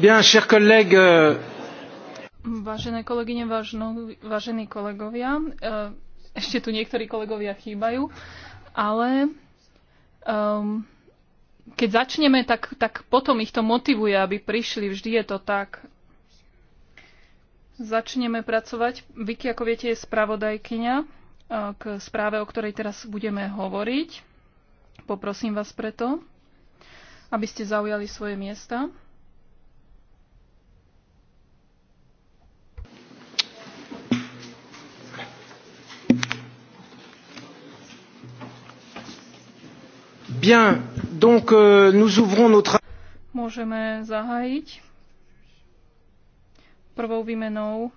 Bien, chers collègues, euh, Vážené kolegyne, vážno, vážení kolegovia, eh, ešte tu niektorí kolegovia chýbajú, ale um, keď začneme, tak, tak potom ich to motivuje, aby prišli. Vždy je to tak. Začneme pracovať. Vicky, ako viete, je spravodajkyňa eh, k správe, o ktorej teraz budeme hovoriť. Poprosím vás preto, aby ste zaujali svoje miesta. Bien, donc euh, nous ouvrons notre... Môžeme zahájiť prvou výmenou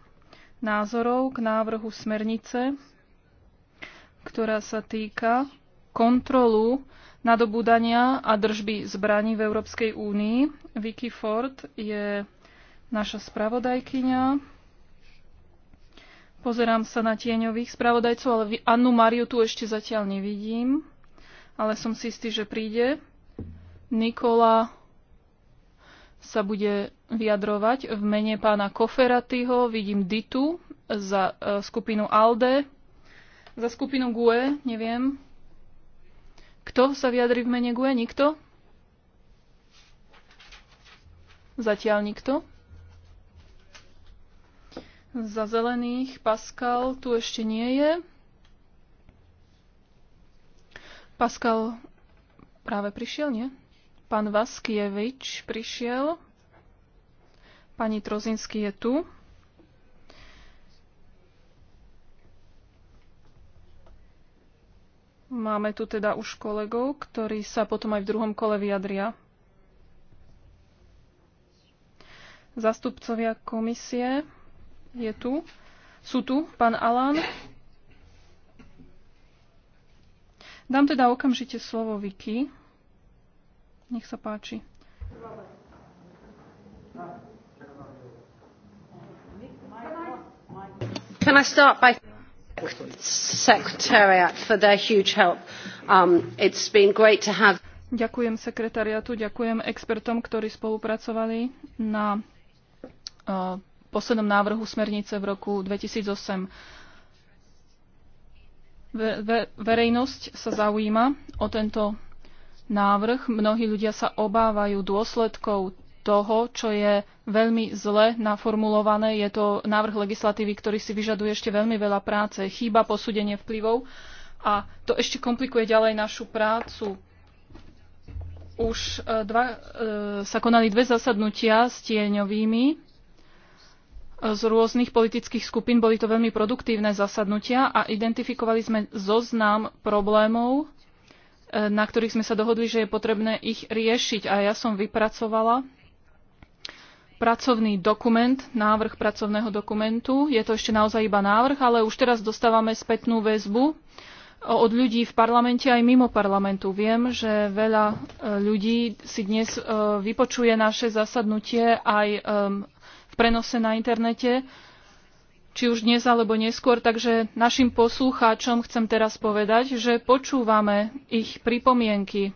názorov k návrhu smernice, ktorá sa týka kontrolu nadobúdania a držby zbraní v Európskej únii. Vicky Ford je naša spravodajkyňa. Pozerám sa na tieňových spravodajcov, ale Annu Mariu tu ešte zatiaľ nevidím ale som si istý, že príde. Nikola sa bude vyjadrovať v mene pána Koferatyho. Vidím Ditu za e, skupinu ALDE, za skupinu GUE, neviem. Kto sa vyjadri v mene GUE? Nikto? Zatiaľ nikto. Za zelených Pascal tu ešte nie je. Pascal práve prišiel, nie? Pán Vaskievič prišiel. Pani Trozinsky je tu. Máme tu teda už kolegov, ktorí sa potom aj v druhom kole vyjadria. Zastupcovia komisie je tu. Sú tu pán Alan. Dám teda okamžite slovo Viki. Nech sa páči. Can I start by Secretariat for their huge help. Um, it's been great to have Ďakujem sekretariatu, ďakujem expertom, ktorí spolupracovali na uh, poslednom návrhu smernice v roku 2008. Verejnosť sa zaujíma o tento návrh. Mnohí ľudia sa obávajú dôsledkov toho, čo je veľmi zle naformulované. Je to návrh legislatívy, ktorý si vyžaduje ešte veľmi veľa práce. Chýba posúdenie vplyvov a to ešte komplikuje ďalej našu prácu. Už e, dva, e, sa konali dve zasadnutia s tieňovými z rôznych politických skupín. Boli to veľmi produktívne zasadnutia a identifikovali sme zoznam problémov, e, na ktorých sme sa dohodli, že je potrebné ich riešiť. A ja som vypracovala pracovný dokument, návrh pracovného dokumentu. Je to ešte naozaj iba návrh, ale už teraz dostávame spätnú väzbu od ľudí v parlamente aj mimo parlamentu. Viem, že veľa e, ľudí si dnes e, vypočuje naše zasadnutie aj v prenose na internete, či už dnes alebo neskôr. Takže našim poslucháčom chcem teraz povedať, že počúvame ich pripomienky.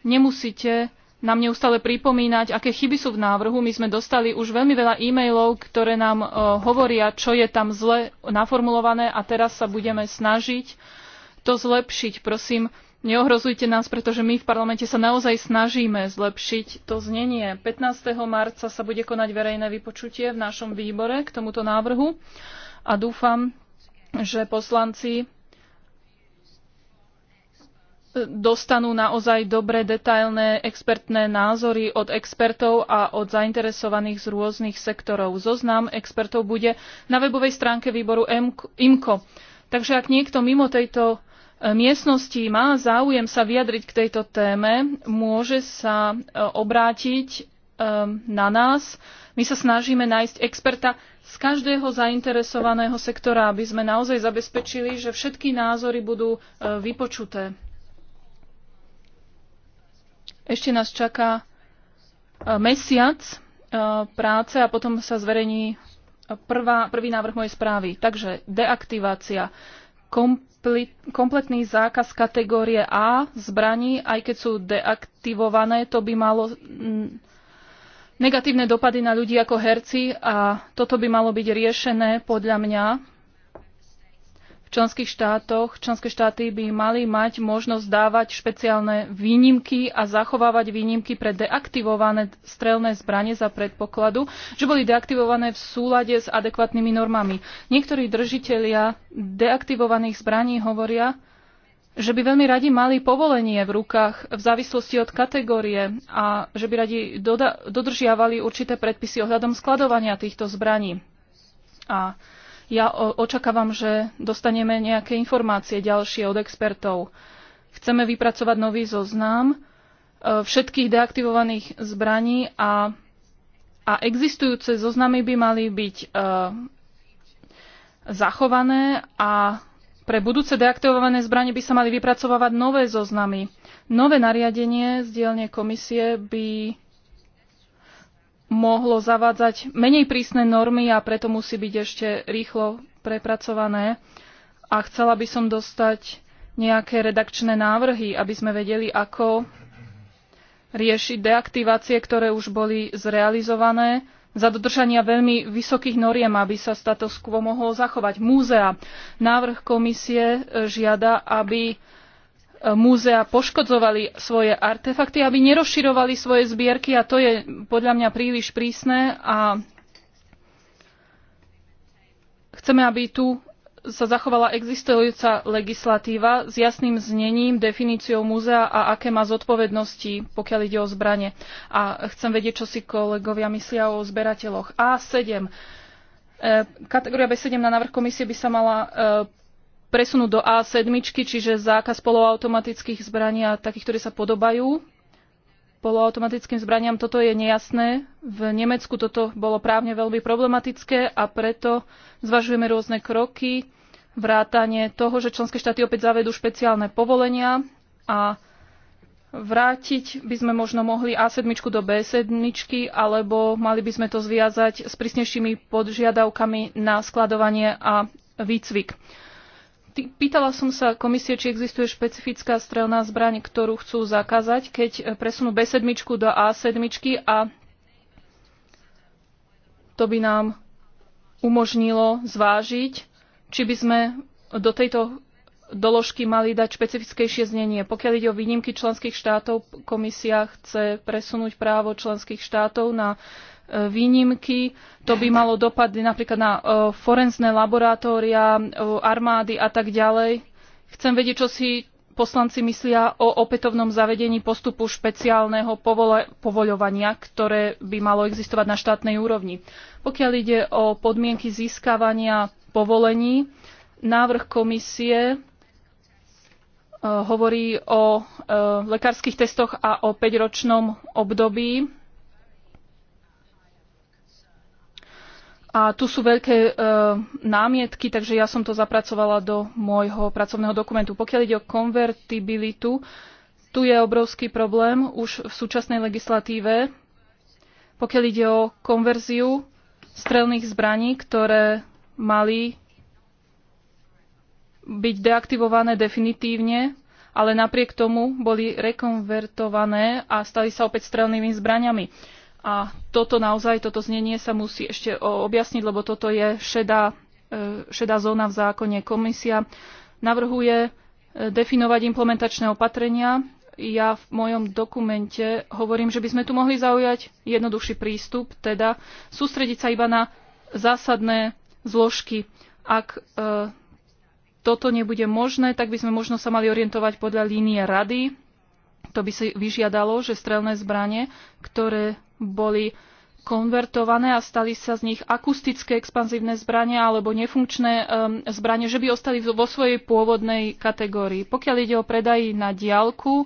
Nemusíte nám neustále pripomínať, aké chyby sú v návrhu. My sme dostali už veľmi veľa e-mailov, ktoré nám e, hovoria, čo je tam zle naformulované a teraz sa budeme snažiť to zlepšiť. Prosím, Neohrozujte nás, pretože my v parlamente sa naozaj snažíme zlepšiť to znenie. 15. marca sa bude konať verejné vypočutie v našom výbore k tomuto návrhu a dúfam, že poslanci e, dostanú naozaj dobré, detailné expertné názory od expertov a od zainteresovaných z rôznych sektorov. Zoznam expertov bude na webovej stránke výboru IMCO. Takže ak niekto mimo tejto miestnosti má záujem sa vyjadriť k tejto téme, môže sa e, obrátiť e, na nás. My sa snažíme nájsť experta z každého zainteresovaného sektora, aby sme naozaj zabezpečili, že všetky názory budú e, vypočuté. Ešte nás čaká mesiac práce a potom sa zverejní prvá, prvý návrh mojej správy. Takže deaktivácia kompletný zákaz kategórie A zbraní, aj keď sú deaktivované, to by malo mm, negatívne dopady na ľudí ako herci a toto by malo byť riešené podľa mňa členských štátoch. Členské štáty by mali mať možnosť dávať špeciálne výnimky a zachovávať výnimky pre deaktivované strelné zbranie za predpokladu, že boli deaktivované v súlade s adekvátnymi normami. Niektorí držitelia deaktivovaných zbraní hovoria, že by veľmi radi mali povolenie v rukách v závislosti od kategórie a že by radi doda- dodržiavali určité predpisy ohľadom skladovania týchto zbraní. A ja očakávam, že dostaneme nejaké informácie ďalšie od expertov. Chceme vypracovať nový zoznam e, všetkých deaktivovaných zbraní a, a existujúce zoznamy by mali byť e, zachované a pre budúce deaktivované zbranie by sa mali vypracovať nové zoznamy. Nové nariadenie z dielne komisie by mohlo zavádzať menej prísne normy a preto musí byť ešte rýchlo prepracované. A chcela by som dostať nejaké redakčné návrhy, aby sme vedeli, ako riešiť deaktivácie, ktoré už boli zrealizované za dodržania veľmi vysokých noriem, aby sa status quo mohol zachovať. Múzea. Návrh komisie e, žiada, aby múzea poškodzovali svoje artefakty, aby nerozširovali svoje zbierky a to je podľa mňa príliš prísne a chceme, aby tu sa zachovala existujúca legislatíva s jasným znením, definíciou múzea a aké má zodpovednosti, pokiaľ ide o zbranie. A chcem vedieť, čo si kolegovia myslia o zberateľoch. A7. E, kategória B7 na návrh komisie by sa mala e, presunúť do A7, čiže zákaz poloautomatických zbraní a takých, ktoré sa podobajú poloautomatickým zbraniam. Toto je nejasné. V Nemecku toto bolo právne veľmi problematické a preto zvažujeme rôzne kroky, vrátanie toho, že členské štáty opäť zavedú špeciálne povolenia a vrátiť by sme možno mohli A7 do B7, alebo mali by sme to zviazať s prísnejšími podžiadavkami na skladovanie a výcvik. Pýtala som sa komisie, či existuje špecifická strelná zbraň, ktorú chcú zakázať, keď e, presunú B7 do A7 a to by nám umožnilo zvážiť, či by sme do tejto doložky mali dať špecifickejšie znenie. Pokiaľ ide o výnimky členských štátov, komisia chce presunúť právo členských štátov na E, výnimky. To by malo dopady napríklad na e, forenzné laboratória, e, armády a tak ďalej. Chcem vedieť, čo si poslanci myslia o opätovnom zavedení postupu špeciálneho povole, povoľovania, ktoré by malo existovať na štátnej úrovni. Pokiaľ ide o podmienky získavania povolení, návrh komisie hovorí o lekárskych testoch a o päťročnom období A tu sú veľké e, námietky, takže ja som to zapracovala do môjho pracovného dokumentu. Pokiaľ ide o konvertibilitu, tu je obrovský problém už v súčasnej legislatíve. Pokiaľ ide o konverziu strelných zbraní, ktoré mali byť deaktivované definitívne, ale napriek tomu boli rekonvertované a stali sa opäť strelnými zbraniami. A toto naozaj, toto znenie sa musí ešte objasniť, lebo toto je šedá, e, šedá zóna v zákone. Komisia navrhuje e, definovať implementačné opatrenia. Ja v mojom dokumente hovorím, že by sme tu mohli zaujať jednoduchší prístup, teda sústrediť sa iba na zásadné zložky. Ak e, toto nebude možné, tak by sme možno sa mali orientovať podľa línie rady, to by si vyžiadalo, že strelné zbranie, ktoré boli konvertované a stali sa z nich akustické expanzívne zbranie alebo nefunkčné um, zbranie, že by ostali vo svojej pôvodnej kategórii. Pokiaľ ide o predaj na diálku,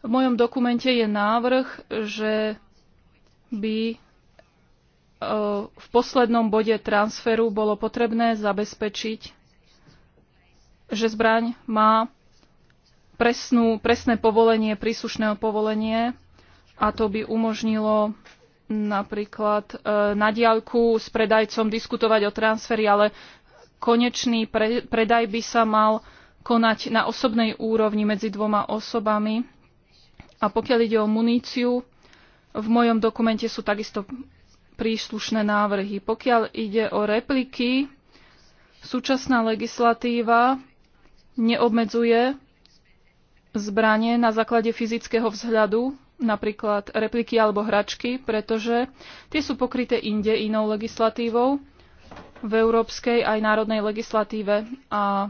v mojom dokumente je návrh, že by e, v poslednom bode transferu bolo potrebné zabezpečiť, že zbraň má presnú, presné povolenie, príslušného povolenie a to by umožnilo napríklad e, na diaľku s predajcom diskutovať o transferi, ale konečný pre, predaj by sa mal konať na osobnej úrovni medzi dvoma osobami. A pokiaľ ide o muníciu, v mojom dokumente sú takisto príslušné návrhy. Pokiaľ ide o repliky, súčasná legislatíva neobmedzuje zbranie na základe fyzického vzhľadu, napríklad repliky alebo hračky, pretože tie sú pokryté inde inou legislatívou, v európskej aj národnej legislatíve. A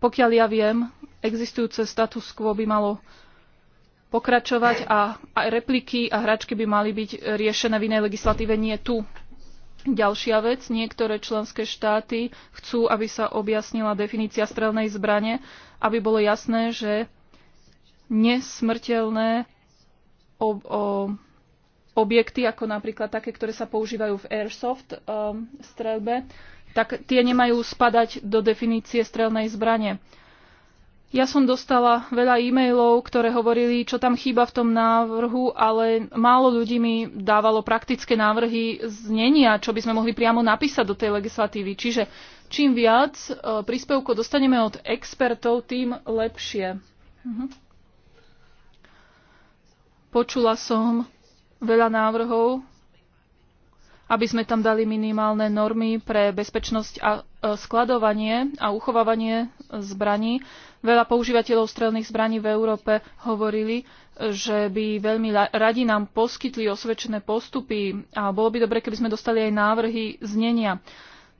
pokiaľ ja viem, existujúce status quo by malo pokračovať a, aj repliky a hračky by mali byť riešené v inej legislatíve, nie tu. Ďalšia vec, niektoré členské štáty chcú, aby sa objasnila definícia strelnej zbrane, aby bolo jasné, že nesmrteľné ob, o, objekty, ako napríklad také, ktoré sa používajú v airsoft um, strelbe, tak tie nemajú spadať do definície strelnej zbrane. Ja som dostala veľa e-mailov, ktoré hovorili, čo tam chýba v tom návrhu, ale málo ľudí mi dávalo praktické návrhy znenia, čo by sme mohli priamo napísať do tej legislatívy. Čiže čím viac e, príspevkov dostaneme od expertov, tým lepšie. Mhm. Počula som veľa návrhov, aby sme tam dali minimálne normy pre bezpečnosť a E, skladovanie a uchovávanie zbraní. Veľa používateľov strelných zbraní v Európe hovorili, že by veľmi radi nám poskytli osvedčené postupy a bolo by dobre, keby sme dostali aj návrhy znenia.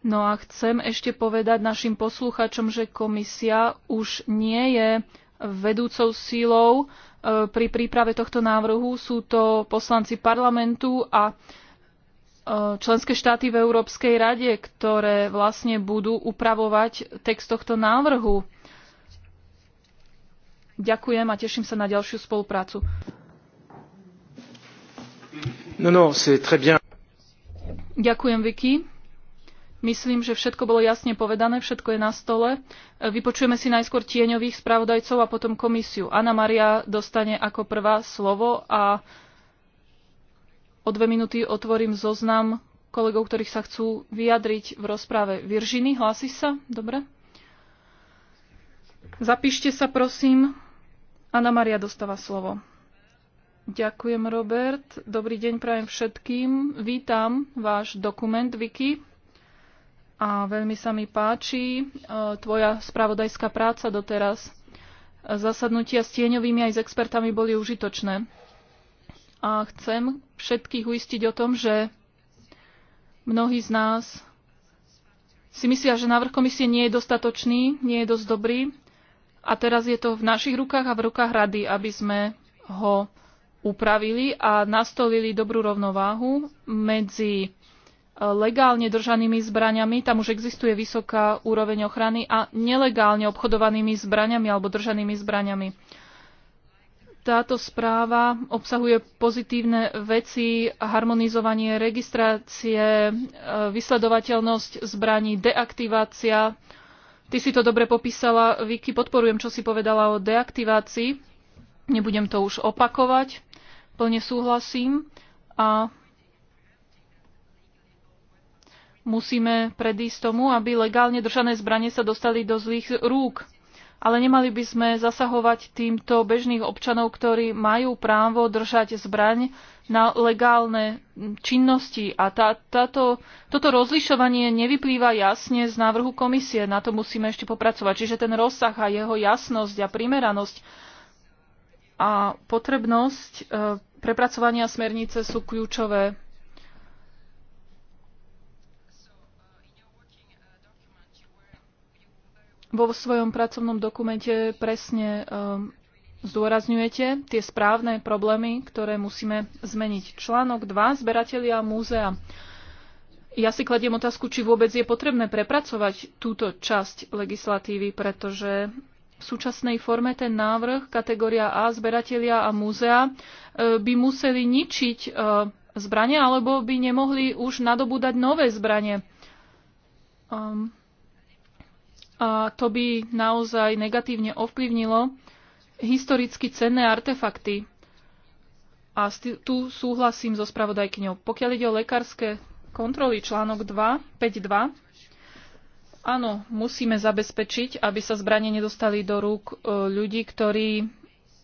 No a chcem ešte povedať našim poslucháčom, že komisia už nie je vedúcou sílou e, pri príprave tohto návrhu. Sú to poslanci parlamentu a E, členské štáty v Európskej rade, ktoré vlastne budú upravovať text tohto návrhu. Ďakujem a teším sa na ďalšiu spoluprácu. No, no, très bien. Ďakujem, Vicky. Myslím, že všetko bolo jasne povedané, všetko je na stole. E, vypočujeme si najskôr tieňových spravodajcov a potom komisiu. Anna Maria dostane ako prvá slovo a O dve minúty otvorím zoznam kolegov, ktorých sa chcú vyjadriť v rozprave. Viržiny, hlásiš sa? Dobre. Zapíšte sa, prosím. Anna Maria dostáva slovo. Ďakujem, Robert. Dobrý deň prajem všetkým. Vítam váš dokument, Vicky. A veľmi sa mi páči e, tvoja spravodajská práca doteraz. Zasadnutia s tieňovými aj s expertami boli užitočné a chcem všetkých uistiť o tom, že mnohí z nás si myslia, že návrh komisie nie je dostatočný, nie je dosť dobrý a teraz je to v našich rukách a v rukách rady, aby sme ho upravili a nastolili dobrú rovnováhu medzi e, legálne držanými zbraniami, tam už existuje vysoká úroveň ochrany, a nelegálne obchodovanými zbraniami alebo držanými zbraniami. Táto správa obsahuje pozitívne veci, harmonizovanie registrácie, e, vysledovateľnosť zbraní, deaktivácia. Ty si to dobre popísala, Vicky, podporujem, čo si povedala o deaktivácii. Nebudem to už opakovať, plne súhlasím. A musíme predísť tomu, aby legálne držané zbranie sa dostali do zlých rúk ale nemali by sme zasahovať týmto bežných občanov, ktorí majú právo držať zbraň na legálne činnosti. A tá, táto, toto rozlišovanie nevyplýva jasne z návrhu komisie. Na to musíme ešte popracovať. Čiže ten rozsah a jeho jasnosť a primeranosť a potrebnosť e, prepracovania smernice sú kľúčové vo svojom pracovnom dokumente presne um, zdôrazňujete tie správne problémy, ktoré musíme zmeniť. Článok 2. Zberatelia múzea. Ja si kladiem otázku, či vôbec je potrebné prepracovať túto časť legislatívy, pretože v súčasnej forme ten návrh kategória A zberatelia a múzea e, by museli ničiť e, zbranie alebo by nemohli už nadobúdať nové zbranie. Um, a to by naozaj negatívne ovplyvnilo historicky cenné artefakty. A tu súhlasím so spravodajkyňou. Pokiaľ ide o lekárske kontroly, článok 2, 5 2, áno, musíme zabezpečiť, aby sa zbranie nedostali do rúk e, ľudí, ktorí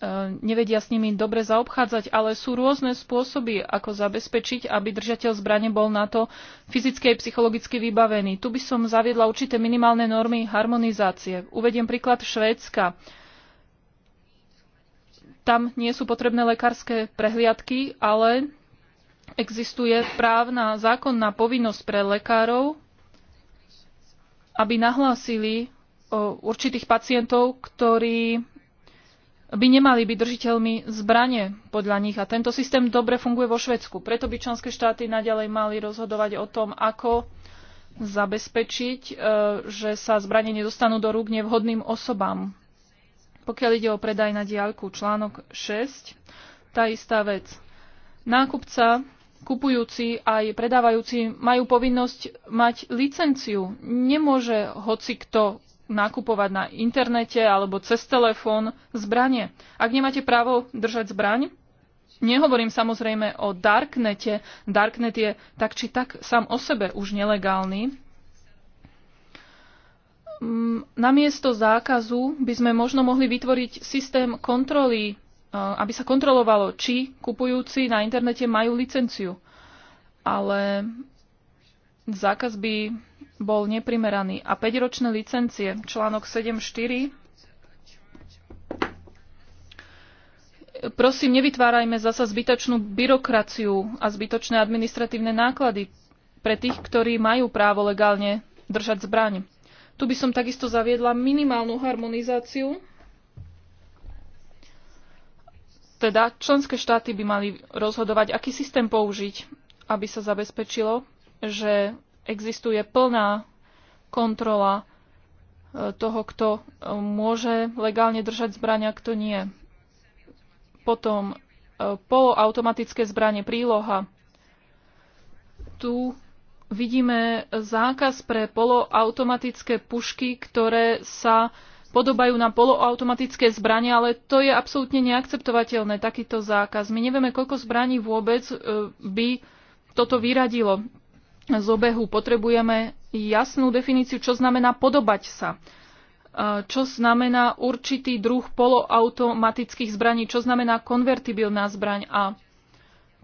E, nevedia s nimi dobre zaobchádzať, ale sú rôzne spôsoby, ako zabezpečiť, aby držateľ zbrane bol na to fyzicky aj psychologicky vybavený. Tu by som zaviedla určité minimálne normy harmonizácie. Uvediem príklad Švédska. Tam nie sú potrebné lekárske prehliadky, ale existuje právna zákonná povinnosť pre lekárov, aby nahlásili určitých pacientov, ktorí by nemali byť držiteľmi zbranie podľa nich. A tento systém dobre funguje vo Švedsku. Preto by členské štáty naďalej mali rozhodovať o tom, ako zabezpečiť, e, že sa zbranie nedostanú do rúk nevhodným osobám. Pokiaľ ide o predaj na diaľku, článok 6, tá istá vec. Nákupca, kupujúci aj predávajúci majú povinnosť mať licenciu. Nemôže hoci kto nakupovať na internete alebo cez telefón zbranie. Ak nemáte právo držať zbraň, nehovorím samozrejme o darknete. Darknet je tak či tak sám o sebe už nelegálny. Mm, namiesto zákazu by sme možno mohli vytvoriť systém kontroly, e, aby sa kontrolovalo, či kupujúci na internete majú licenciu. Ale zákaz by bol neprimeraný. A 5-ročné licencie, článok 7.4. Prosím, nevytvárajme zasa zbytočnú byrokraciu a zbytočné administratívne náklady pre tých, ktorí majú právo legálne držať zbraň. Tu by som takisto zaviedla minimálnu harmonizáciu. Teda členské štáty by mali rozhodovať, aký systém použiť, aby sa zabezpečilo, že existuje plná kontrola e, toho, kto e, môže legálne držať zbrania, kto nie. Potom e, poloautomatické zbranie, príloha. Tu vidíme zákaz pre poloautomatické pušky, ktoré sa podobajú na poloautomatické zbranie, ale to je absolútne neakceptovateľné, takýto zákaz. My nevieme, koľko zbraní vôbec by toto vyradilo z obehu. Potrebujeme jasnú definíciu, čo znamená podobať sa. E, čo znamená určitý druh poloautomatických zbraní, čo znamená konvertibilná zbraň a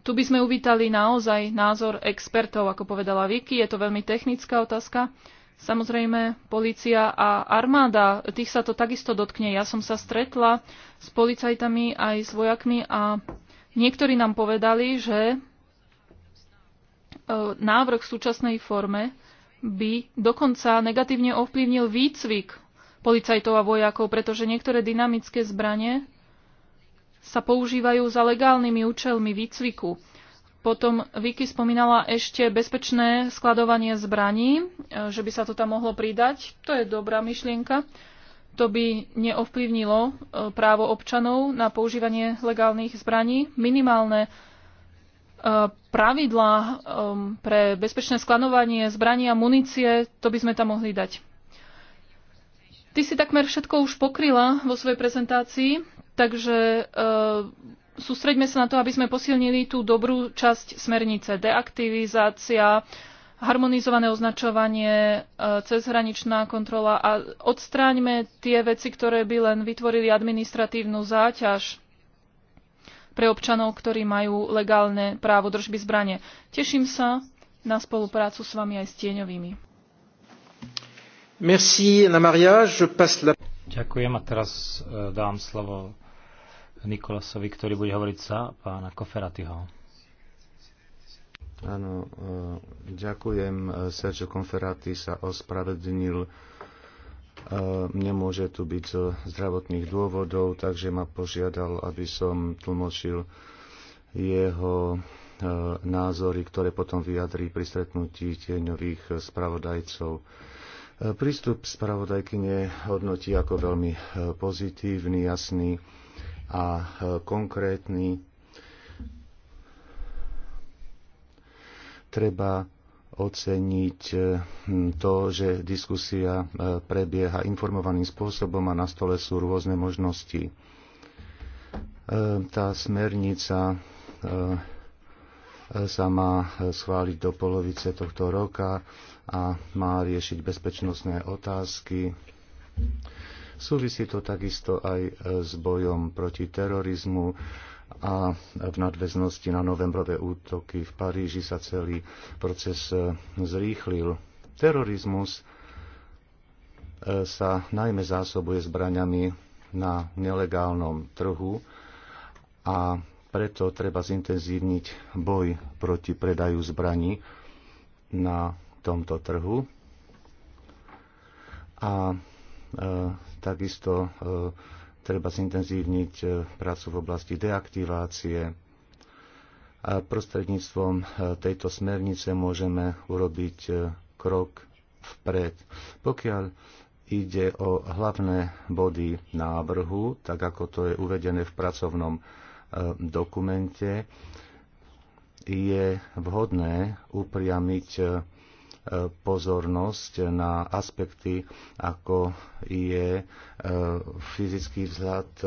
tu by sme uvítali naozaj názor expertov, ako povedala Vicky, je to veľmi technická otázka. Samozrejme, policia a armáda, tých sa to takisto dotkne. Ja som sa stretla s policajtami aj s vojakmi a niektorí nám povedali, že E, návrh v súčasnej forme by dokonca negatívne ovplyvnil výcvik policajtov a vojakov, pretože niektoré dynamické zbranie sa používajú za legálnymi účelmi výcviku. Potom Vicky spomínala ešte bezpečné skladovanie zbraní, e, že by sa to tam mohlo pridať. To je dobrá myšlienka. To by neovplyvnilo e, právo občanov na používanie legálnych zbraní. Minimálne pravidlá um, pre bezpečné skladovanie zbraní a munície, to by sme tam mohli dať. Ty si takmer všetko už pokryla vo svojej prezentácii, takže uh, sústreďme sa na to, aby sme posilnili tú dobrú časť smernice. Deaktivizácia, harmonizované označovanie, uh, cezhraničná kontrola a odstráňme tie veci, ktoré by len vytvorili administratívnu záťaž pre občanov, ktorí majú legálne právo držby zbranie. Teším sa na spoluprácu s vami aj s tieňovými. Merci, Anna Maria. Je passe la... Ďakujem a teraz e, dám slovo Nikolasovi, ktorý bude hovoriť sa pána Koferatiho. Áno, e, ďakujem. E, Sergio Konferati sa ospravedlnil E, nemôže tu byť zo zdravotných dôvodov, takže ma požiadal, aby som tlmočil jeho e, názory, ktoré potom vyjadrí pri stretnutí tieňových spravodajcov. E, prístup spravodajkyne hodnotí ako veľmi pozitívny, jasný a konkrétny. Treba oceniť eh, hm, to, že diskusia eh, prebieha informovaným spôsobom a na stole sú rôzne možnosti. Eh, tá smernica sa má schváliť do polovice tohto roka a má riešiť bezpečnostné otázky. Súvisí to takisto aj s bojom proti terorizmu a v nadväznosti na novembrové útoky v Paríži sa celý proces e, zrýchlil. Terorizmus e, sa najmä zásobuje zbraňami na nelegálnom trhu a preto treba zintenzívniť boj proti predaju zbraní na tomto trhu. A e, takisto e, Treba zintenzívniť e, prácu v oblasti deaktivácie. A prostredníctvom e, tejto smernice môžeme urobiť e, krok vpred. Pokiaľ ide o hlavné body návrhu, tak ako to je uvedené v pracovnom dokumente, je vhodné upriamiť pozornosť na aspekty, ako je e, fyzický vzhľad e,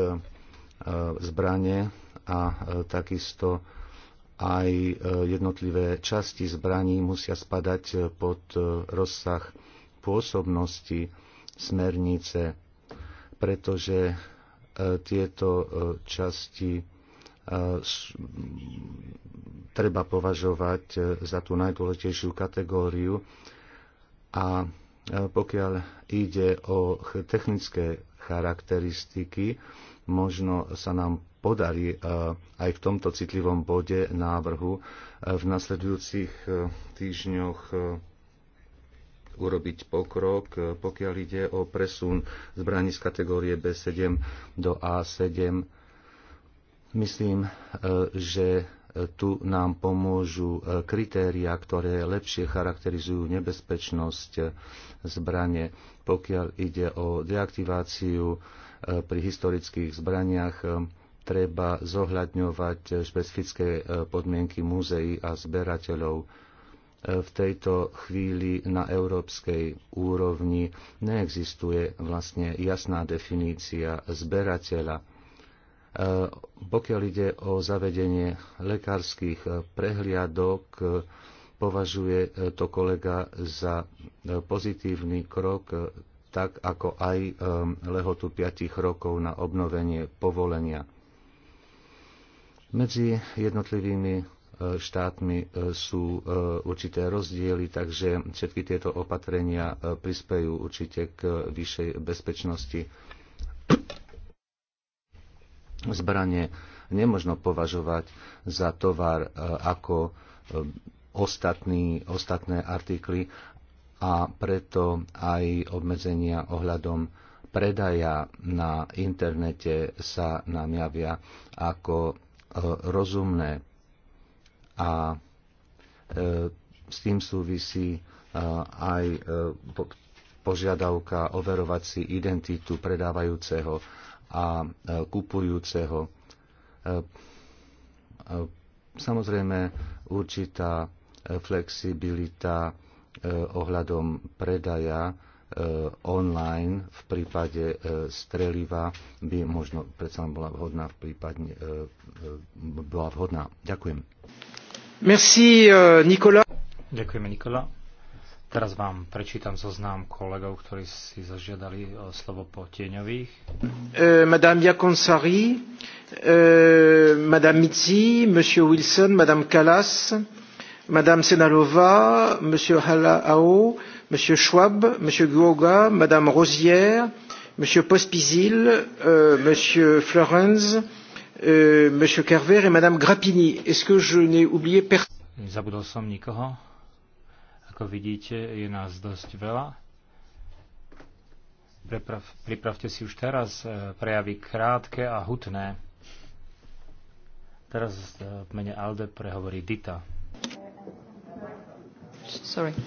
zbrane a e, takisto aj jednotlivé časti zbraní musia spadať pod rozsah pôsobnosti smernice, pretože tieto časti treba považovať eh, za tú najdôležitejšiu kategóriu. A eh, pokiaľ ide o technické charakteristiky, možno sa nám podarí eh, aj v tomto citlivom bode návrhu v nasledujúcich týždňoch urobiť pokrok, pokiaľ ide o presun zbraní z kategórie B7 do A7 Myslím, e, že e, tu nám pomôžu e, kritéria, ktoré lepšie charakterizujú nebezpečnosť zbranie. Pokiaľ ide o deaktiváciu pri historických zbraniach, treba zohľadňovať špecifické podmienky múzeí a zberateľov. V tejto chvíli na európskej úrovni neexistuje vlastne jasná definícia zberateľa E, pokiaľ ide o zavedenie lekárskych e, prehliadok, e, považuje to kolega za pozitívny krok, tak ako aj lehotu 5 rokov na obnovenie povolenia. Medzi jednotlivými štátmi sú určité rozdiely, takže všetky tieto opatrenia prispejú určite k vyššej bezpečnosti Zbranie nemožno považovať za tovar e, ako e, ostatný, ostatné artikly a preto aj obmedzenia ohľadom predaja na internete sa nám javia ako e, rozumné a s tým súvisí aj požiadavka overovať si identitu predávajúceho a e, kupujúceho. E, e, samozrejme, určitá flexibilita ohľadom predaja online v prípade streliva by možno predsa bola vhodná v prípadne bola vhodná. Ďakujem. Merci, Nikola. Ďakujeme, Nikola. Teraz vám prečítam zoznam kolegov, ktorí si zažiadali e, slovo po tieňových. E, Madame Jakonsari, e, Madame Mitzi, Monsieur Wilson, Madame Callas, Madame Senalova, Monsieur Halaao, Monsieur Schwab, Monsieur Guoga, Madame Rosière, Monsieur Pospisil, euh, Monsieur Florence, euh, Monsieur Carver et Madame Grappini. Est-ce que je n'ai oublié personne Zabudol som nikoho. Ako vidíte, je nás dosť veľa. Preprav, pripravte si už teraz e, prejavy krátke a hutné. Teraz e, v mene Alde prehovorí Dita. Sorry.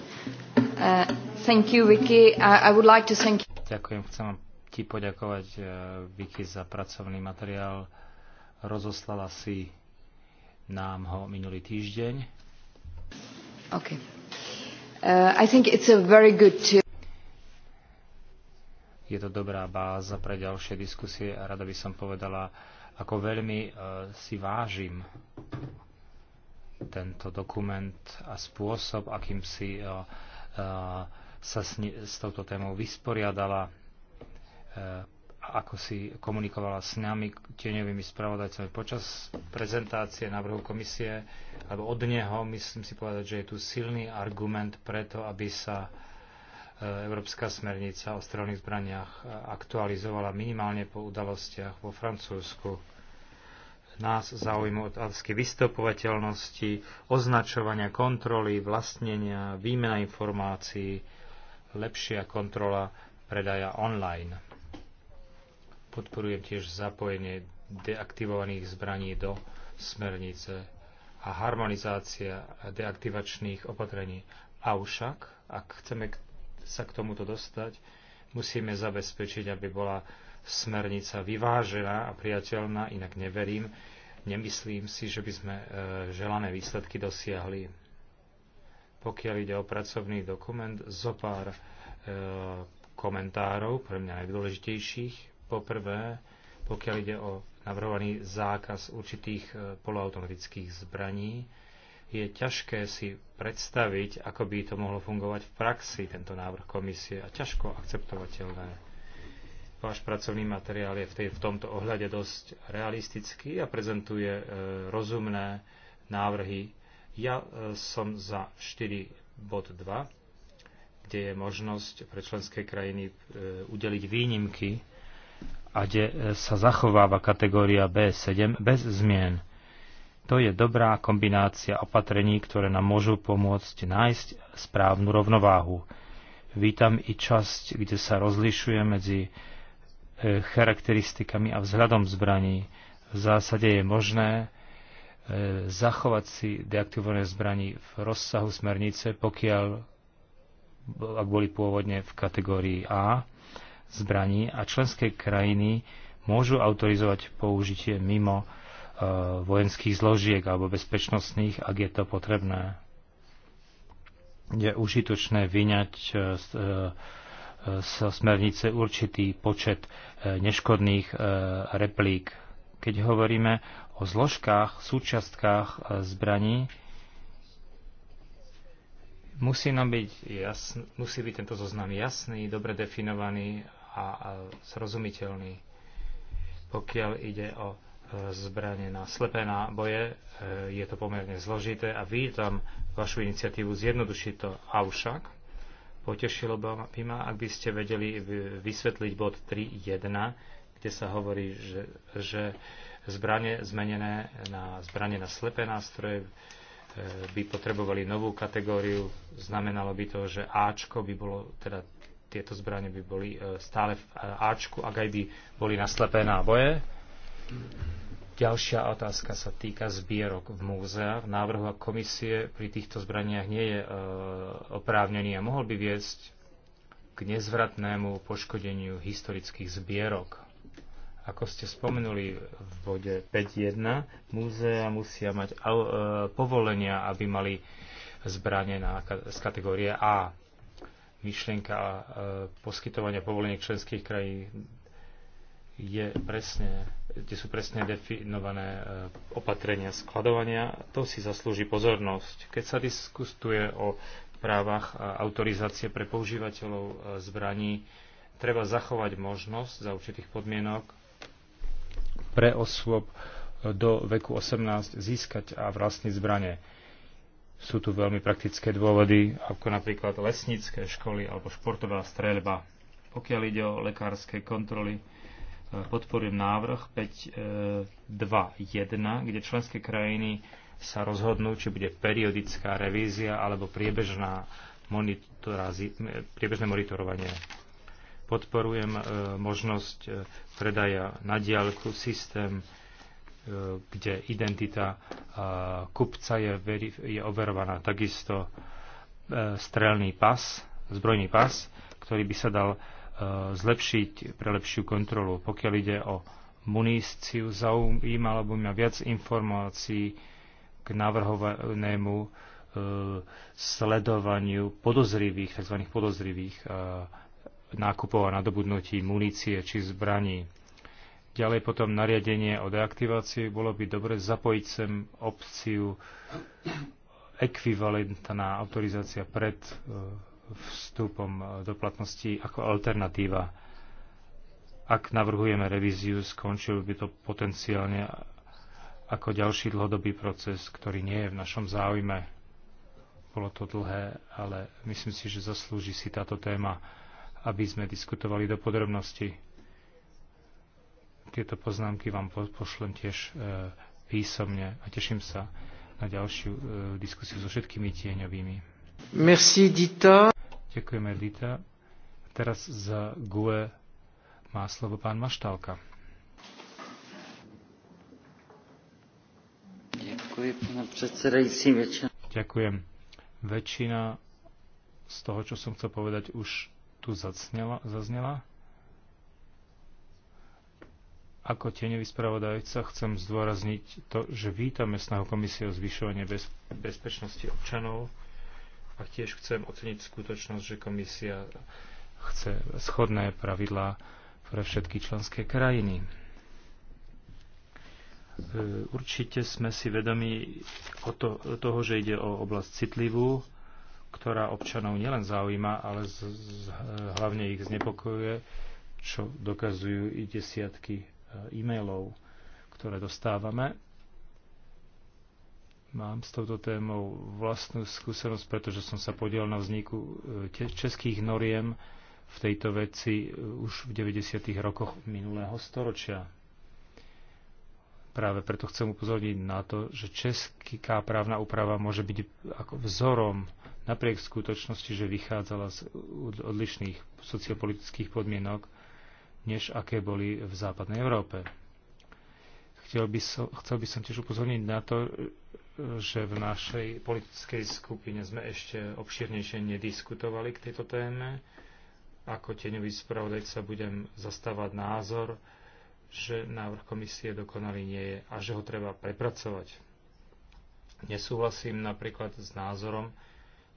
Uh, thank you, Vicky. I, I would like to thank you. Ďakujem, chcem ti poďakovať, uh, Vicky, za pracovný materiál. Rozoslala si nám ho minulý týždeň. Okay. Uh, I think it's a very good je to dobrá báza pre ďalšie diskusie a rada by som povedala, ako veľmi uh, si vážim tento dokument a spôsob, akým si uh, uh, sa s, s touto témou vysporiadala. Uh, ako si komunikovala s nami, tieňovými spravodajcami počas prezentácie návrhu komisie, alebo od neho, myslím si povedať, že je tu silný argument preto, aby sa e, Európska smernica o strelných zbraniach e, aktualizovala minimálne po udalostiach vo Francúzsku. Nás zaujíma otázky vystupovateľnosti, označovania kontroly, vlastnenia, výmena informácií, lepšia kontrola predaja online Podporujem tiež zapojenie deaktivovaných zbraní do smernice a harmonizácia deaktivačných opatrení. Avšak, ak chceme sa k tomuto dostať, musíme zabezpečiť, aby bola smernica vyvážená a priateľná, inak neverím, nemyslím si, že by sme e, želané výsledky dosiahli. Pokiaľ ide o pracovný dokument, zo pár e, komentárov, pre mňa najdôležitejších. Poprvé, pokiaľ ide o navrhovaný zákaz určitých e, poloautomatických zbraní, je ťažké si predstaviť, ako by to mohlo fungovať v praxi, tento návrh komisie, a ťažko akceptovateľné. Váš pracovný materiál je v, tej, v tomto ohľade dosť realistický a prezentuje e, rozumné návrhy. Ja e, som za 4.2, kde je možnosť pre členské krajiny e, udeliť výnimky a kde e, sa zachováva kategória B7 bez zmien. To je dobrá kombinácia opatrení, ktoré nám môžu pomôcť nájsť správnu rovnováhu. Vítam i časť, kde sa rozlišuje medzi e, charakteristikami a vzhľadom zbraní. V zásade je možné e, zachovať si deaktivované zbraní v rozsahu smernice, pokiaľ ak boli pôvodne v kategórii A, zbraní a členské krajiny môžu autorizovať použitie mimo e, vojenských zložiek alebo bezpečnostných, ak je to potrebné. Je užitočné vyňať e, sa e, smernice určitý počet neškodných replík. Keď hovoríme o zložkách, súčastkách zbraní, musí, nám byť jasný, musí byť tento zoznam jasný, dobre definovaný a zrozumiteľný. Pokiaľ ide o e, zbranie na slepé náboje, e, je to pomerne zložité a vítam vašu iniciatívu zjednodušiť to avšak. Potešilo by ma, ak by ste vedeli vysvetliť bod 3.1, kde sa hovorí, že, že zbranie zmenené na zbranie na slepé nástroje e, by potrebovali novú kategóriu. Znamenalo by to, že Ačko by bolo teda tieto zbranie by boli e, stále v e, Ačku, ak aj by boli naslepé náboje. Ďalšia otázka sa týka zbierok v múzeách. V návrhu a komisie pri týchto zbraniach nie je e, oprávnený a mohol by viesť k nezvratnému poškodeniu historických zbierok. Ako ste spomenuli v bode 5.1, múzea musia mať povolenia, aby mali zbranie na, z kategórie A myšlienka e, poskytovania povoleniek členských krajín je presne, kde sú presne definované e, opatrenia skladovania, to si zaslúži pozornosť. Keď sa diskutuje o právach a autorizácie pre používateľov e, zbraní, treba zachovať možnosť za určitých podmienok pre osôb do veku 18 získať a vlastniť zbranie. Sú tu veľmi praktické dôvody, ako napríklad lesnícke školy alebo športová streľba. Pokiaľ ide o lekárske kontroly, e, podporujem návrh 5.2.1, e, kde členské krajiny sa rozhodnú, či bude periodická revízia alebo priebežná priebežné monitorovanie. Podporujem e, možnosť predaja na diálku systém kde identita kupca je, je overovaná. Takisto e, strelný pas, zbrojný pas, ktorý by sa dal e, zlepšiť pre lepšiu kontrolu. Pokiaľ ide o muníciu, zaujímalo by ma viac informácií k navrhovanému e, sledovaniu podozrivých, tzv. podozrivých nákupov a nadobudnutí munície či zbraní Ďalej potom nariadenie o deaktivácii. Bolo by dobre zapojiť sem opciu ekvivalentná autorizácia pred e, vstupom e, do platnosti ako alternatíva. Ak navrhujeme revíziu, skončil by to potenciálne ako ďalší dlhodobý proces, ktorý nie je v našom záujme. Bolo to dlhé, ale myslím si, že zaslúži si táto téma, aby sme diskutovali do podrobnosti. Tieto poznámky vám pošlem tiež e, písomne a teším sa na ďalšiu e, diskusiu so všetkými tieňovými. Merci, Dita. Ďakujeme, Dita. Teraz za GUE má slovo pán Maštálka. Ďakujem. Väčšina z toho, čo som chcel povedať, už tu zaznela. zaznela. Ako tieňový spravodajca chcem zdôrazniť to, že vítame snahu komisie o zvyšovanie bez, bezpečnosti občanov a tiež chcem oceniť skutočnosť, že komisia chce schodné pravidlá pre všetky členské krajiny. E, určite sme si vedomi o to, toho, že ide o oblasť citlivú, ktorá občanov nielen zaujíma, ale z, z, hlavne ich znepokojuje, čo dokazujú i desiatky e-mailov, ktoré dostávame. Mám s touto témou vlastnú skúsenosť, pretože som sa podiel na vzniku e, českých noriem v tejto veci e, už v 90. rokoch minulého storočia. Práve preto chcem upozorniť na to, že česká právna úprava môže byť ako vzorom napriek skutočnosti, že vychádzala z odlišných sociopolitických podmienok než aké boli v západnej Európe. Chcel by som, chcel by som tiež upozorniť na to, že v našej politickej skupine sme ešte obširnejšie nediskutovali k tejto téme. Ako teňový spravodajca budem zastávať názor, že návrh komisie dokonalý nie je a že ho treba prepracovať. Nesúhlasím napríklad s názorom,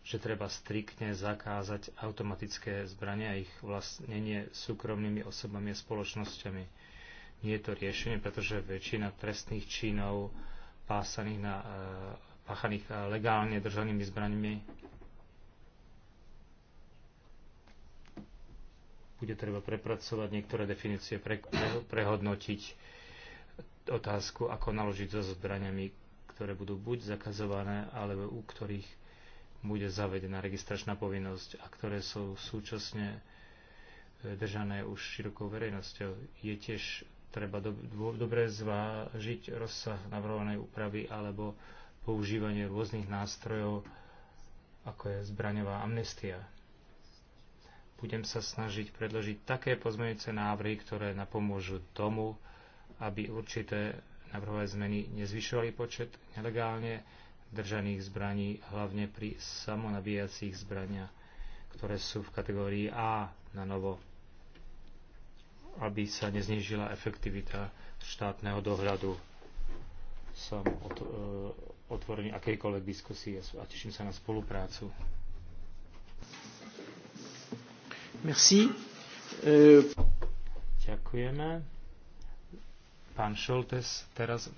že treba striktne zakázať automatické zbrania a ich vlastnenie súkromnými osobami a spoločnosťami. Nie je to riešenie, pretože väčšina trestných činov pásaných na, e, páchaných e, legálne držanými zbraniami bude treba prepracovať niektoré definície, pre, pre, prehodnotiť otázku, ako naložiť so zbraniami, ktoré budú buď zakazované, alebo u ktorých bude zavedená registračná povinnosť a ktoré sú súčasne e, držané už širokou verejnosťou. Je tiež treba do, do, dobre zvážiť rozsah navrhovanej úpravy alebo používanie rôznych nástrojov, ako je zbraňová amnestia. Budem sa snažiť predložiť také pozmeňujúce návrhy, ktoré napomôžu tomu, aby určité navrhové zmeny nezvyšovali počet nelegálne držaných zbraní, hlavne pri samonabíjacích zbraniach, ktoré sú v kategórii A na novo, aby sa neznižila efektivita štátneho dohľadu. Som e, otvorený akejkoľvek diskusie a teším sa na spoluprácu. Merci. E- Ďakujeme. Pán Šoltes teraz e,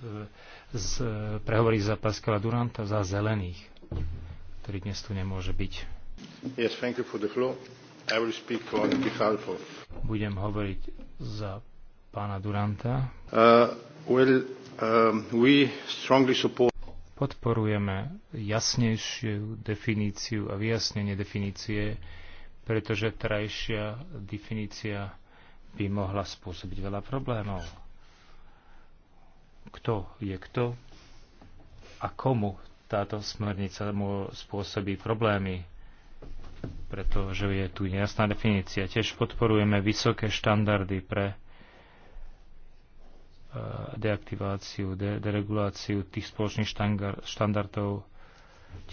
z, prehovorí za Pascala Duranta za zelených, ktorý dnes tu nemôže byť. Yes, thank you for the floor. I will speak on behalf of... Budem hovoriť za pána Duranta. Uh, well, um, we strongly support podporujeme jasnejšiu definíciu a vyjasnenie definície, pretože trajšia definícia by mohla spôsobiť veľa problémov kto je kto a komu táto smernica mu spôsobí problémy, pretože je tu nejasná definícia. Tiež podporujeme vysoké štandardy pre e, deaktiváciu, de- dereguláciu tých spoločných štandardov.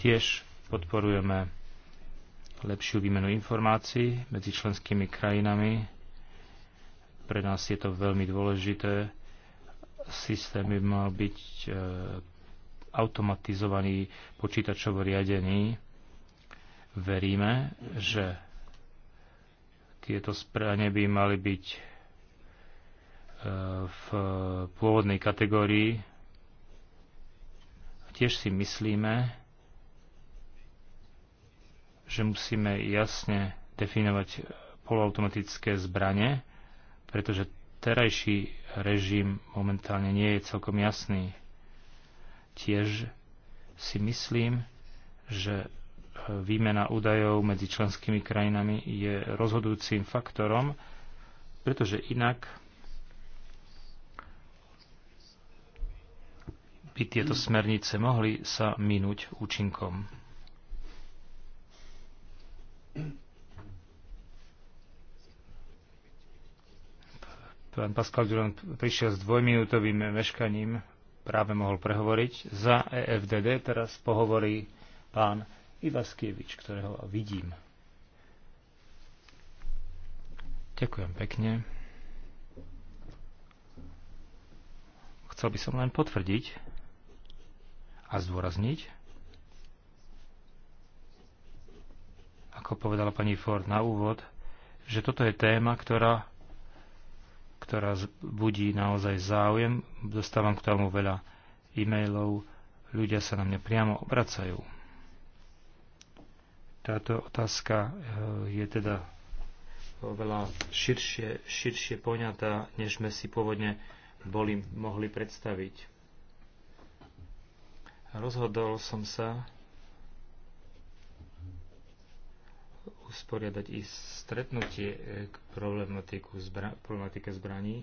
Tiež podporujeme lepšiu výmenu informácií medzi členskými krajinami. Pre nás je to veľmi dôležité systém by mal byť e, automatizovaný, počítačovo riadený. Veríme, že tieto správne by mali byť e, v pôvodnej kategórii. Tiež si myslíme, že musíme jasne definovať poloautomatické zbranie, pretože terajší režim momentálne nie je celkom jasný. Tiež si myslím, že e, výmena údajov medzi členskými krajinami je rozhodujúcim faktorom, pretože inak by tieto smernice mohli sa minúť účinkom. Teda pán Pascal Durand prišiel s dvojminútovým meškaním, práve mohol prehovoriť. Za EFDD teraz pohovorí pán Ivaskievič, ktorého vidím. Ďakujem pekne. Chcel by som len potvrdiť a zdôrazniť, ako povedala pani Ford na úvod, že toto je téma, ktorá ktorá budí naozaj záujem. Dostávam k tomu veľa e-mailov, ľudia sa na mňa priamo obracajú. Táto otázka eh, je teda oveľa širšie, širšie poňatá, než sme si pôvodne boli, mohli predstaviť. Rozhodol som sa, usporiadať i stretnutie e, k problematiku zbra- problematike zbraní.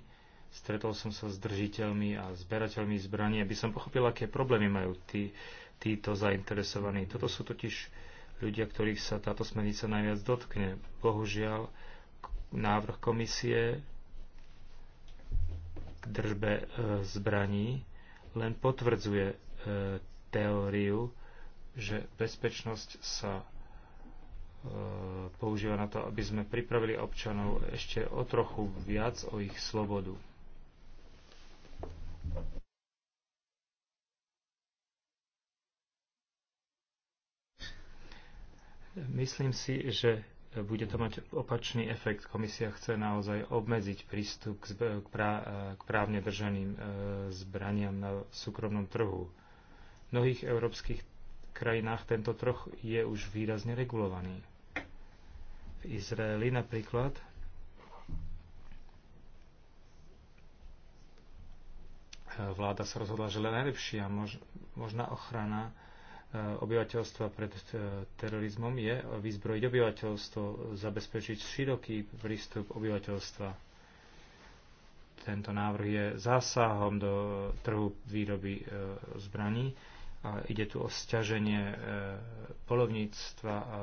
Stretol som sa s držiteľmi a zberateľmi zbraní, aby som pochopil, aké problémy majú tí, títo zainteresovaní. Toto sú totiž ľudia, ktorých sa táto smernica najviac dotkne. Bohužiaľ, návrh komisie k držbe e, zbraní len potvrdzuje e, teóriu, že bezpečnosť sa E, používa na to, aby sme pripravili občanov ešte o trochu viac o ich slobodu. Myslím si, že bude to mať opačný efekt. Komisia chce naozaj obmedziť prístup k, právne držaným e, zbraniam na súkromnom trhu. V mnohých európskych krajinách tento troch je už výrazne regulovaný. V Izraeli napríklad vláda sa rozhodla, že len najlepšia mož, možná ochrana e, obyvateľstva pred e, terorizmom je vyzbrojiť obyvateľstvo, zabezpečiť široký prístup obyvateľstva. Tento návrh je zásahom do trhu výroby e, zbraní a ide tu o stiaženie e, polovníctva a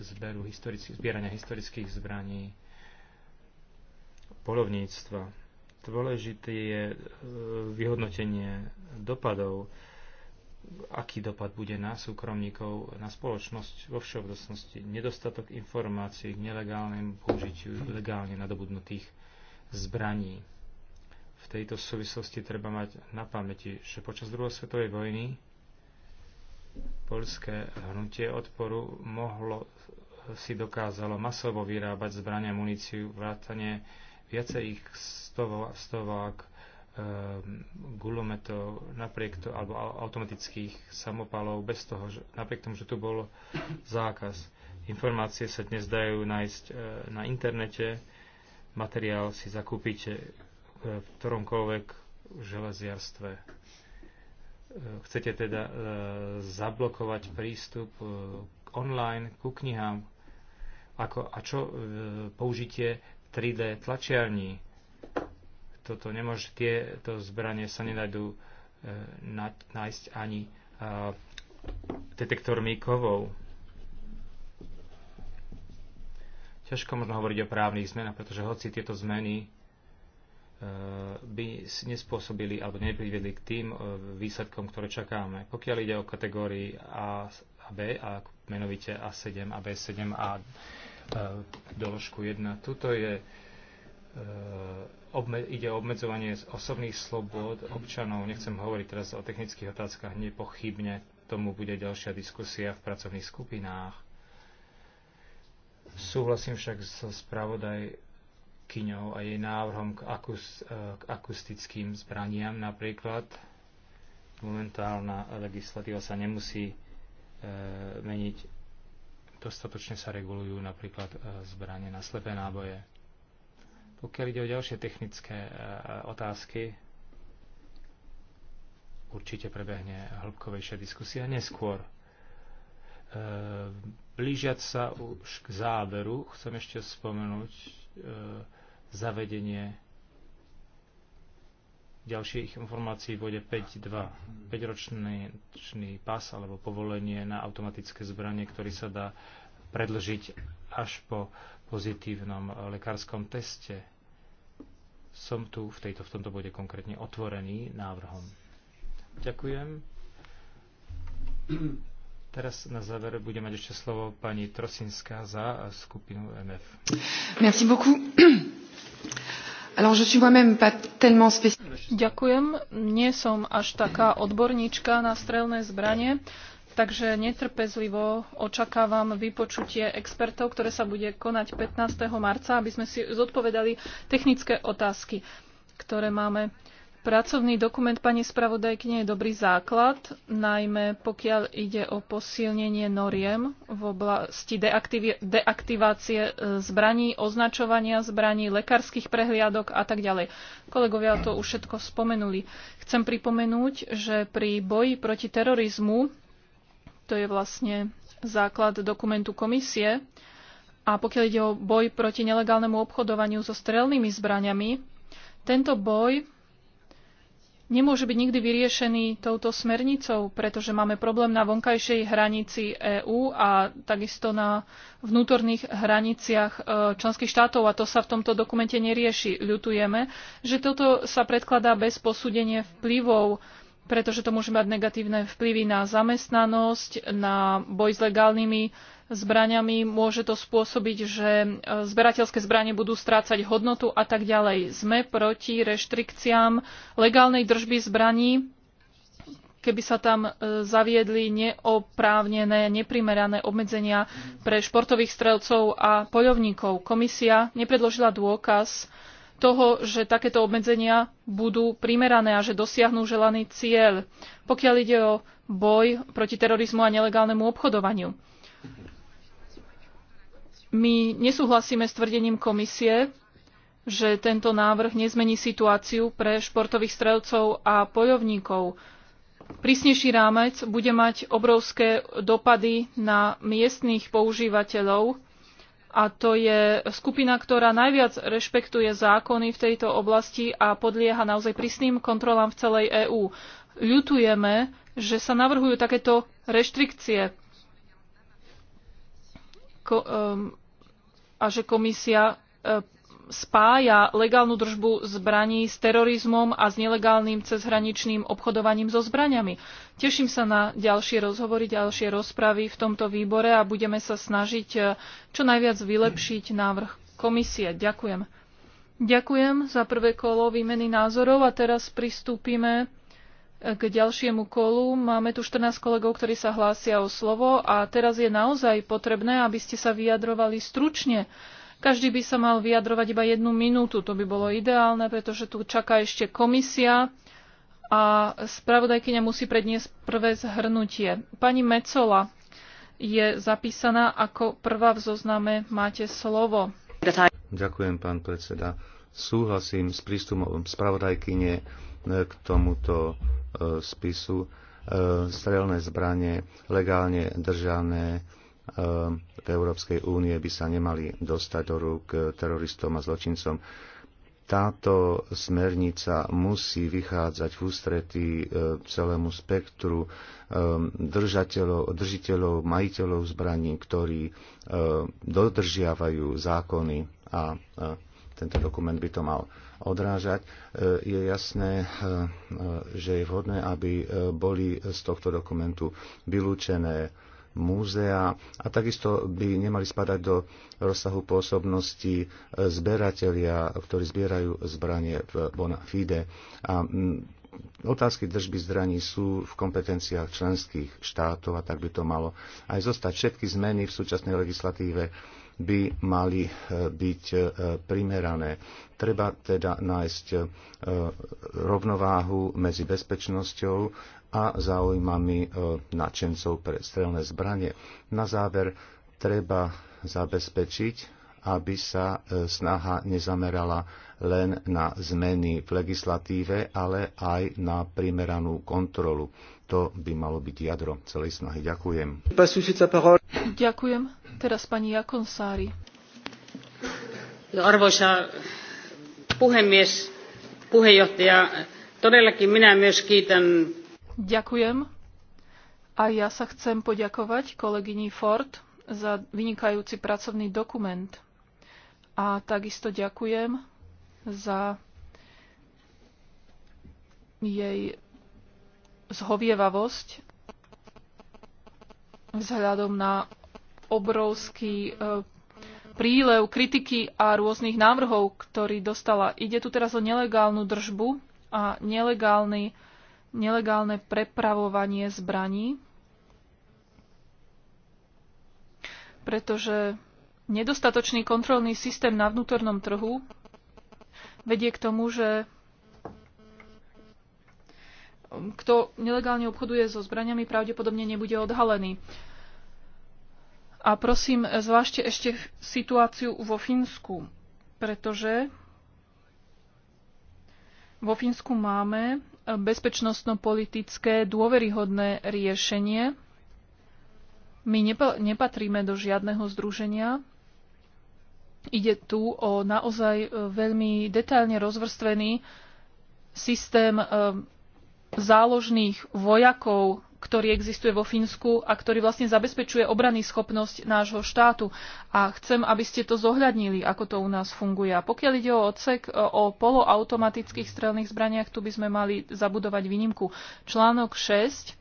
zberu historických, zbierania historických zbraní polovníctva. Dôležité je e, vyhodnotenie dopadov, aký dopad bude na súkromníkov, na spoločnosť vo všeobecnosti, nedostatok informácií k nelegálnemu použitiu legálne nadobudnutých zbraní. V tejto súvislosti treba mať na pamäti, že počas druhej svetovej vojny Polské hnutie odporu mohlo eh, si dokázalo masovo vyrábať zbrania, muníciu, vrátane viacerých stovák, eh, gulometov, napriek to, alebo automatických samopalov, bez toho, že, napriek tomu, že tu bol zákaz. Informácie sa dnes dajú nájsť e, na internete, materiál si zakúpite v ktoromkoľvek železiarstve. E, chcete teda e, zablokovať prístup e, online ku knihám? Ako, a čo použitie 3D tlačiarní? Toto nemôže, tieto zbranie sa nedajú nájsť ani detektormi kovov. Ťažko možno hovoriť o právnych zmenách, pretože hoci tieto zmeny Eh, by nespôsobili alebo neprivedli k tým eh, výsledkom, ktoré čakáme. Pokiaľ ide o kategórii A a B, a menovite A7 a B7 a eh, doložku 1, tuto je, obme, ide o obmedzovanie osobných slobod občanov. Nechcem hovoriť teraz o technických otázkach, nepochybne tomu bude ďalšia diskusia v pracovných skupinách. Súhlasím však so spravodaj kyňou a jej návrhom k, akus, e, k akustickým zbraniam napríklad. Momentálna legislatíva sa nemusí e, meniť. Dostatočne sa regulujú napríklad e, zbranie na slepé náboje. Pokiaľ ide o ďalšie technické e, otázky, určite prebehne hĺbkovejšia diskusia neskôr. E, blížiac sa už k záberu chcem ešte spomenúť, e, zavedenie ďalších informácií bude 5-2, 5-ročný pas alebo povolenie na automatické zbranie, ktorý sa dá predlžiť až po pozitívnom lekárskom teste. Som tu v, tejto, v tomto bode konkrétne otvorený návrhom. Ďakujem. Teraz na záver bude mať ešte slovo pani Trosinská za skupinu MF. Merci beaucoup. Ďakujem. Nie som až taká odborníčka na strelné zbranie, takže netrpezlivo očakávam vypočutie expertov, ktoré sa bude konať 15. marca, aby sme si zodpovedali technické otázky, ktoré máme. Pracovný dokument pani spravodajkyne je dobrý základ, najmä pokiaľ ide o posilnenie noriem v oblasti deaktivácie e, zbraní, označovania zbraní, lekárskych prehliadok a tak ďalej. Kolegovia to už všetko spomenuli. Chcem pripomenúť, že pri boji proti terorizmu, to je vlastne základ dokumentu komisie, a pokiaľ ide o boj proti nelegálnemu obchodovaniu so strelnými zbraniami, tento boj nemôže byť nikdy vyriešený touto smernicou, pretože máme problém na vonkajšej hranici EÚ a takisto na vnútorných hraniciach e, členských štátov a to sa v tomto dokumente nerieši. Ľutujeme, že toto sa predkladá bez posúdenia vplyvov pretože to môže mať negatívne vplyvy na zamestnanosť, na boj s legálnymi zbraniami, môže to spôsobiť, že e, zberateľské zbranie budú strácať hodnotu a tak ďalej. Sme proti reštrikciám legálnej držby zbraní, keby sa tam e, zaviedli neoprávnené, neprimerané obmedzenia pre športových strelcov a poľovníkov. Komisia nepredložila dôkaz toho, že takéto obmedzenia budú primerané a že dosiahnu želaný cieľ, pokiaľ ide o boj proti terorizmu a nelegálnemu obchodovaniu. My nesúhlasíme s tvrdením komisie, že tento návrh nezmení situáciu pre športových strelcov a bojovníkov. Prísnejší rámec bude mať obrovské dopady na miestných používateľov a to je skupina, ktorá najviac rešpektuje zákony v tejto oblasti a podlieha naozaj prísnym kontrolám v celej EÚ. Ľutujeme, že sa navrhujú takéto reštrikcie. Um, a že komisia uh, spája legálnu držbu zbraní s terorizmom a s nelegálnym cezhraničným obchodovaním so zbraniami. Teším sa na ďalšie rozhovory, ďalšie rozpravy v tomto výbore a budeme sa snažiť uh, čo najviac vylepšiť návrh komisie. Ďakujem. Ďakujem za prvé kolo výmeny názorov a teraz pristúpime k ďalšiemu kolu. Máme tu 14 kolegov, ktorí sa hlásia o slovo a teraz je naozaj potrebné, aby ste sa vyjadrovali stručne. Každý by sa mal vyjadrovať iba jednu minútu, to by bolo ideálne, pretože tu čaká ešte komisia a spravodajkyňa musí predniesť prvé zhrnutie. Pani Mecola je zapísaná ako prvá v zozname. Máte slovo. Ďakujem, pán predseda. Súhlasím s prístupom spravodajkyne k tomuto e, spisu. E, strelné zbranie legálne držané e, v Európskej únie by sa nemali dostať do rúk teroristom a zločincom. Táto smernica musí vychádzať v ústretí celému spektru držateľov, držiteľov, majiteľov zbraní, ktorí dodržiavajú zákony a tento dokument by to mal odrážať, e, je jasné, e, e, že je vhodné, aby boli z tohto dokumentu vylúčené múzea a takisto by nemali spadať do rozsahu pôsobnosti zberatelia, ktorí zbierajú zbranie v bona fide. A otázky držby zbraní sú v kompetenciách členských štátov a tak by to malo aj zostať. Všetky zmeny v súčasnej legislatíve by mali eh, byť eh, primerané. Treba teda nájsť eh, rovnováhu medzi bezpečnosťou a záujmami nadšencov pre strelné zbranie. Na záver treba zabezpečiť, aby sa snaha nezamerala len na zmeny v legislatíve, ale aj na primeranú kontrolu to by malo byť jadro celej snahy. Ďakujem. Ďakujem. Teraz pani Jakon Sári. Arvoisa puhemies, puheenjohtaja, todellakin minä myös kiitän. Ďakujem. A ja sa chcem poďakovať kolegyni Ford za vynikajúci pracovný dokument. A takisto ďakujem za jej zhovievavosť vzhľadom na obrovský e, prílev kritiky a rôznych návrhov, ktorý dostala. Ide tu teraz o nelegálnu držbu a nelegálny, nelegálne prepravovanie zbraní, pretože nedostatočný kontrolný systém na vnútornom trhu vedie k tomu, že kto nelegálne obchoduje so zbraniami, pravdepodobne nebude odhalený. A prosím, zvážte ešte situáciu vo Fínsku, pretože vo Fínsku máme bezpečnostno-politické dôveryhodné riešenie. My nepatríme do žiadneho združenia. Ide tu o naozaj e, veľmi detailne rozvrstvený systém e, záložných vojakov, ktorý existuje vo Fínsku a ktorý vlastne zabezpečuje obranný schopnosť nášho štátu. A chcem, aby ste to zohľadnili, ako to u nás funguje. A pokiaľ ide o odsek o poloautomatických strelných zbraniach, tu by sme mali zabudovať výnimku. Článok 6.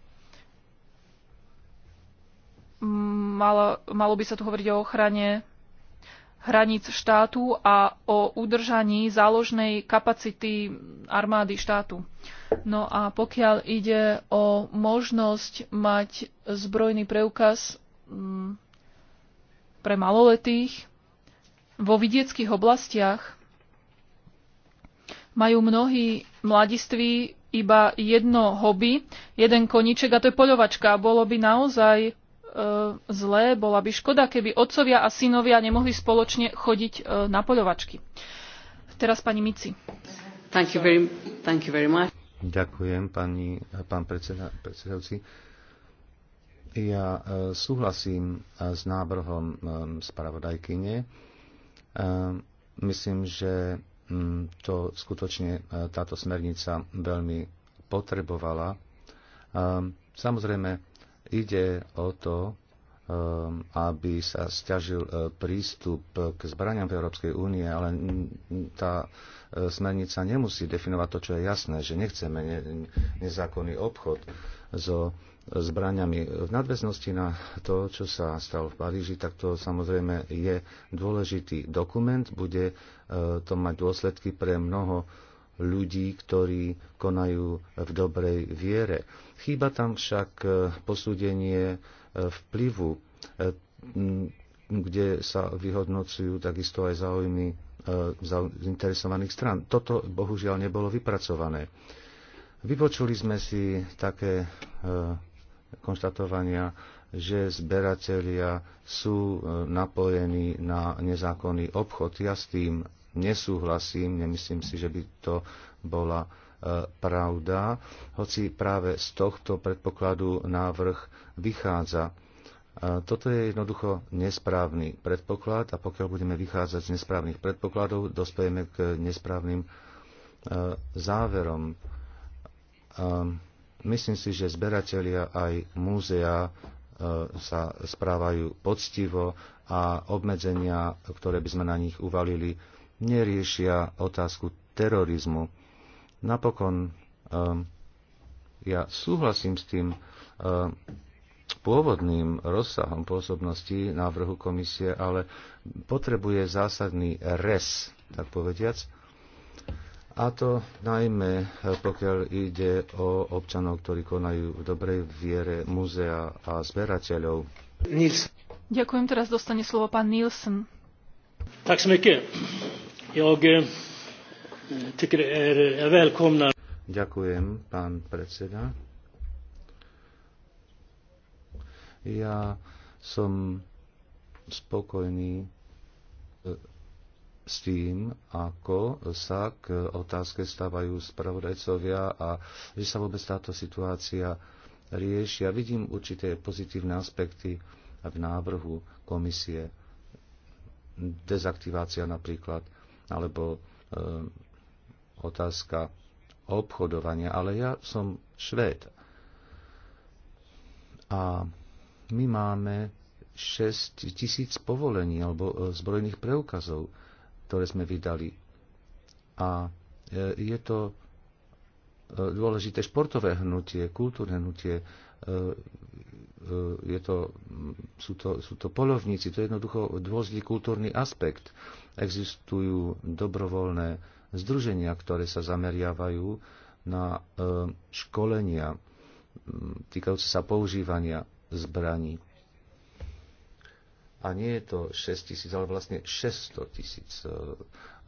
Malo, malo by sa tu hovoriť o ochrane hraníc štátu a o udržaní záložnej kapacity armády štátu. No a pokiaľ ide o možnosť mať zbrojný preukaz mm, pre maloletých vo vidieckých oblastiach, majú mnohí mladiství iba jedno hobby, jeden koníček a to je poľovačka. Bolo by naozaj E, zlé, bola by škoda, keby otcovia a synovia nemohli spoločne chodiť e, na poľovačky. Teraz pani Mici. Thank you very, thank you very much. Ďakujem, pani, pán predseda, predsedajúci. Ja e, súhlasím s návrhom spravodajkyne. Myslím, že mm, to skutočne táto smernica veľmi potrebovala. Samozrejme, Ide o to, um, aby sa stiažil uh, prístup k zbraniam v Európskej únie, ale tá uh, smernica nemusí definovať to, čo je jasné, že nechceme nezákonný obchod so zbraniami. V nadväznosti na to, čo sa stalo v Paríži, tak to samozrejme je dôležitý dokument, bude uh, to mať dôsledky pre mnoho ľudí, ktorí konajú v dobrej viere. Chýba tam však e, posúdenie e, vplyvu, e, kde sa vyhodnocujú takisto aj záujmy zainteresovaných stran. Toto bohužiaľ nebolo vypracované. Vypočuli sme si také konštatovania, že zberatelia sú napojení na nezákonný obchod. Ja s tým nesúhlasím, nemyslím si, že by to bola e, pravda, hoci práve z tohto predpokladu návrh vychádza. E, toto je jednoducho nesprávny predpoklad a pokiaľ budeme vychádzať z nesprávnych predpokladov, dospejeme k nesprávnym e, záverom. Myslím si, že zberatelia aj múzea sa správajú poctivo a obmedzenia, ktoré by sme na nich uvalili, neriešia otázku terorizmu. Napokon um, ja súhlasím s tým um, pôvodným rozsahom pôsobnosti návrhu komisie, ale potrebuje zásadný res, tak povediac, a to najmä eh, pokiaľ ide o občanov, ktorí konajú v dobrej viere múzea a zberateľov. Nils. Ďakujem, teraz dostane slovo pán Nielsen. Tak ke. Eh, eh, Ďakujem, pán predseda. Ja som spokojný eh, s tým, ako sa k otázke stávajú spravodajcovia a že sa vôbec táto situácia rieši. Ja vidím určité pozitívne aspekty v návrhu komisie. Dezaktivácia napríklad alebo e, otázka obchodovania, ale ja som Švéd. A my máme 6 tisíc povolení alebo e, zbrojných preukazov, ktoré sme vydali. A e, je to dôležité športové hnutie, kultúrne hnutie, je to, sú, to, sú to polovníci, to je jednoducho dôležitý kultúrny aspekt. Existujú dobrovoľné združenia, ktoré sa zameriavajú na e, školenia týkajúce sa používania zbraní. A nie je to 6 tisíc, ale vlastne 600 tisíc. E,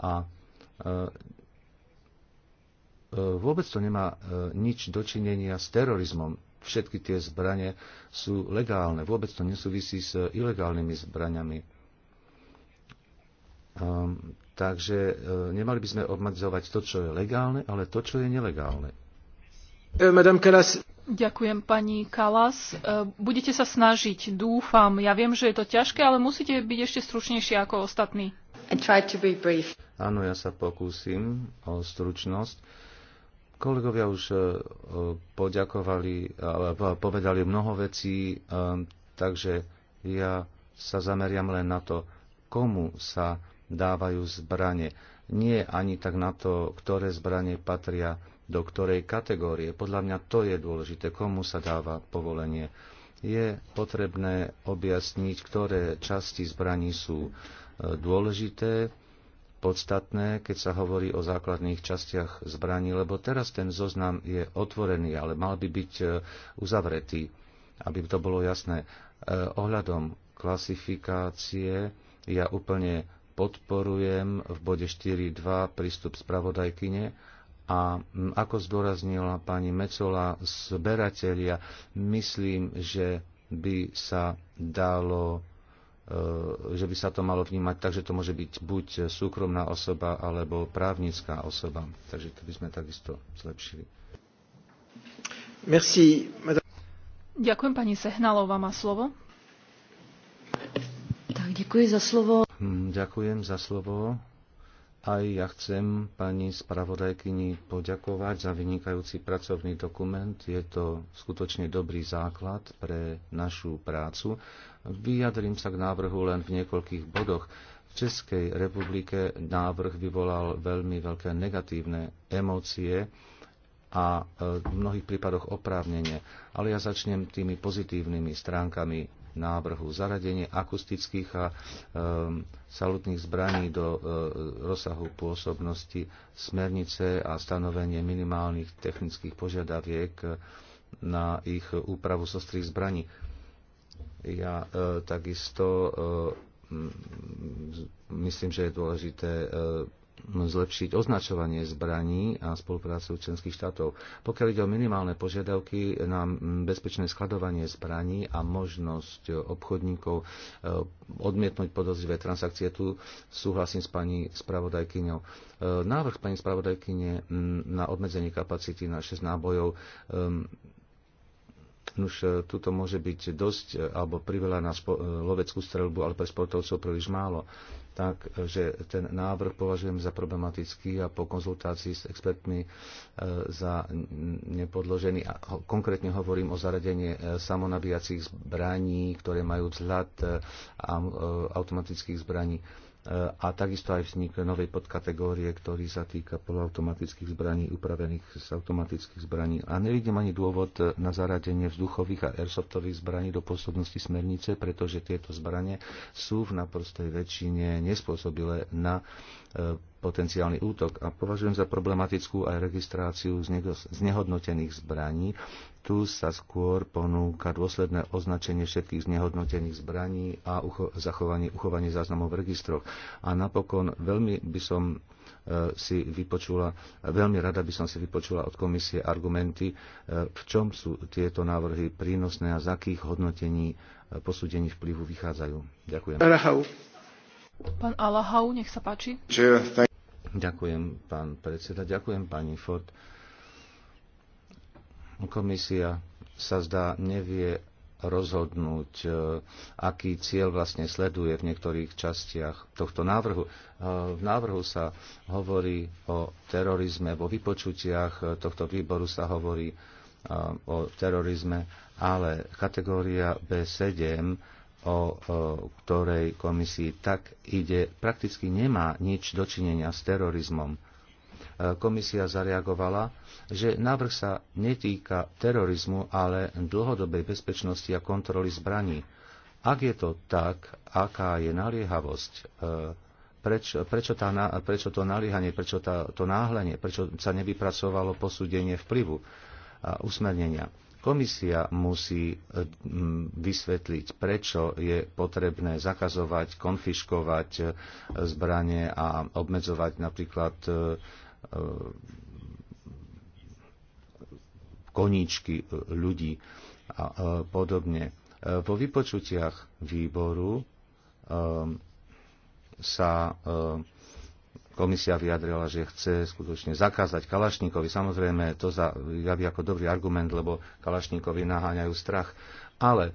a e, vôbec to nemá nič dočinenia s terorizmom. Všetky tie zbranie sú legálne, vôbec to nesúvisí s ilegálnymi zbraniami. Ehm, takže eh, nemali by sme obmedzovať to, čo je legálne, ale to, čo je nelegálne. Eh, Madame Kalas. Ďakujem pani Kalas. Eh, budete sa snažiť, dúfam. Ja viem, že je to ťažké, ale musíte byť ešte stručnejší ako ostatní. Áno, ja sa pokúsim o stručnosť. Kolegovia už poďakovali, povedali mnoho vecí, ehm, takže ja sa zameriam len na to, komu sa dávajú zbranie. Nie ani tak na to, ktoré zbranie patria do ktorej kategórie. Podľa mňa to je dôležité, komu sa dáva povolenie. Je potrebné objasniť, ktoré časti zbraní sú e, dôležité, podstatné, keď sa hovorí o základných častiach zbraní, lebo teraz ten zoznam je otvorený, ale mal by byť e, uzavretý, aby to bolo jasné. E, ohľadom klasifikácie ja úplne podporujem v bode 4.2 prístup spravodajkyne a ako zdôraznila pani Mecola, zberatelia, myslím, že by sa dalo e, že by sa to malo vnímať tak, že to môže byť buď súkromná osoba alebo právnická osoba. Takže to by sme takisto zlepšili. Merci, madame. Ďakujem pani Sehnalová, má slovo. Tak, ďakujem za slovo. Hm, ďakujem za slovo. Aj ja chcem pani spravodajkyni poďakovať za vynikajúci pracovný dokument. Je to skutočne dobrý základ pre našu prácu. Vyjadrím sa k návrhu len v niekoľkých bodoch. V Českej republike návrh vyvolal veľmi veľké negatívne emócie a e, v mnohých prípadoch oprávnenie. Ale ja začnem tými pozitívnymi stránkami návrhu zaradenie akustických a salutných zbraní do e, rozsahu pôsobnosti smernice a stanovenie minimálnych technických požiadaviek na ich úpravu sostrých zbraní. Ja e, takisto e, myslím, že je dôležité e, zlepšiť označovanie zbraní a spoluprácu členských štátov. Pokiaľ ide o minimálne požiadavky na bezpečné skladovanie zbraní a možnosť obchodníkov e, odmietnúť podozrivé transakcie, tu súhlasím s pani spravodajkyňou. E, návrh pani spravodajkyne na obmedzenie kapacity na 6 nábojov už e, tuto môže byť dosť alebo priveľa na loveckú streľbu, ale pre sportovcov príliš málo tak, že ten návrh považujem za problematický a po konzultácii s expertmi e, za nepodložený. A konkrétne hovorím o zaradenie samonabíjacích zbraní, ktoré majú vzhľad e, e, automatických zbraní a takisto aj vznik novej podkategórie, ktorý sa týka poloautomatických zbraní, upravených z automatických zbraní. A nevidím ani dôvod na zaradenie vzduchových a airsoftových zbraní do pôsobnosti smernice, pretože tieto zbranie sú v naprostej väčšine nespôsobilé na e, potenciálny útok a považujem za problematickú aj registráciu znehodnotených zbraní. Tu sa skôr ponúka dôsledné označenie všetkých znehodnotených zbraní a ucho- zachovanie, uchovanie záznamov v registroch. A napokon veľmi by som e, si vypočula, veľmi rada by som si vypočula od komisie argumenty, e, v čom sú tieto návrhy prínosné a z akých hodnotení e, posúdení vplyvu vychádzajú. Ďakujem. Pán Alahau, nech sa páči. Ďakujem, pán predseda. Ďakujem, pani Ford. Komisia sa zdá nevie rozhodnúť, e, aký cieľ vlastne sleduje v niektorých častiach tohto návrhu. E, v návrhu sa hovorí o terorizme, vo vypočutiach e, tohto výboru sa hovorí o terorizme, ale kategória B7 o, ktorej komisii tak ide, prakticky nemá nič dočinenia s terorizmom. E, komisia zareagovala, že návrh sa netýka terorizmu, ale dlhodobej bezpečnosti a kontroly zbraní. Ak je to tak, aká je naliehavosť, e, preč, prečo, tá, prečo to naliehanie, prečo tá, to náhlenie, prečo sa nevypracovalo posúdenie vplyvu a usmernenia? Komisia musí e, vysvetliť, prečo je potrebné zakazovať, konfiškovať e, zbranie a obmedzovať napríklad e, koníčky ľudí a podobne. Po vypočutiach výboru sa komisia vyjadrila, že chce skutočne zakázať Kalašníkovi. Samozrejme, to sa javí ako dobrý argument, lebo Kalašníkovi naháňajú strach. Ale e,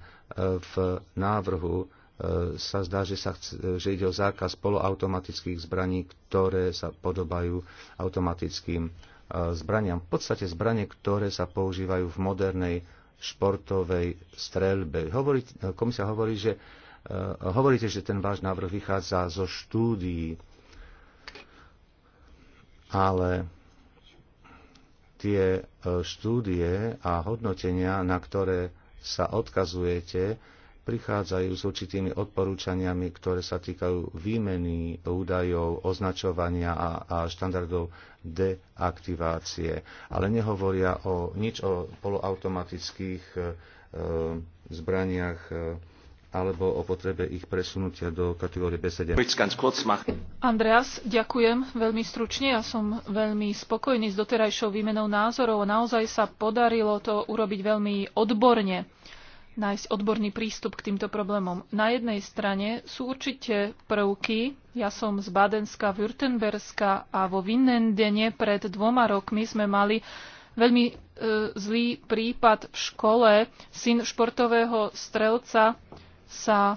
v návrhu e, sa zdá, že, sa chce, že ide o zákaz poloautomatických zbraní, ktoré sa podobajú automatickým e, zbraniam. V podstate zbranie, ktoré sa používajú v modernej športovej streľbe. Hovorí, komisia hovorí, že hovoríte, že ten váš návrh vychádza zo štúdií ale tie e, štúdie a hodnotenia, na ktoré sa odkazujete, prichádzajú s určitými odporúčaniami, ktoré sa týkajú výmeny údajov, označovania a, a štandardov deaktivácie, ale nehovoria o nič o poloautomatických e, e zbraniach e, alebo o potrebe ich presunutia do kategórie B7. Andreas, ďakujem veľmi stručne. Ja som veľmi spokojný s doterajšou výmenou názorov. Naozaj sa podarilo to urobiť veľmi odborne nájsť odborný prístup k týmto problémom. Na jednej strane sú určite prvky, ja som z Badenska, Württemberska a vo Vinnendene pred dvoma rokmi sme mali veľmi e, zlý prípad v škole. Syn športového strelca sa e,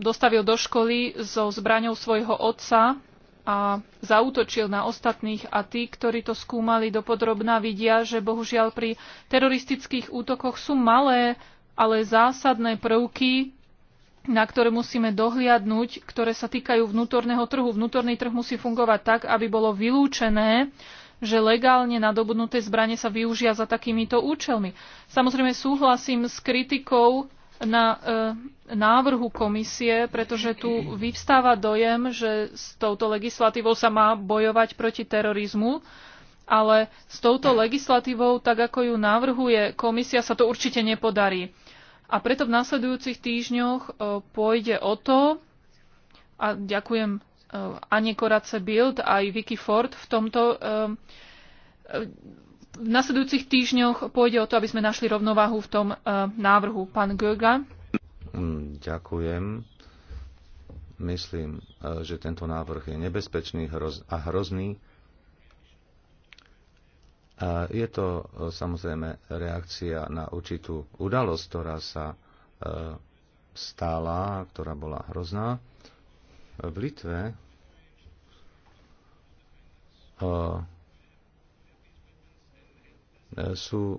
dostavil do školy so zbraňou svojho otca a zautočil na ostatných a tí, ktorí to skúmali dopodrobná, vidia, že bohužiaľ pri teroristických útokoch sú malé, ale zásadné prvky, na ktoré musíme dohliadnúť, ktoré sa týkajú vnútorného trhu. Vnútorný trh musí fungovať tak, aby bolo vylúčené, že legálne nadobudnuté zbranie sa využia za takýmito účelmi. Samozrejme súhlasím s kritikou na e, návrhu komisie, pretože tu vyvstáva dojem, že s touto legislatívou sa má bojovať proti terorizmu, ale s touto legislatívou, tak ako ju navrhuje komisia, sa to určite nepodarí. A preto v následujúcich týždňoch e, pôjde o to, a ďakujem e, Anne Korace Bild aj Vicky Ford v tomto e, e v nasledujúcich týždňoch pôjde o to, aby sme našli rovnováhu v tom eh, návrhu. Pán Göga. Mm, ďakujem. Myslím, eh, že tento návrh je nebezpečný a hrozný. Je to eh, samozrejme reakcia na určitú udalosť, ktorá sa stála, ktorá bola hrozná. V Litve sú e,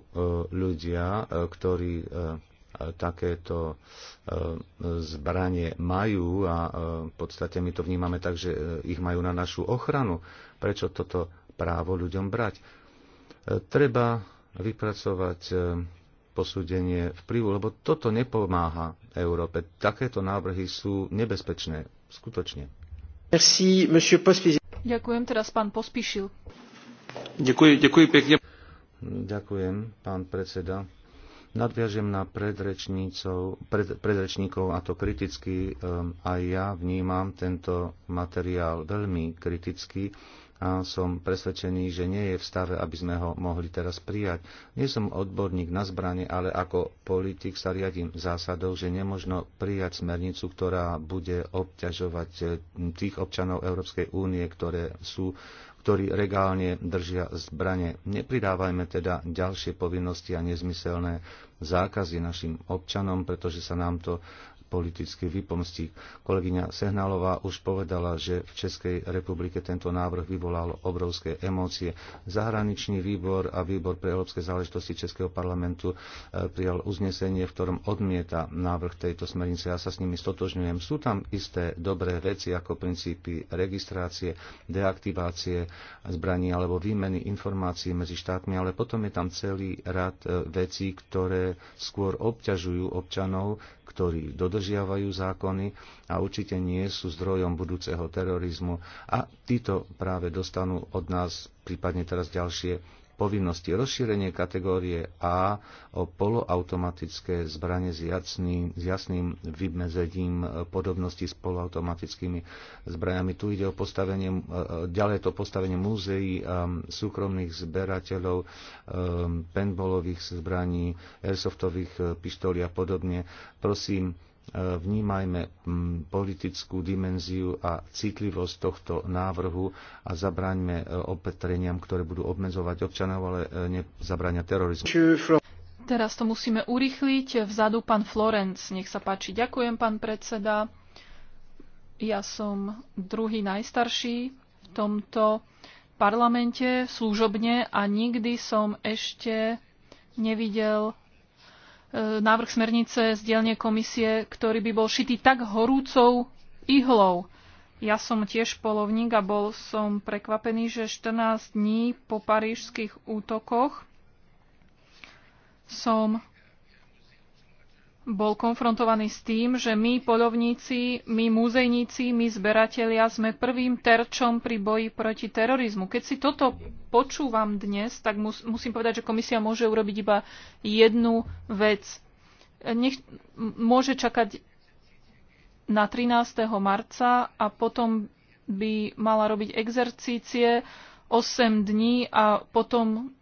ľudia, e, ktorí e, takéto zbranie majú a v podstate my to vnímame tak, že ich majú na našu ochranu. Prečo toto právo ľuďom brať? Treba vypracovať posúdenie vplyvu, lebo toto nepomáha Európe. Takéto návrhy sú nebezpečné, skutočne. Merci, Ďakujem teraz pán Pospíšil. Ďakujem, ďakujem pekne. Ďakujem, pán predseda. Nadviažem na pred, predrečníkov a to kriticky. Ehm, aj ja vnímam tento materiál veľmi kriticky a som presvedčený, že nie je v stave, aby sme ho mohli teraz prijať. Nie som odborník na zbranie, ale ako politik sa riadím zásadou, že nemožno prijať smernicu, ktorá bude obťažovať eh, tých občanov Európskej únie, ktoré sú ktorí regálne držia zbranie. Nepridávajme teda ďalšie povinnosti a nezmyselné zákazy našim občanom, pretože sa nám to politicky vypomstí. Kolegyňa Sehnalová už povedala, že v Českej republike tento návrh vyvolal obrovské emócie. Zahraničný výbor a výbor pre európske záležitosti Českého parlamentu e, prijal uznesenie, v ktorom odmieta návrh tejto smernice. Ja sa s nimi stotožňujem. Sú tam isté dobré veci ako princípy registrácie, deaktivácie zbraní alebo výmeny informácií medzi štátmi, ale potom je tam celý rad e, vecí, ktoré skôr obťažujú občanov, ktorí dodržiavajú zákony a určite nie sú zdrojom budúceho terorizmu. A títo práve dostanú od nás prípadne teraz ďalšie povinnosti rozšírenie kategórie A o poloautomatické zbranie s, jasný, s jasným vymedzením e, podobnosti s poloautomatickými zbraniami. Tu ide o postavenie, e, e, ďalej to postavenie múzeí súkromných zberateľov penbolových zbraní, airsoftových pištolí a podobne. Prosím, E, vnímajme politickú dimenziu a citlivosť tohto návrhu a zabraňme e, opetreniam, ktoré budú obmedzovať občanov, ale e, nezabrania terorizmu. Teraz to musíme urychliť. Vzadu pán Florenc, nech sa páči. Ďakujem, pán predseda. Ja som druhý najstarší v tomto parlamente služobne a nikdy som ešte nevidel E, návrh smernice z dielne komisie, ktorý by bol šitý tak horúcou ihlou. Ja som tiež polovník a bol som prekvapený, že 14 dní po parížských útokoch som bol konfrontovaný s tým, že my poľovníci, my múzejníci, my zberatelia sme prvým terčom pri boji proti terorizmu. Keď si toto počúvam dnes, tak mus, musím povedať, že komisia môže urobiť iba jednu vec. Nech, môže čakať na 13. marca a potom by mala robiť exercície 8 dní a potom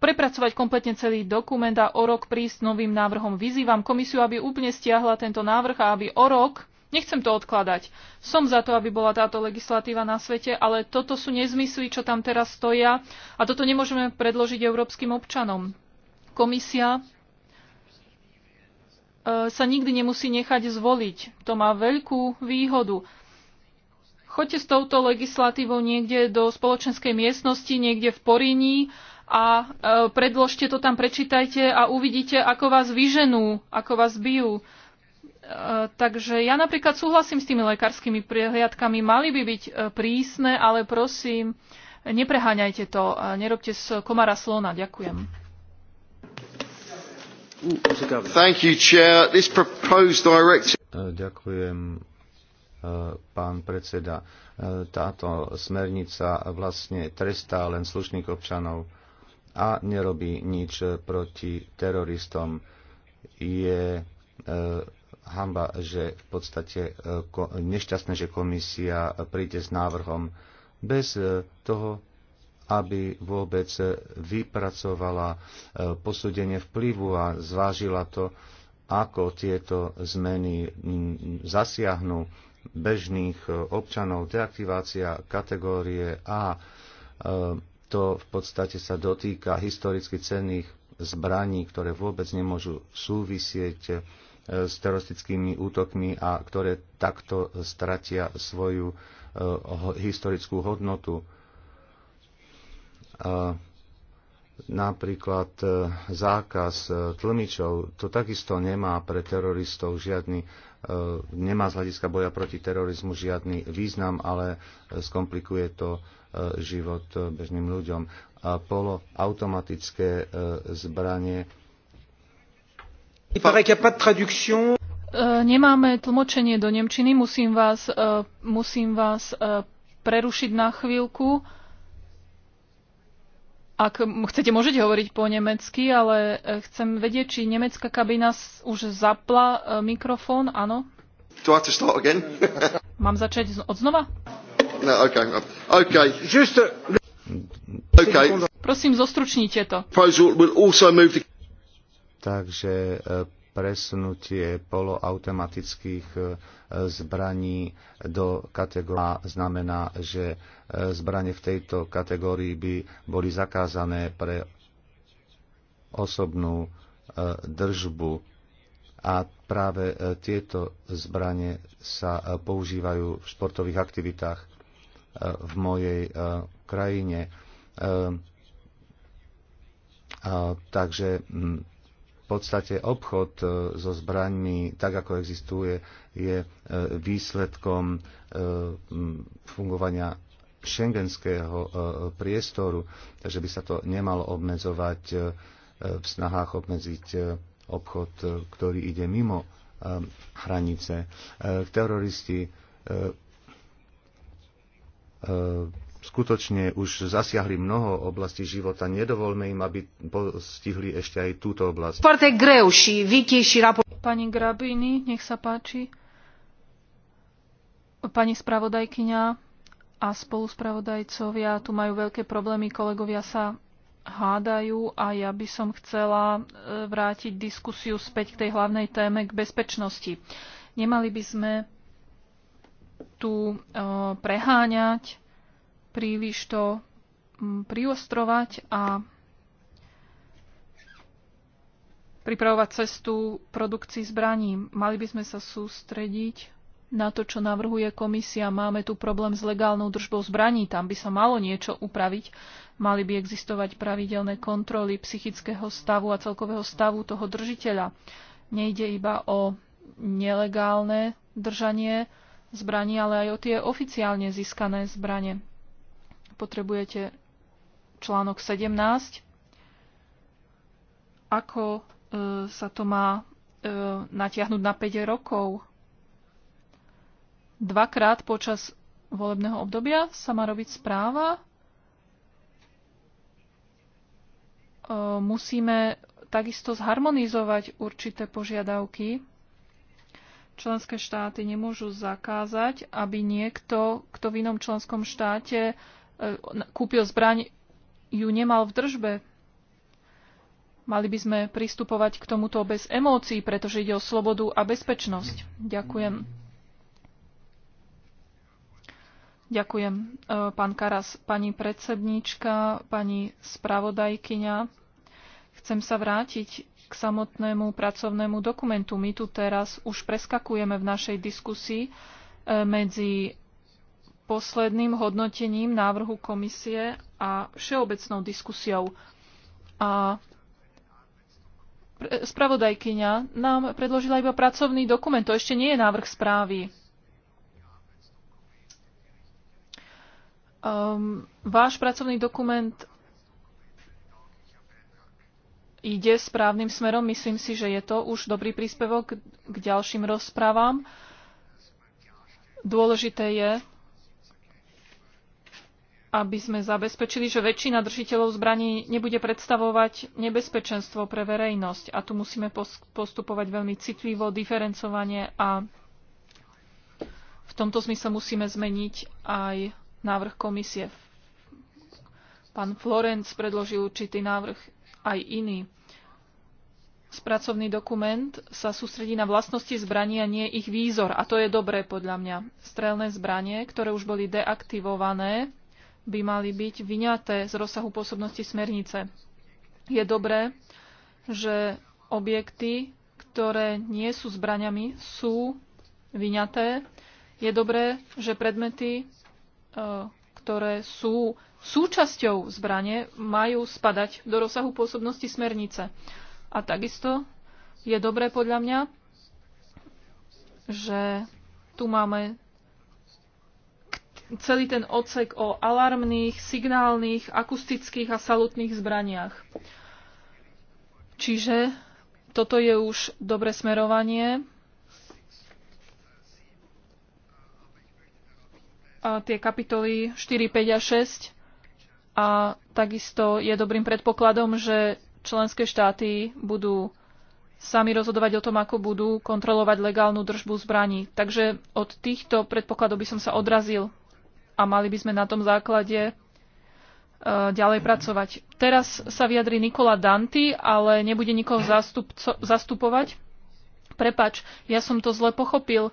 prepracovať kompletne celý dokument a o rok prísť s novým návrhom. Vyzývam komisiu, aby úplne stiahla tento návrh a aby o rok, nechcem to odkladať, som za to, aby bola táto legislatíva na svete, ale toto sú nezmysly, čo tam teraz stoja a toto nemôžeme predložiť európskym občanom. Komisia e, sa nikdy nemusí nechať zvoliť. To má veľkú výhodu. Choďte s touto legislatívou niekde do spoločenskej miestnosti, niekde v Poriní a e, predložte to tam, prečítajte a uvidíte, ako vás vyženú, ako vás bijú. E, takže ja napríklad súhlasím s tými lekárskymi prehliadkami, mali by byť e, prísne, ale prosím, nepreháňajte to, nerobte z komara slona. Ďakujem. You, directive... Ďakujem, pán predseda. Táto smernica vlastne trestá len slušných občanov a nerobí nič proti teroristom. Je e, hamba, že v podstate e, ko, nešťastné, že komisia príde s návrhom bez e, toho, aby vôbec vypracovala e, posúdenie vplyvu a zvážila to, ako tieto zmeny m, zasiahnu bežných e, občanov, deaktivácia kategórie A, e, to v podstate sa dotýka historicky cenných zbraní, ktoré vôbec nemôžu súvisieť e, s teroristickými útokmi a ktoré takto stratia svoju e, historickú hodnotu. E, napríklad zákaz tlmičov, to takisto nemá pre teroristov žiadny E, nemá z hľadiska boja proti terorizmu žiadny význam, ale e, skomplikuje to e, život bežným ľuďom. A poloautomatické zbranie. Nemáme tlmočenie do Nemčiny, musím vás, musím vás prerušiť na chvíľku. Ak chcete, môžete hovoriť po nemecky, ale e, chcem vedieť, či nemecká kabina už zapla e, mikrofón, áno? Do I have to start again? Mám začať od znova? No, okay. No. Okay. Just a... okay. Prosím, zostručnite to. Takže e, presunutie poloautomatických e, zbraní do kategórie znamená, že e, zbranie v tejto kategórii by boli zakázané pre osobnú e, držbu a práve tieto zbranie sa používajú v športových aktivitách v mojej krajine. Takže podstate obchod e, so zbraňmi, tak ako existuje, je e, výsledkom e, fungovania šengenského priestoru, takže by sa to nemalo obmedzovať v snahách obmedziť obchod, ktorý ide mimo hranice. Teroristi skutočne už zasiahli mnoho oblastí života. Nedovolme im, aby postihli ešte aj túto oblasť. Pani Grabini, nech sa páči. Pani spravodajkyňa a spoluspravodajcovia tu majú veľké problémy, kolegovia sa hádajú a ja by som chcela e, vrátiť diskusiu späť k tej hlavnej téme, k bezpečnosti. Nemali by sme tu e, preháňať príliš to mm, priostrovať a pripravovať cestu produkcii zbraní. Mali by sme sa sústrediť na to, čo navrhuje komisia. Máme tu problém s legálnou držbou zbraní, tam by sa malo niečo upraviť. Mali by existovať pravidelné kontroly psychického stavu a celkového stavu toho držiteľa. Nejde iba o nelegálne držanie zbraní, ale aj o tie oficiálne získané zbranie potrebujete článok 17, ako e, sa to má e, natiahnuť na 5 rokov. Dvakrát počas volebného obdobia sa má robiť správa. E, musíme takisto zharmonizovať určité požiadavky členské štáty nemôžu zakázať, aby niekto, kto v inom členskom štáte E, kúpil zbraň, ju nemal v držbe. Mali by sme pristupovať k tomuto bez emócií, pretože ide o slobodu a bezpečnosť. Ďakujem. Ďakujem, e, pán Karas, pani predsedníčka, pani spravodajkyňa. Chcem sa vrátiť k samotnému pracovnému dokumentu. My tu teraz už preskakujeme v našej diskusii e, medzi posledným hodnotením návrhu komisie a všeobecnou diskusiou. A spravodajkyňa nám predložila iba pracovný dokument. To ešte nie je návrh správy. Um, váš pracovný dokument ide správnym smerom. Myslím si, že je to už dobrý príspevok k ďalším rozprávam. Dôležité je, aby sme zabezpečili, že väčšina držiteľov zbraní nebude predstavovať nebezpečenstvo pre verejnosť. A tu musíme postupovať veľmi citlivo, diferencovanie a v tomto zmysle musíme zmeniť aj návrh komisie. Pán Florenc predložil určitý návrh aj iný. Spracovný dokument sa sústredí na vlastnosti zbraní a nie ich výzor. A to je dobré podľa mňa. Strelné zbranie, ktoré už boli deaktivované, by mali byť vyňaté z rozsahu pôsobnosti smernice. Je dobré, že objekty, ktoré nie sú zbraňami, sú vyňaté. Je dobré, že predmety, e, ktoré sú súčasťou zbrane, majú spadať do rozsahu pôsobnosti smernice. A takisto je dobré podľa mňa, že tu máme celý ten odsek o alarmných, signálnych, akustických a salutných zbraniach. Čiže toto je už dobre smerovanie. A tie kapitoly 4, 5 a 6 a takisto je dobrým predpokladom, že členské štáty budú sami rozhodovať o tom, ako budú kontrolovať legálnu držbu zbraní. Takže od týchto predpokladov by som sa odrazil a mali by sme na tom základe e, ďalej pracovať. Teraz sa vyjadri Nikola Danti, ale nebude nikoho zastupco, zastupovať. Prepač, ja som to zle pochopil. E,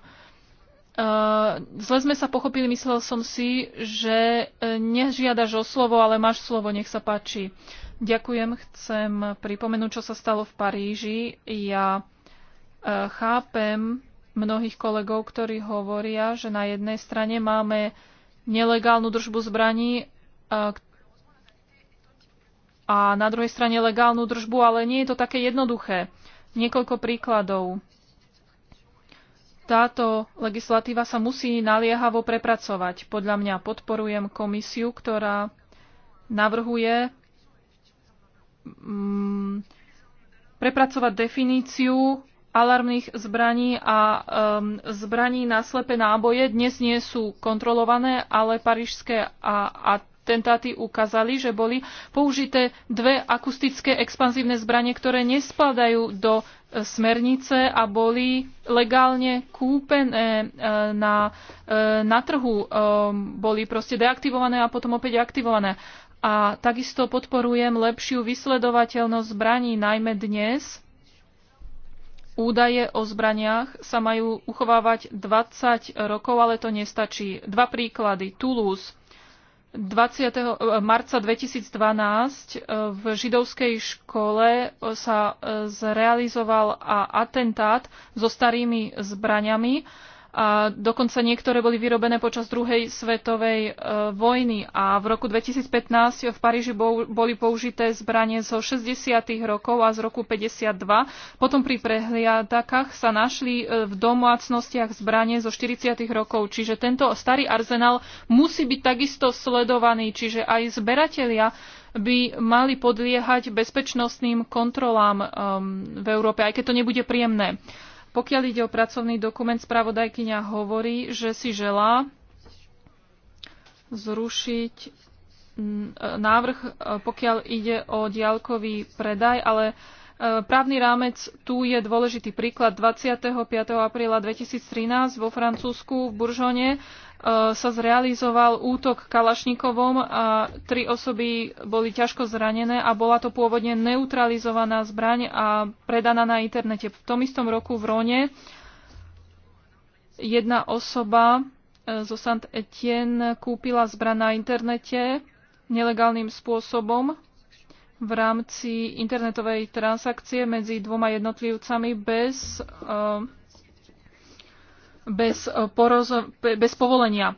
zle sme sa pochopili, myslel som si, že e, nežiadaš o slovo, ale máš slovo, nech sa páči. Ďakujem, chcem pripomenúť, čo sa stalo v Paríži. Ja chápem mnohých kolegov, ktorí hovoria, že na jednej strane máme nelegálnu držbu zbraní a na druhej strane legálnu držbu, ale nie je to také jednoduché. Niekoľko príkladov. Táto legislatíva sa musí naliehavo prepracovať. Podľa mňa podporujem komisiu, ktorá navrhuje mm, prepracovať definíciu alarmných zbraní a um, zbraní na slepe náboje dnes nie sú kontrolované, ale parížské a, atentáty ukázali, že boli použité dve akustické expanzívne zbranie, ktoré nespadajú do e, smernice a boli legálne kúpené e, na, e, na trhu. Boli proste deaktivované a potom opäť aktivované. A takisto podporujem lepšiu vysledovateľnosť zbraní, najmä dnes, Údaje o zbraniach sa majú uchovávať 20 rokov, ale to nestačí. Dva príklady. Toulouse. 20. Eh, marca 2012 eh, v židovskej škole eh, sa zrealizoval atentát so starými zbraniami a dokonca niektoré boli vyrobené počas druhej svetovej e, vojny a v roku 2015 v Paríži boli použité zbranie zo 60. rokov a z roku 52. Potom pri prehliadakách sa našli e, v domácnostiach zbranie zo 40. rokov, čiže tento starý arzenál musí byť takisto sledovaný, čiže aj zberatelia by mali podliehať bezpečnostným kontrolám um, v Európe, aj keď to nebude príjemné. Pokiaľ ide o pracovný dokument, spravodajkyňa hovorí, že si želá zrušiť mm, e, návrh, e, pokiaľ ide o diálkový predaj, ale e, právny rámec tu je dôležitý príklad 25. apríla 2013 vo Francúzsku v Buržone E, sa zrealizoval útok Kalašnikovom a tri osoby boli ťažko zranené a bola to pôvodne neutralizovaná zbraň a predaná na internete. V tom istom roku v Rone jedna osoba e, zo Sant Etienne kúpila zbraň na internete nelegálnym spôsobom v rámci internetovej transakcie medzi dvoma jednotlivcami bez uh, bez, eh, porozo- bez povolenia.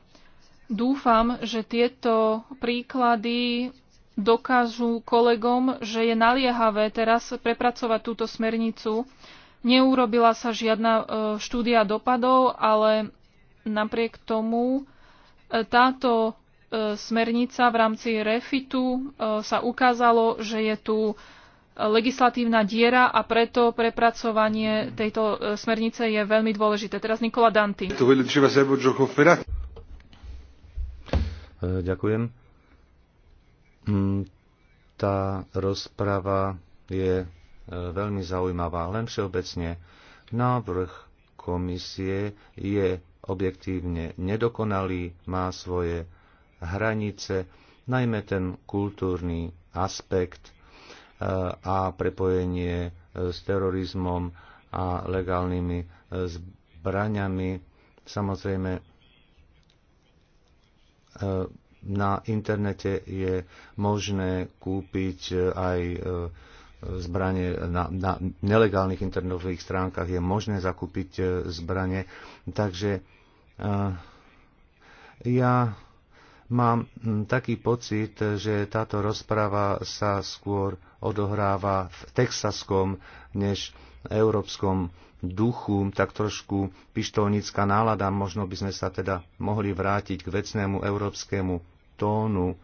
Dúfam, že tieto príklady dokážu kolegom, že je naliehavé teraz prepracovať túto smernicu. Neurobila sa žiadna eh, štúdia dopadov, ale napriek tomu eh, táto smernica v rámci refitu sa ukázalo, že je tu legislatívna diera a preto prepracovanie tejto e, smernice je veľmi dôležité. Teraz Nikola Danti. E, ďakujem. Hm, tá rozprava je e, veľmi zaujímavá. Len všeobecne návrh komisie je objektívne nedokonalý, má svoje hranice, najmä ten kultúrny aspekt a prepojenie e, s terorizmom a legálnymi e, zbraňami. Samozrejme, e, na internete je možné kúpiť aj zbranie na, na nelegálnych internetových stránkach je možné zakúpiť zbranie. Takže ja mám taký pocit, že táto rozprava sa skôr odohráva v texaskom než európskom duchu, tak trošku pištolnícka nálada. Možno by sme sa teda mohli vrátiť k vecnému európskemu tónu.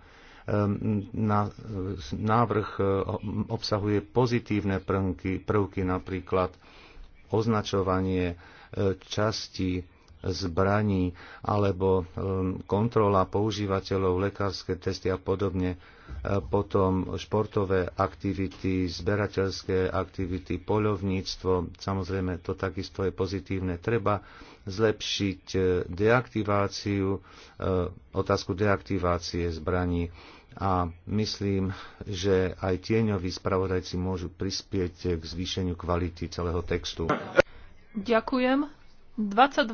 Ehm, na, návrh e, obsahuje pozitívne prvky, prvky napríklad označovanie e, časti zbraní alebo um, kontrola používateľov, lekárske testy a podobne, e, potom športové aktivity, zberateľské aktivity, poľovníctvo, samozrejme to takisto je pozitívne. Treba zlepšiť e, deaktiváciu, e, otázku deaktivácie zbraní a myslím, že aj tieňoví spravodajci môžu prispieť k zvýšeniu kvality celého textu. Ďakujem. 22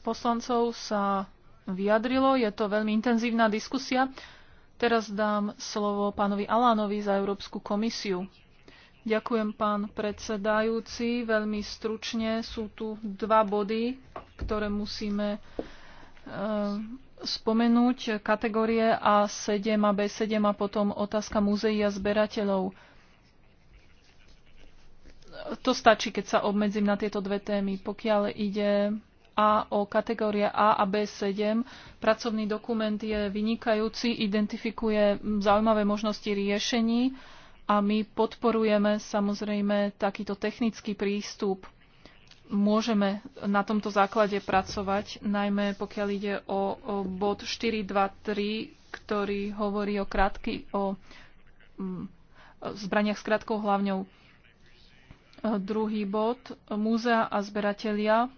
poslancov sa vyjadrilo, je to veľmi intenzívna diskusia. Teraz dám slovo pánovi Alánovi za Európsku komisiu. Ďakujem, pán predsedajúci. Veľmi stručne sú tu dva body, ktoré musíme e, spomenúť kategórie A7 a B7 a potom otázka múzeí a zberateľov to stačí, keď sa obmedzím na tieto dve témy. Pokiaľ ide a o kategórie A a B7, pracovný dokument je vynikajúci, identifikuje zaujímavé možnosti riešení a my podporujeme samozrejme takýto technický prístup. Môžeme na tomto základe pracovať, najmä pokiaľ ide o, o bod 423, ktorý hovorí o krátky, o mm, zbraniach s krátkou hlavňou. Eh, druhý bod, múzea a zberatelia.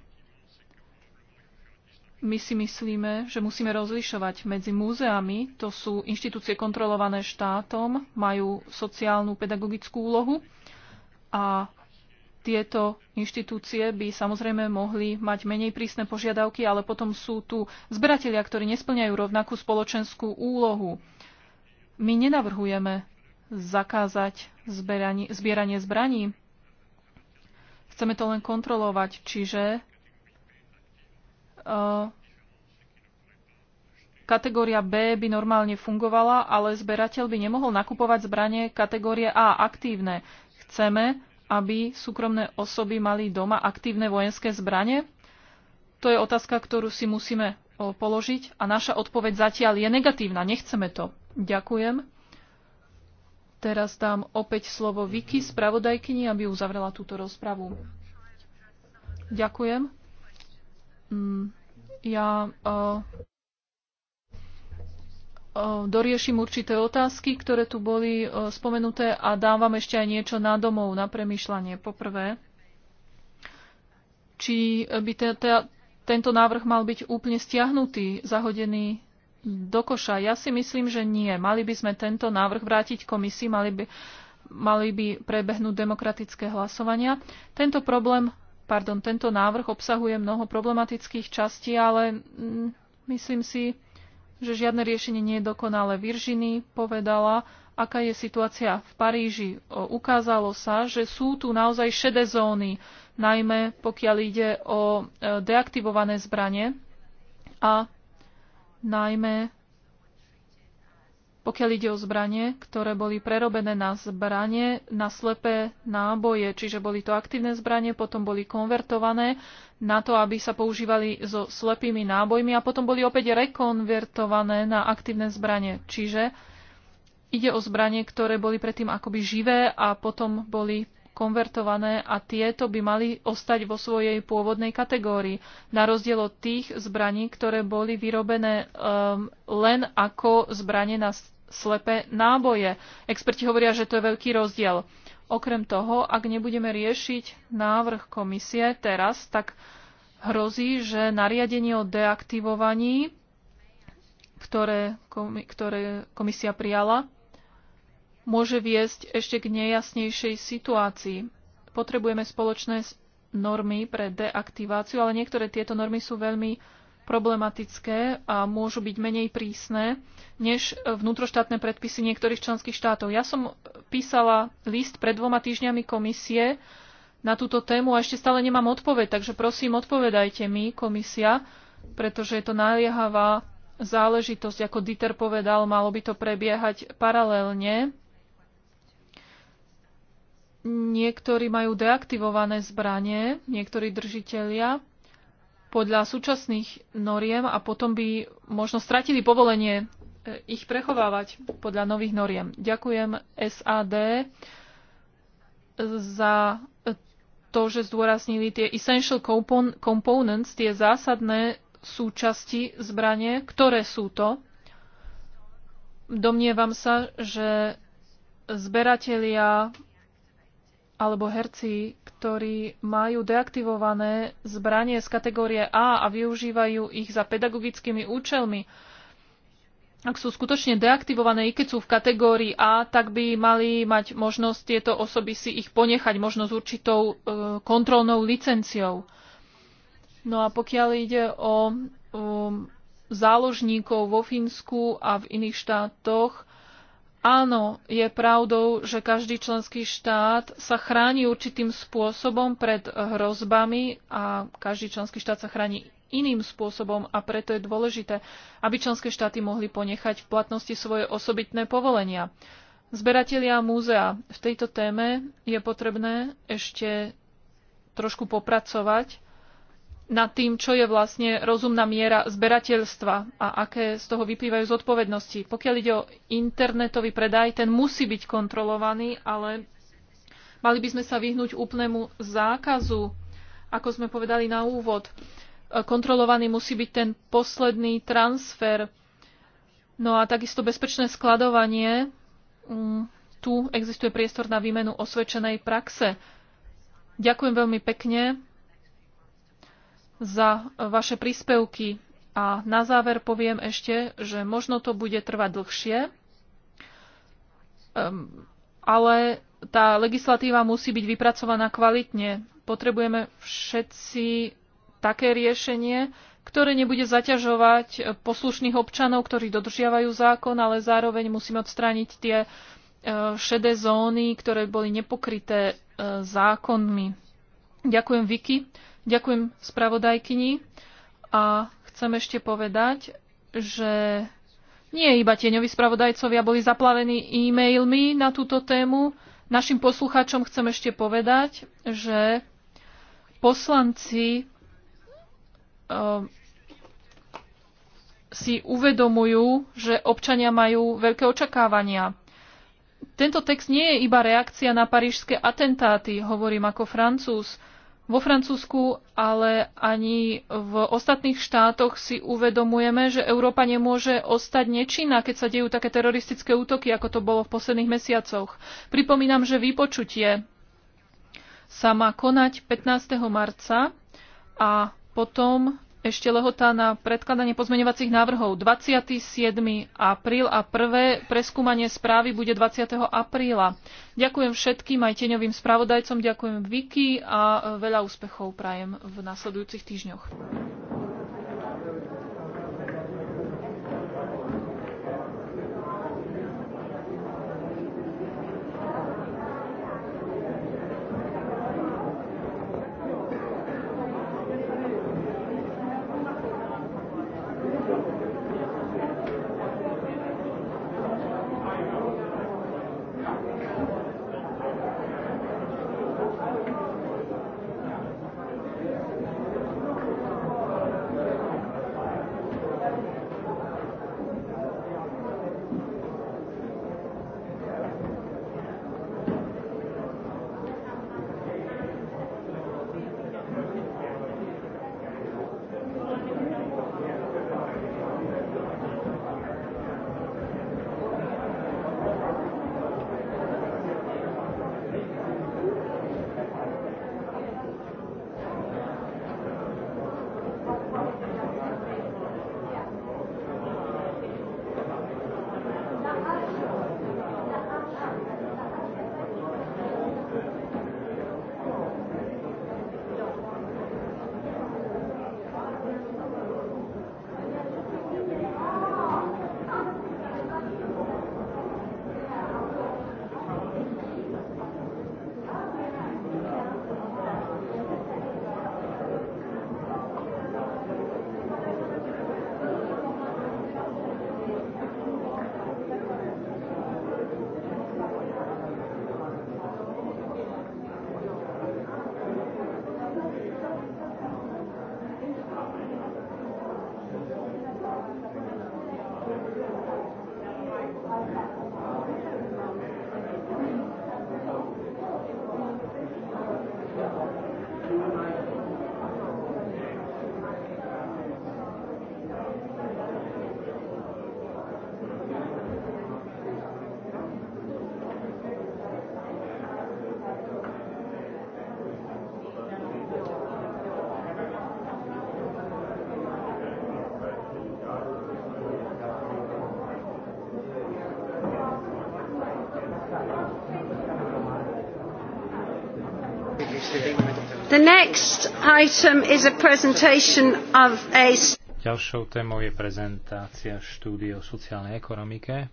My si myslíme, že musíme rozlišovať medzi múzeami, to sú inštitúcie kontrolované štátom, majú sociálnu pedagogickú úlohu a tieto inštitúcie by samozrejme mohli mať menej prísne požiadavky, ale potom sú tu zberatelia, ktorí nesplňajú rovnakú spoločenskú úlohu. My nenavrhujeme zakázať zbieranie, zbieranie zbraní, Chceme to len kontrolovať, čiže e, kategória B by normálne fungovala, ale zberateľ by nemohol nakupovať zbranie kategórie A aktívne. Chceme, aby súkromné osoby mali doma aktívne vojenské zbranie? To je otázka, ktorú si musíme e, položiť a naša odpoveď zatiaľ je negatívna. Nechceme to. Ďakujem. Teraz dám opäť slovo Viki, spravodajkyni, aby uzavrela túto rozpravu. Ďakujem. Mm, ja eh, eh, doriešim určité otázky, ktoré tu boli eh, spomenuté a dám vám ešte aj niečo na domov, na premyšľanie. Poprvé, či by te, te, tento návrh mal byť úplne stiahnutý, zahodený do koša? Ja si myslím, že nie. Mali by sme tento návrh vrátiť komisii, mali by, mali by prebehnúť demokratické hlasovania. Tento problém, pardon, tento návrh obsahuje mnoho problematických častí, ale mm, myslím si, že žiadne riešenie nie je dokonalé. Virginie povedala, aká je situácia v Paríži. Ukázalo sa, že sú tu naozaj šedé zóny, najmä pokiaľ ide o e, deaktivované zbranie a najmä pokiaľ ide o zbranie, ktoré boli prerobené na zbranie, na slepé náboje, čiže boli to aktívne zbranie, potom boli konvertované na to, aby sa používali so slepými nábojmi a potom boli opäť rekonvertované na aktívne zbranie. Čiže ide o zbranie, ktoré boli predtým akoby živé a potom boli konvertované a tieto by mali ostať vo svojej pôvodnej kategórii, na rozdiel od tých zbraní, ktoré boli vyrobené um, len ako zbranie na slepé náboje. Experti hovoria, že to je veľký rozdiel. Okrem toho, ak nebudeme riešiť návrh komisie teraz, tak hrozí, že nariadenie o deaktivovaní, ktoré, ktoré komisia prijala, môže viesť ešte k nejasnejšej situácii. Potrebujeme spoločné normy pre deaktiváciu, ale niektoré tieto normy sú veľmi problematické a môžu byť menej prísne než vnútroštátne predpisy niektorých členských štátov. Ja som písala list pred dvoma týždňami komisie na túto tému a ešte stále nemám odpoveď, takže prosím, odpovedajte mi, komisia, pretože je to naliehavá záležitosť, ako Dieter povedal, malo by to prebiehať paralelne Niektorí majú deaktivované zbranie, niektorí držitelia podľa súčasných noriem a potom by možno stratili povolenie e, ich prechovávať podľa nových noriem. Ďakujem SAD za to, že zdôraznili tie essential components, tie zásadné súčasti zbranie, ktoré sú to. Domnievam sa, že zberatelia alebo herci, ktorí majú deaktivované zbranie z kategórie A a využívajú ich za pedagogickými účelmi. Ak sú skutočne deaktivované, i keď sú v kategórii A, tak by mali mať možnosť tieto osoby si ich ponechať, možno s určitou e, kontrolnou licenciou. No a pokiaľ ide o um, záložníkov vo Fínsku a v iných štátoch, Áno, je pravdou, že každý členský štát sa chráni určitým spôsobom pred hrozbami a každý členský štát sa chráni iným spôsobom a preto je dôležité, aby členské štáty mohli ponechať v platnosti svoje osobitné povolenia. Zberatelia múzea, v tejto téme je potrebné ešte trošku popracovať nad tým, čo je vlastne rozumná miera zberateľstva a aké z toho vyplývajú zodpovednosti. Pokiaľ ide o internetový predaj, ten musí byť kontrolovaný, ale mali by sme sa vyhnúť úplnému zákazu, ako sme povedali na úvod. Kontrolovaný musí byť ten posledný transfer. No a takisto bezpečné skladovanie. Mm, tu existuje priestor na výmenu osvedčenej praxe. Ďakujem veľmi pekne za e, vaše príspevky. A na záver poviem ešte, že možno to bude trvať dlhšie, ale tá legislatíva musí byť vypracovaná kvalitne. Potrebujeme všetci také riešenie, ktoré nebude zaťažovať e, poslušných občanov, ktorí dodržiavajú zákon, ale zároveň musíme odstrániť tie e, šedé zóny, ktoré boli nepokryté zákonmi. Ďakujem Viki Ďakujem spravodajkyni a chcem ešte povedať, že nie iba tieňoví spravodajcovia boli zaplavení e-mailmi na túto tému. Našim poslucháčom chcem ešte povedať, že poslanci eh, si uvedomujú, že občania majú veľké očakávania. Tento text nie je iba reakcia na parížské atentáty, hovorím ako francúz vo Francúzsku, ale ani v ostatných štátoch si uvedomujeme, že Európa nemôže ostať nečinná, keď sa dejú také teroristické útoky, ako to bolo v posledných mesiacoch. Pripomínam, že vypočutie sa má konať 15. marca a potom ešte lehota na predkladanie pozmeňovacích návrhov 27. apríl a prvé preskúmanie správy bude 20. apríla. Ďakujem všetkým aj teňovým spravodajcom, ďakujem Viki a veľa úspechov prajem v nasledujúcich týždňoch. A... Ďalšou témou je prezentácia štúdie o sociálnej ekonomike.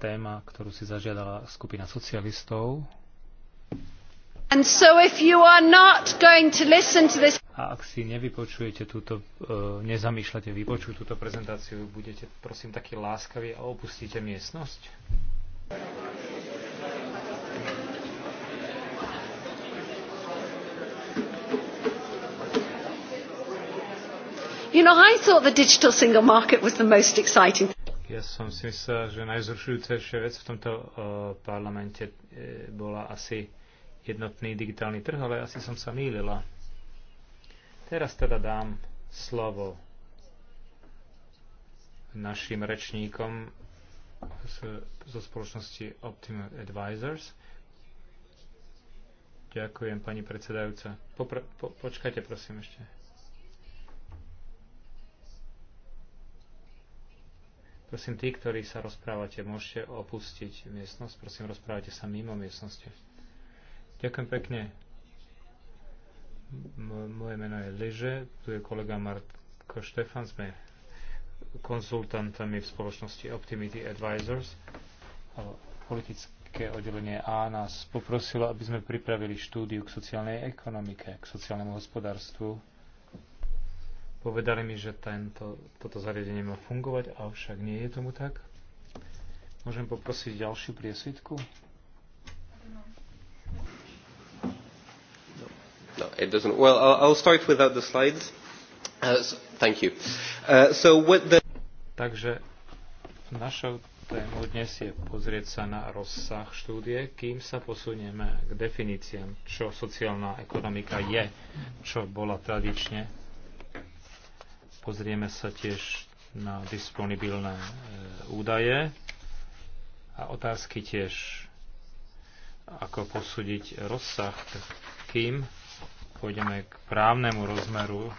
Téma, ktorú si zažiadala skupina socialistov. So to to this... A ak si nevypočujete túto, e, nezamýšľate vypočuť túto prezentáciu, budete prosím takí láskaví a opustíte miestnosť. You know, I thought the digital single market was the most exciting. Ja som si myslel, že najzrušujúcejšia vec v tomto uh, parlamente e, bola asi jednotný digitálny trh, ale asi som sa mýlila. Teraz teda dám slovo našim rečníkom z, zo spoločnosti Optima Advisors. Ďakujem, pani predsedajúca. Popr- po- počkajte, prosím, ešte. Prosím, tí, ktorí sa rozprávate, môžete opustiť miestnosť. Prosím, rozprávajte sa mimo miestnosti. Ďakujem pekne. M moje meno je Leže, tu je kolega Marko Štefan, sme konzultantami v spoločnosti Optimity Advisors. Politické oddelenie A nás poprosilo, aby sme pripravili štúdiu k sociálnej ekonomike, k sociálnemu hospodárstvu Povedali mi, že tento, toto zariadenie má fungovať, avšak nie je tomu tak. Môžem poprosiť ďalšiu priesvitku? No, no it doesn't. Well, I'll, I'll start without the slides. Uh, so, thank you. Uh, so what the... Takže našou témou dnes je pozrieť sa na rozsah štúdie, kým sa posunieme k definíciám, čo sociálna ekonomika je, čo bola tradične Pozrieme sa tiež na disponibilné e, údaje a otázky tiež, ako posúdiť rozsah, kým pôjdeme k právnemu rozmeru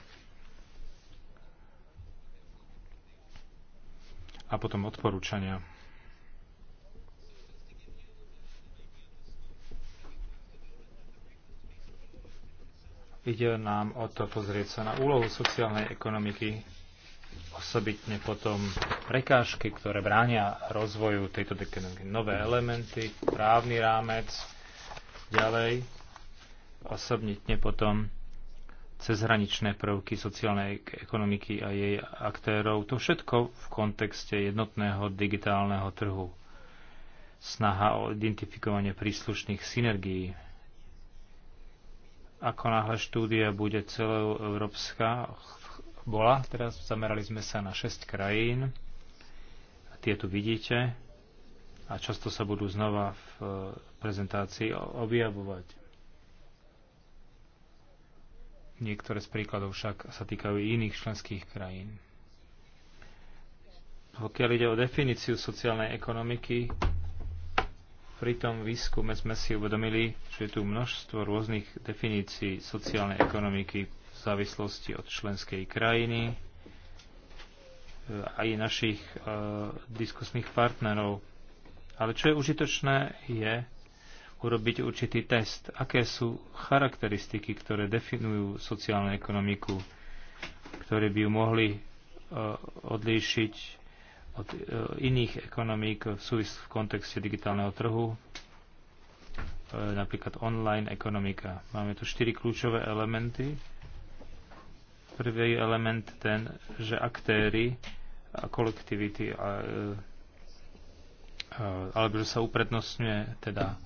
a potom odporúčania. Ide nám o to pozrieť sa na úlohu sociálnej ekonomiky, osobitne potom prekážky, ktoré bránia rozvoju tejto ekonomiky. Nové elementy, právny rámec, ďalej osobitne potom cezhraničné prvky sociálnej ekonomiky a jej aktérov. To všetko v kontexte jednotného digitálneho trhu. Snaha o identifikovanie príslušných synergií ako náhle štúdia bude európska bola, teraz zamerali sme sa na 6 krajín, tie tu vidíte a často sa budú znova v e, prezentácii objavovať. Niektoré z príkladov však sa týkajú iných členských krajín. Pokiaľ ide o definíciu sociálnej ekonomiky, pri tom výskume sme si uvedomili, že je tu množstvo rôznych definícií sociálnej ekonomiky v závislosti od členskej krajiny e, aj našich uh, diskusných partnerov. Ale čo je užitočné, je urobiť určitý test, aké sú charakteristiky, ktoré definujú sociálnu ekonomiku, ktoré by ju mohli uh, odlíšiť od e, iných ekonomík v, súvis- v kontexte digitálneho trhu, e, napríklad online ekonomika. Máme tu štyri kľúčové elementy. Prvý element ten, že aktéry a kolektivity e, alebo že sa uprednostňuje teda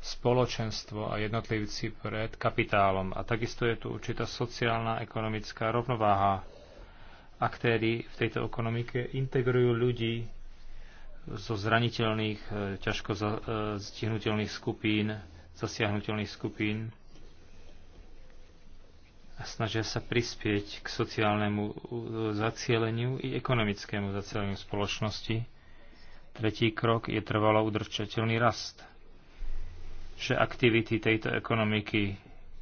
spoločenstvo a jednotlivci pred kapitálom. A takisto je tu určitá sociálna, ekonomická rovnováha aktéry v tejto ekonomike integrujú ľudí zo zraniteľných, e, ťažko stihnutelných e, skupín, zasiahnutelných skupín a snažia sa prispieť k sociálnemu zacieleniu i ekonomickému zacieleniu spoločnosti. Tretí krok je trvalo udržateľný rast, že aktivity tejto ekonomiky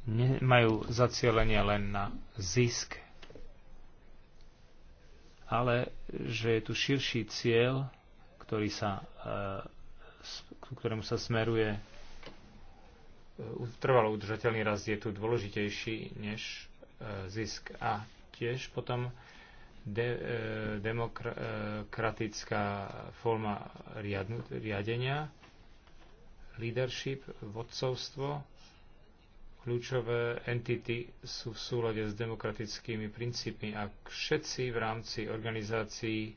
nemajú zacielenie len na zisk ale že je tu širší cieľ, ktorý sa, e, k ktorému sa smeruje e, trvalo udržateľný rast je tu dôležitejší než e, zisk. A tiež potom de, demokratická forma riadenia, leadership, vodcovstvo, Kľúčové entity sú v súlade s demokratickými princípmi a všetci v rámci organizácií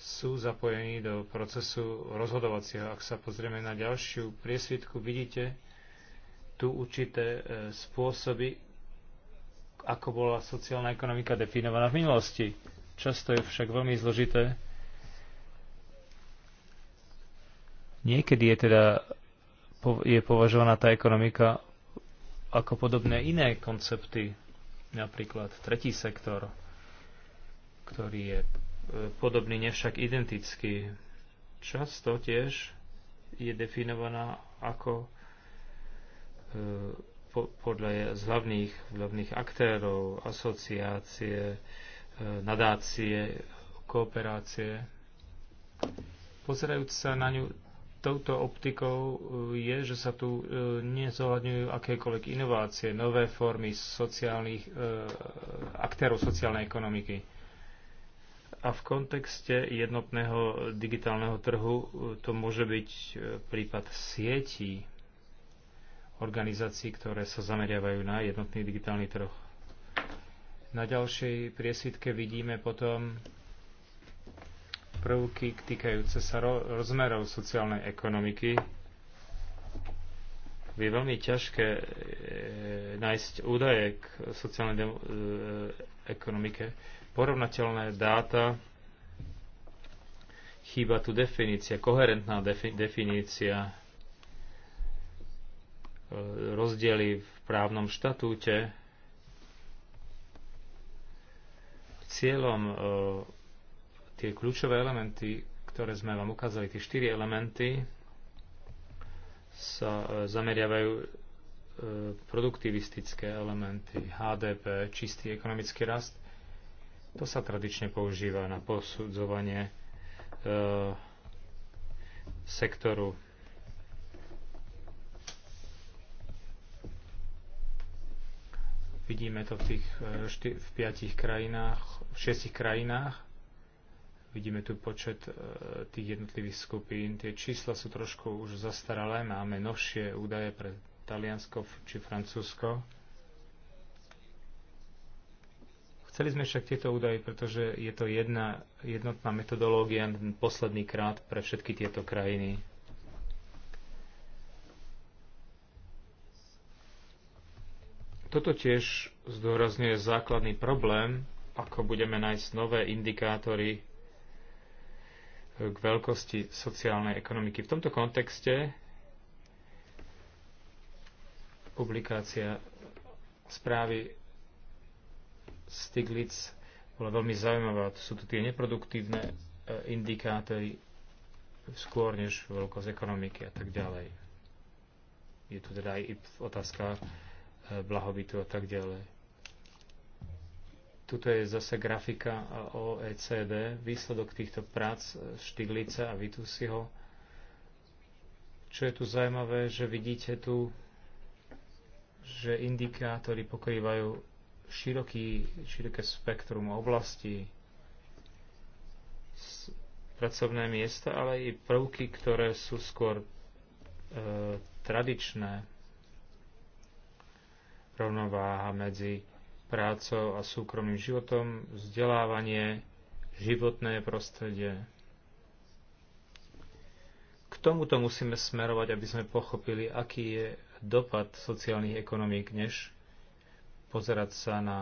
sú zapojení do procesu rozhodovacieho. Ak sa pozrieme na ďalšiu priesvitku, vidíte tu určité e, spôsoby, ako bola sociálna ekonomika definovaná v minulosti. Často je však veľmi zložité. Niekedy je teda je považovaná tá ekonomika ako podobné iné koncepty, napríklad tretí sektor, ktorý je e, podobný, nevšak identický. Často tiež je definovaná ako e, podľa z hlavných, hlavných aktérov, asociácie, e, nadácie, kooperácie. Pozerajúc sa na ňu touto optikou e, je, že sa tu e, nezohľadňujú akékoľvek inovácie, nové formy sociálnych e, aktérov sociálnej ekonomiky. A v kontexte jednotného digitálneho trhu to môže byť prípad sietí organizácií, ktoré sa zameriavajú na jednotný digitálny trh. Na ďalšej priesvitke vidíme potom prvky týkajúce sa ro- rozmerov sociálnej ekonomiky. Je veľmi ťažké e, nájsť údaje k sociálnej e, ekonomike. Porovnateľné dáta, chýba tu definícia, koherentná defi- definícia e, rozdiely v právnom štatúte. Cieľom e, tie kľúčové elementy, ktoré sme vám ukázali, tie štyri elementy, sa e, zameriavajú e, produktivistické elementy, HDP, čistý ekonomický rast. To sa tradične používa na posudzovanie e, sektoru Vidíme to v tých v piatich krajinách, v šestich krajinách. Vidíme tu počet e, tých jednotlivých skupín. Tie čísla sú trošku už zastaralé. Máme novšie údaje pre Taliansko či Francúzsko. Chceli sme však tieto údaje, pretože je to jedna jednotná metodológia posledný krát pre všetky tieto krajiny. Toto tiež zdôrazňuje základný problém, ako budeme nájsť nové indikátory k veľkosti sociálnej ekonomiky. V tomto kontexte publikácia správy Stiglitz bola veľmi zaujímavá. To sú tu tie neproduktívne e, indikátory skôr než veľkosť ekonomiky a tak ďalej. Je tu teda aj otázka e, blahobytu a tak ďalej Tuto je zase grafika e, OECD, výsledok týchto prác e, štyglice a Vitusiho. Čo je tu zaujímavé, že vidíte tu, že indikátory pokrývajú široký, široké spektrum oblastí, pracovné miesta, ale i prvky, ktoré sú skôr e, tradičné. Rovnováha medzi prácou a súkromným životom, vzdelávanie, životné prostredie. K tomuto musíme smerovať, aby sme pochopili, aký je dopad sociálnych ekonomík, než pozerať sa na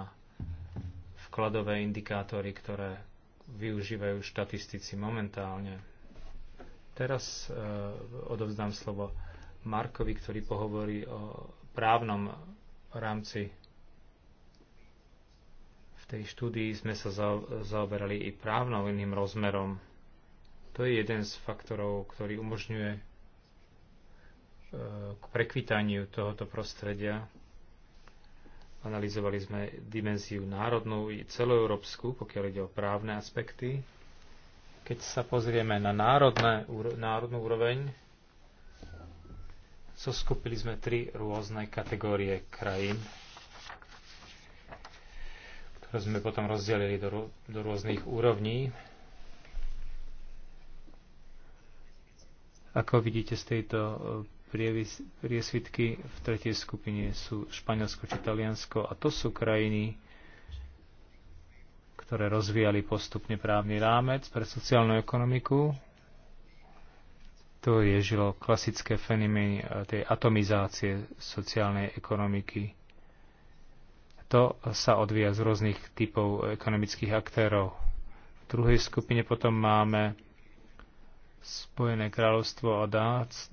vkladové indikátory, ktoré využívajú štatistici momentálne. Teraz e, odovzdám slovo Markovi, ktorý pohovorí o právnom rámci tej štúdii sme sa zaoberali i právnou iným rozmerom. To je jeden z faktorov, ktorý umožňuje e, k prekvitaniu tohoto prostredia. Analizovali sme dimenziu národnú i celoeurópsku, pokiaľ ide o právne aspekty. Keď sa pozrieme na národné, národnú úroveň, zoskupili sme tri rôzne kategórie krajín, ktoré sme potom rozdelili do, do rôznych úrovní. Ako vidíte z tejto e, priesvitky, v tretej skupine sú Španielsko či Taliansko a to sú krajiny, ktoré rozvíjali postupne právny rámec pre sociálnu ekonomiku. To je žilo klasické fenomény e, tej atomizácie sociálnej ekonomiky. To sa odvíja z rôznych typov ekonomických aktérov. V druhej skupine potom máme Spojené kráľovstvo a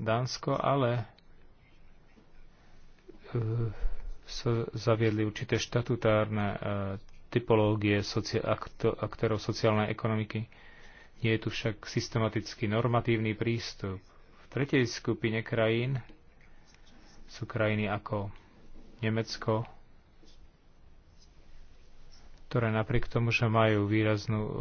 Dánsko, ale eh, sa zaviedli určité štatutárne eh, typológie aktérov sociálnej ekonomiky. Nie je tu však systematický normatívny prístup. V tretej skupine krajín sú krajiny ako Nemecko, ktoré napriek tomu, že majú výraznú e,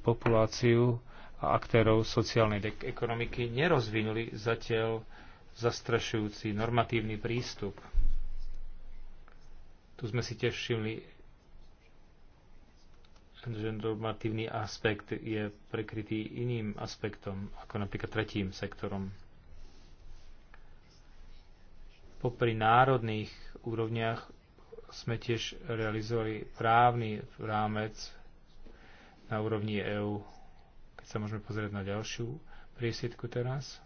populáciu a aktérov sociálnej ekonomiky, nerozvinuli zatiaľ zastrašujúci normatívny prístup. Tu sme si tiež všimli, že normatívny aspekt je prekrytý iným aspektom, ako napríklad tretím sektorom. Popri národných úrovniach sme tiež realizovali právny rámec na úrovni EÚ. Keď sa môžeme pozrieť na ďalšiu priesiedku teraz.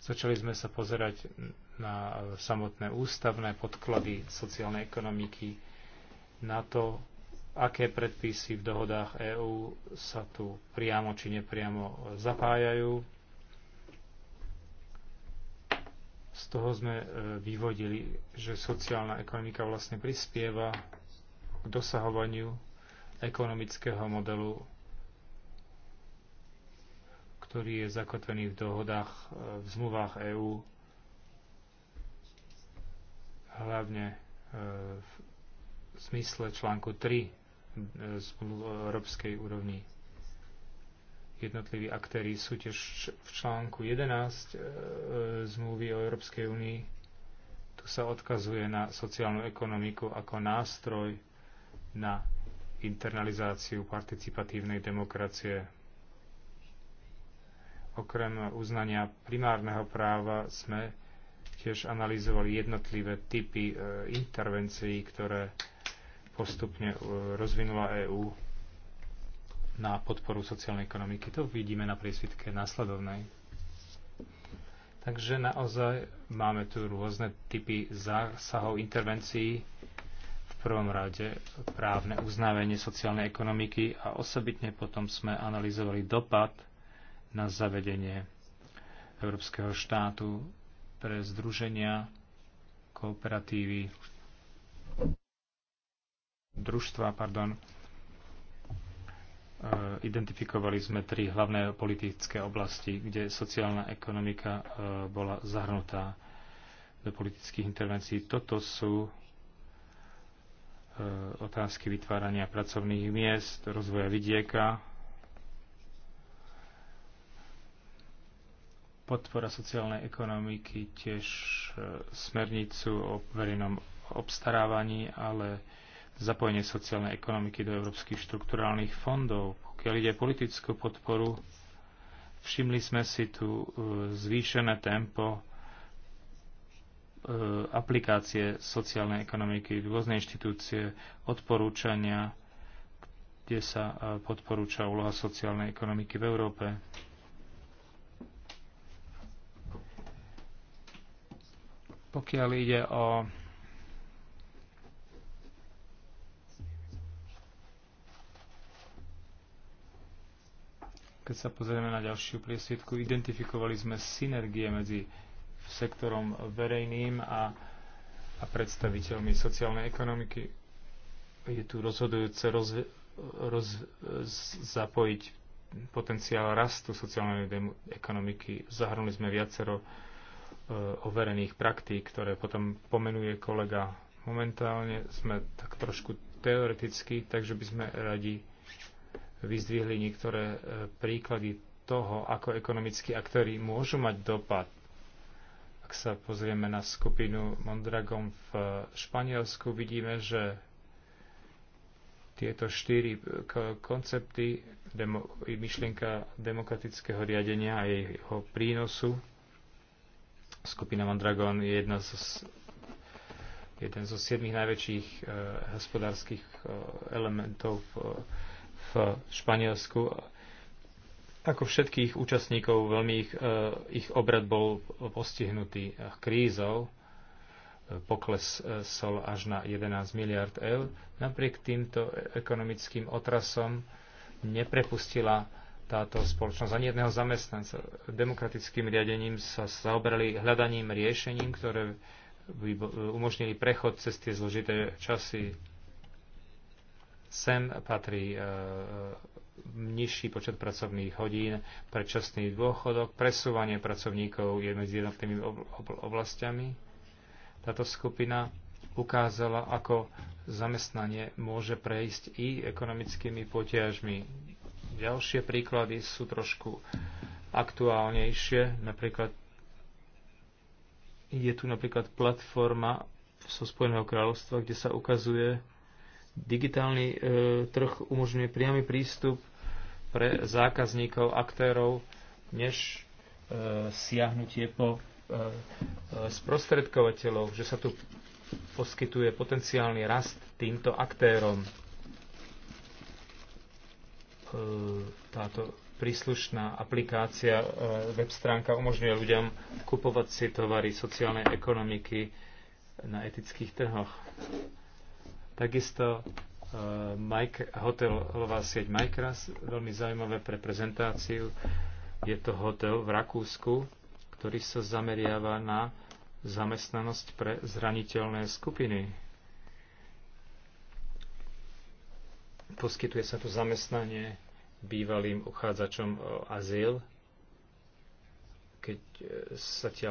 Začali sme sa pozerať na samotné ústavné podklady sociálnej ekonomiky, na to, aké predpisy v dohodách EÚ sa tu priamo či nepriamo zapájajú Z toho sme e, vyvodili, že sociálna ekonomika vlastne prispieva k dosahovaniu ekonomického modelu, ktorý je zakotvený v dohodách, e, v zmluvách EÚ, hlavne e, v zmysle článku 3 z Európskej úrovni Jednotliví aktéry sú tiež v článku 11 e, zmluvy o Európskej únii. Tu sa odkazuje na sociálnu ekonomiku ako nástroj na internalizáciu participatívnej demokracie. Okrem uznania primárneho práva sme tiež analyzovali jednotlivé typy e, intervencií, ktoré postupne e, rozvinula EÚ na podporu sociálnej ekonomiky. To vidíme na priesvitke následovnej. Takže naozaj máme tu rôzne typy zásahov, intervencií, v prvom rade právne uznávenie sociálnej ekonomiky a osobitne potom sme analyzovali dopad na zavedenie Európskeho štátu pre združenia, kooperatívy, družstva, pardon, Eh, identifikovali sme tri hlavné politické oblasti, kde sociálna ekonomika eh, bola zahrnutá do politických intervencií. Toto sú eh, otázky vytvárania pracovných miest, rozvoja vidieka, podpora sociálnej ekonomiky, tiež smernicu o verejnom obstarávaní, ale zapojenie sociálnej ekonomiky do európskych štrukturálnych fondov. Pokiaľ ide politickú podporu, všimli sme si tu e, zvýšené tempo e, aplikácie sociálnej ekonomiky, rôzne inštitúcie, odporúčania, kde sa e, podporúča úloha sociálnej ekonomiky v Európe. Pokiaľ ide o Keď sa pozrieme na ďalšiu priesvitku, identifikovali sme synergie medzi sektorom verejným a, a predstaviteľmi sociálnej ekonomiky. Je tu rozhodujúce roz, roz, zapojiť potenciál rastu sociálnej ekonomiky. Zahrnuli sme viacero e, overených praktík, ktoré potom pomenuje kolega. Momentálne sme tak trošku teoreticky, takže by sme radi vyzdvihli niektoré e, príklady toho, ako ekonomickí aktéry môžu mať dopad. Ak sa pozrieme na skupinu Mondragon v e, Španielsku, vidíme, že tieto štyri e, koncepty, demo, myšlienka demokratického riadenia a jeho prínosu, skupina Mondragon je jedna z jeden zo siedmých najväčších e, hospodárskych e, elementov e, v Španielsku. Ako všetkých účastníkov, veľmi ich, eh, ich obrad bol postihnutý krízou, pokles eh, sol až na 11 miliard eur. Napriek týmto e- ekonomickým otrasom neprepustila táto spoločnosť ani jedného zamestnanca. Demokratickým riadením sa zaoberali hľadaním riešením, ktoré by umožnili prechod cez tie zložité časy Sem patrí e, e, nižší počet pracovných hodín, predčasný dôchodok, presúvanie pracovníkov je medzi jednotnými oblastiami. Táto skupina ukázala, ako zamestnanie môže prejsť i ekonomickými potiažmi. Ďalšie príklady sú trošku aktuálnejšie. Napríklad je tu napríklad platforma zo Spojeného kráľovstva, kde sa ukazuje, Digitálny e, trh umožňuje priamy prístup pre zákazníkov, aktérov, než e, siahnutie po e, e, sprostredkovateľov, že sa tu poskytuje potenciálny rast týmto aktérom. E, táto príslušná aplikácia, e, web stránka umožňuje ľuďom kupovať si tovary sociálnej ekonomiky na etických trhoch. Takisto e, Mike, hotelová sieť Micras, veľmi zaujímavé pre prezentáciu. Je to hotel v Rakúsku, ktorý sa zameriava na zamestnanosť pre zraniteľné skupiny. Poskytuje sa tu zamestnanie bývalým uchádzačom o azyl, keď sa e, ťa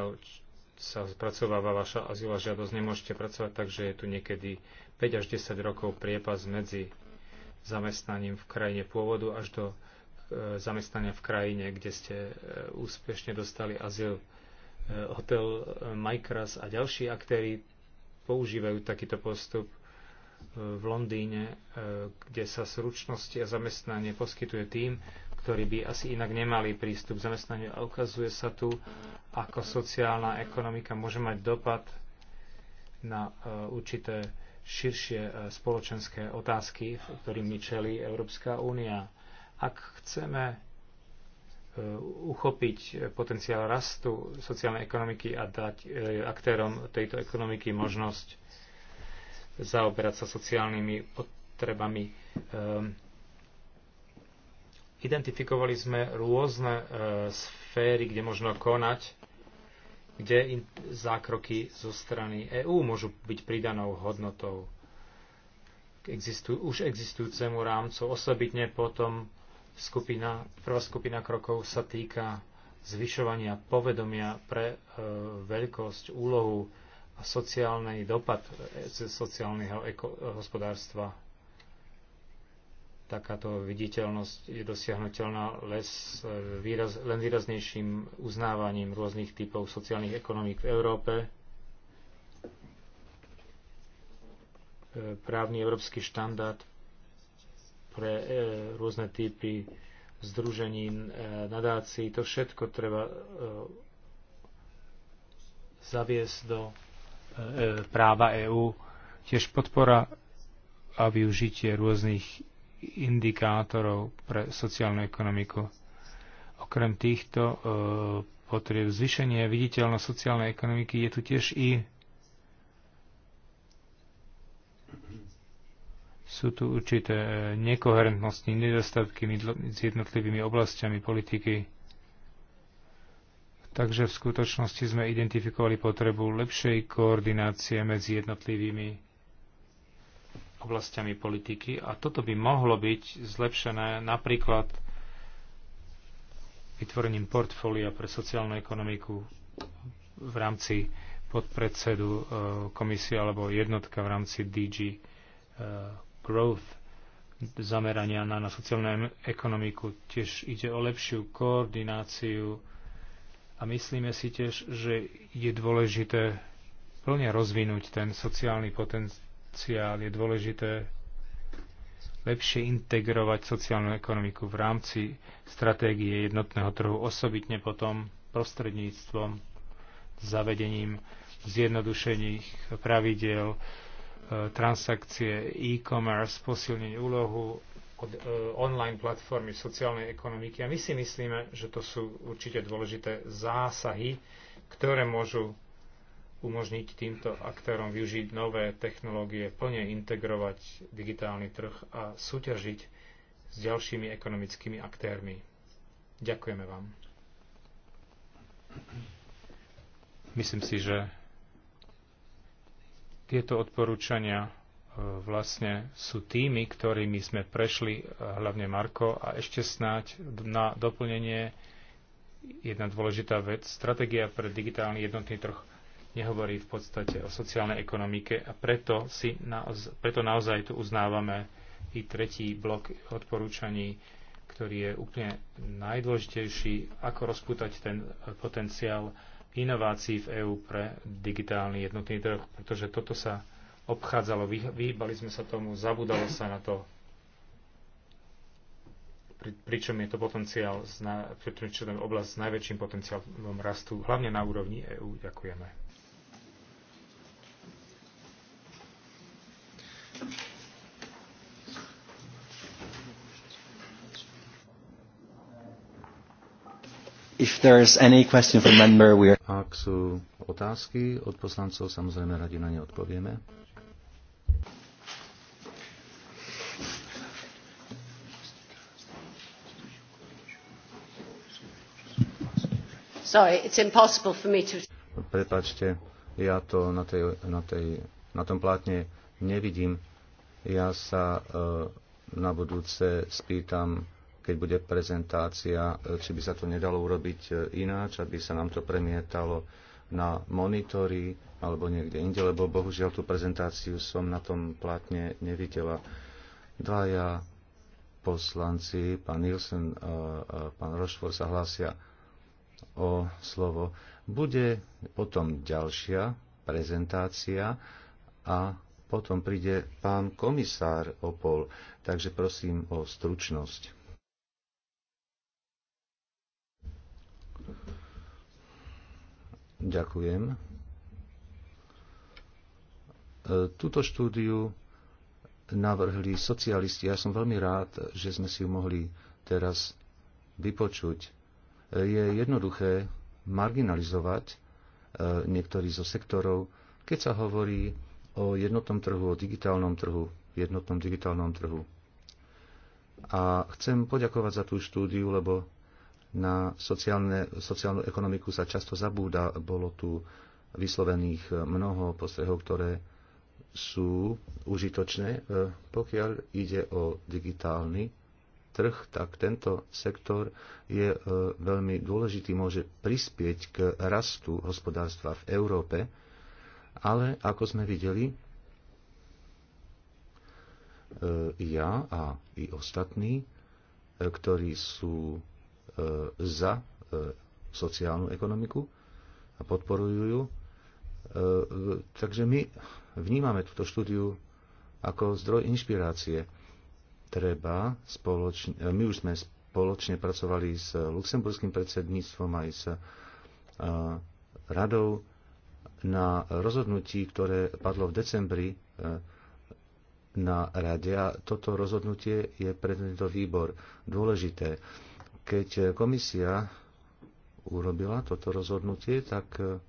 sa spracováva vaša a žiadosť, nemôžete pracovať, takže je tu niekedy 5 až 10 rokov priepas medzi zamestnaním v krajine pôvodu až do e, zamestnania v krajine, kde ste e, úspešne dostali azyl. E, hotel Micras a ďalší aktéry používajú takýto postup v Londýne, kde sa sručnosti a zamestnanie poskytuje tým, ktorí by asi inak nemali prístup k zamestnaniu. A ukazuje sa tu, ako sociálna ekonomika môže mať dopad na určité širšie e, spoločenské otázky, ktorým čelí Európska únia. Ak chceme e, uchopiť e, potenciál rastu sociálnej ekonomiky a dať aktérom tejto ekonomiky možnosť zaoberať sa sociálnymi potrebami. Ehm, identifikovali sme rôzne sféry, kde možno konať kde zákroky zo strany EÚ môžu byť pridanou hodnotou k existu, už existujúcemu rámcu. Osobitne potom skupina, prvá skupina krokov sa týka zvyšovania povedomia pre e, veľkosť, úlohu a sociálny dopad e, sociálneho eko, e, hospodárstva Takáto viditeľnosť je dosiahnuteľná les, výraz, len výraznejším uznávaním rôznych typov sociálnych ekonomík v Európe. Právny európsky štandard pre e, rôzne typy združení, e, nadácií, to všetko treba e, zaviesť do práva EÚ, tiež podpora a využitie rôznych indikátorov pre sociálnu ekonomiku. Okrem týchto e, potrieb zvýšenie viditeľnosť sociálnej ekonomiky je tu tiež i sú tu určité e, nekoherentnosti, nedostatky s jednotlivými oblastiami politiky. Takže v skutočnosti sme identifikovali potrebu lepšej koordinácie medzi jednotlivými oblastiami politiky a toto by mohlo byť zlepšené napríklad vytvorením portfólia pre sociálnu ekonomiku v rámci podpredsedu e, komisie alebo jednotka v rámci DG e, Growth zamerania na, na sociálnu ekonomiku. Tiež ide o lepšiu koordináciu a myslíme si tiež, že je dôležité plne rozvinúť ten sociálny potenciál sociál je dôležité lepšie integrovať sociálnu ekonomiku v rámci stratégie jednotného trhu, osobitne potom prostredníctvom, zavedením zjednodušených pravidel, e, transakcie e-commerce, posilnenie úlohu od e, online platformy sociálnej ekonomiky. A my si myslíme, že to sú určite dôležité zásahy, ktoré môžu umožniť týmto aktérom využiť nové technológie, plne integrovať digitálny trh a súťažiť s ďalšími ekonomickými aktérmi. Ďakujeme vám. Myslím si, že tieto odporúčania e, vlastne sú tými, ktorými sme prešli, e, hlavne Marko, a ešte snáď na doplnenie jedna dôležitá vec, stratégia pre digitálny jednotný trh nehovorí v podstate o sociálnej ekonomike a preto, si naoz, preto naozaj tu uznávame i tretí blok odporúčaní, ktorý je úplne najdôležitejší, ako rozputať ten potenciál inovácií v EÚ pre digitálny jednotný trh, pretože toto sa obchádzalo, vyhýbali sme sa tomu, zabudalo sa na to, pri, pričom je to potenciál, pričom je to oblasť s najväčším potenciálom rastu, hlavne na úrovni EÚ. Ďakujeme. If there is any question from member, we are... Ak sú otázky od poslancov, samozrejme radi na ne odpovieme. Sorry, it's impossible for me to... Prepačte, ja to na, tej, na, tej, na tom plátne nevidím. Ja sa uh, na budúce spýtam keď bude prezentácia, e, či by sa to nedalo urobiť e, ináč, aby sa nám to premietalo na monitory alebo niekde inde, lebo bohužiaľ tú prezentáciu som na tom platne nevidela. Dvaja poslanci, pán Nielsen a e, pán Rošfor sa hlásia o slovo. Bude potom ďalšia prezentácia a potom príde pán komisár Opol, takže prosím o stručnosť. Ďakujem. E, túto štúdiu navrhli socialisti. Ja som veľmi rád, že sme si ju mohli teraz vypočuť. Je jednoduché marginalizovať e, niektorý zo sektorov, keď sa hovorí o jednotnom trhu, o digitálnom trhu, jednotnom digitálnom trhu. A chcem poďakovať za tú štúdiu, lebo na sociálne, sociálnu ekonomiku sa často zabúda. Bolo tu vyslovených eh, mnoho postrehov, ktoré sú užitočné. Eh, pokiaľ ide o digitálny trh, tak tento sektor je eh, veľmi dôležitý, môže prispieť k rastu hospodárstva v Európe, ale ako sme videli, ja a i ostatní, ktorí sú E, za e, sociálnu ekonomiku a podporujú ju. E, takže my vnímame túto štúdiu ako zdroj inšpirácie. Treba spoločne, my už sme spoločne pracovali s luxemburským predsedníctvom aj s radou na rozhodnutí, ktoré padlo v decembri na rade a toto rozhodnutie je pre tento výbor dôležité keď komisia urobila toto rozhodnutie, tak e,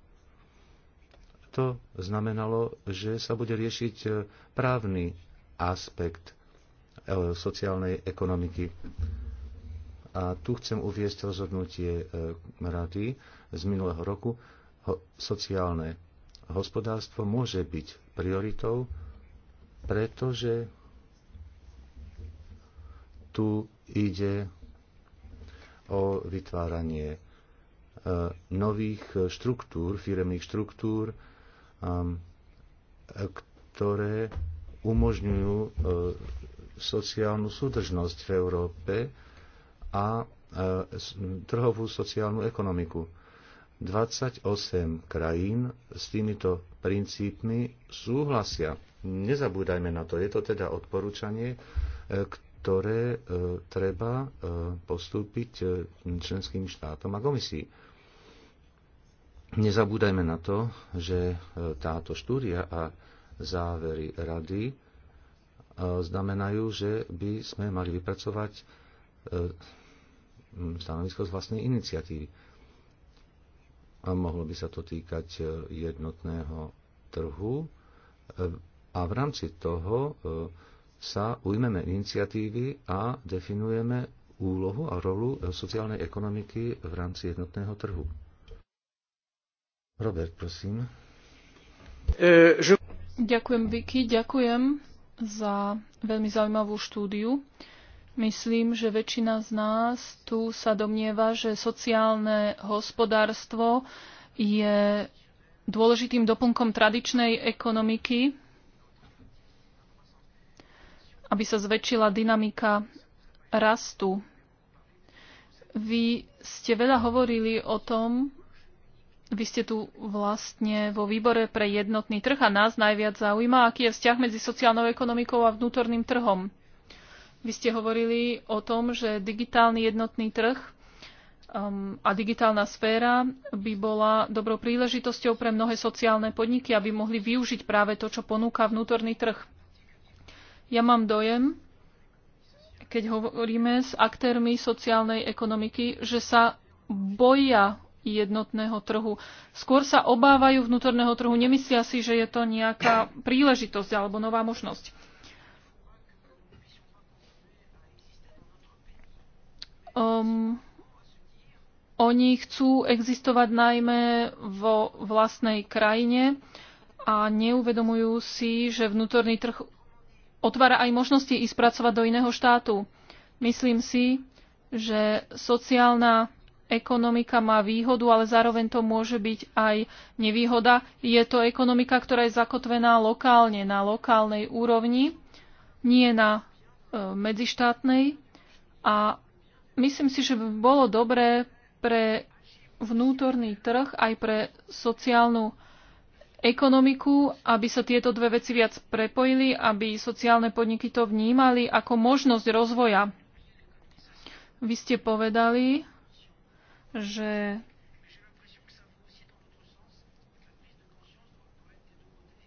to znamenalo, že sa bude riešiť e, právny aspekt e, sociálnej ekonomiky. A tu chcem uviesť rozhodnutie rady z minulého roku. Sociálne hospodárstvo môže byť prioritou, pretože tu ide o vytváranie e, nových štruktúr, firemných štruktúr, e, ktoré umožňujú e, sociálnu súdržnosť v Európe a trhovú sociálnu ekonomiku. 28 krajín s týmito princípmi súhlasia. Nezabúdajme na to, je to teda odporúčanie, ktoré e, treba e, postúpiť e, členským štátom a komisii. Nezabúdajme na to, že táto štúdia a závery rady znamenajú, že by sme mali vypracovať stanovisko z vlastnej iniciatívy. A mohlo by sa to týkať jednotného trhu a v rámci toho sa ujmeme iniciatívy a definujeme úlohu a rolu sociálnej ekonomiky v rámci jednotného trhu. Robert, prosím. E, ďakujem, Vicky, ďakujem za veľmi zaujímavú štúdiu. Myslím, že väčšina z nás tu sa domnieva, že sociálne hospodárstvo je dôležitým doplnkom tradičnej ekonomiky aby sa zväčšila dynamika rastu. Vy ste veľa hovorili o tom, vy ste tu vlastne vo výbore pre jednotný trh a nás najviac zaujíma, aký je vzťah medzi sociálnou ekonomikou a vnútorným trhom. Vy ste hovorili o tom, že digitálny jednotný trh um, a digitálna sféra by bola dobrou príležitosťou pre mnohé sociálne podniky, aby mohli využiť práve to, čo ponúka vnútorný trh. Ja mám dojem, keď hovoríme s aktérmi sociálnej ekonomiky, že sa boja jednotného trhu. Skôr sa obávajú vnútorného trhu, nemyslia si, že je to nejaká príležitosť alebo nová možnosť. Um, oni chcú existovať najmä vo vlastnej krajine a neuvedomujú si, že vnútorný trh otvára aj možnosti ísť pracovať do iného štátu. Myslím si, že sociálna ekonomika má výhodu, ale zároveň to môže byť aj nevýhoda. Je to ekonomika, ktorá je zakotvená lokálne, na lokálnej úrovni, nie na e, medzištátnej. A myslím si, že by bolo dobré pre vnútorný trh aj pre sociálnu ekonomiku ekonomiku, aby sa tieto dve veci viac prepojili, aby sociálne podniky to vnímali ako možnosť rozvoja. Vy ste povedali, že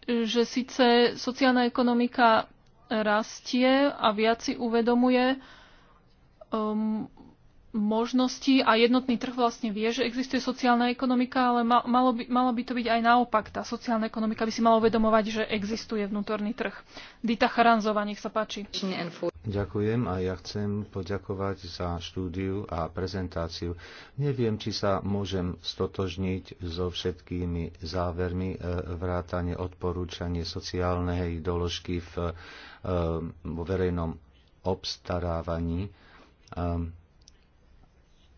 že síce sociálna ekonomika rastie a viac si uvedomuje um, možnosti a jednotný trh vlastne vie, že existuje sociálna ekonomika, ale malo by, malo by to byť aj naopak. Tá sociálna ekonomika by si mala uvedomovať, že existuje vnútorný trh. Dita Charanzova, nech sa páči. Ďakujem a ja chcem poďakovať za štúdiu a prezentáciu. Neviem, či sa môžem stotožniť so všetkými závermi e, vrátane odporúčanie sociálnej doložky v, e, verejnom obstarávaní e,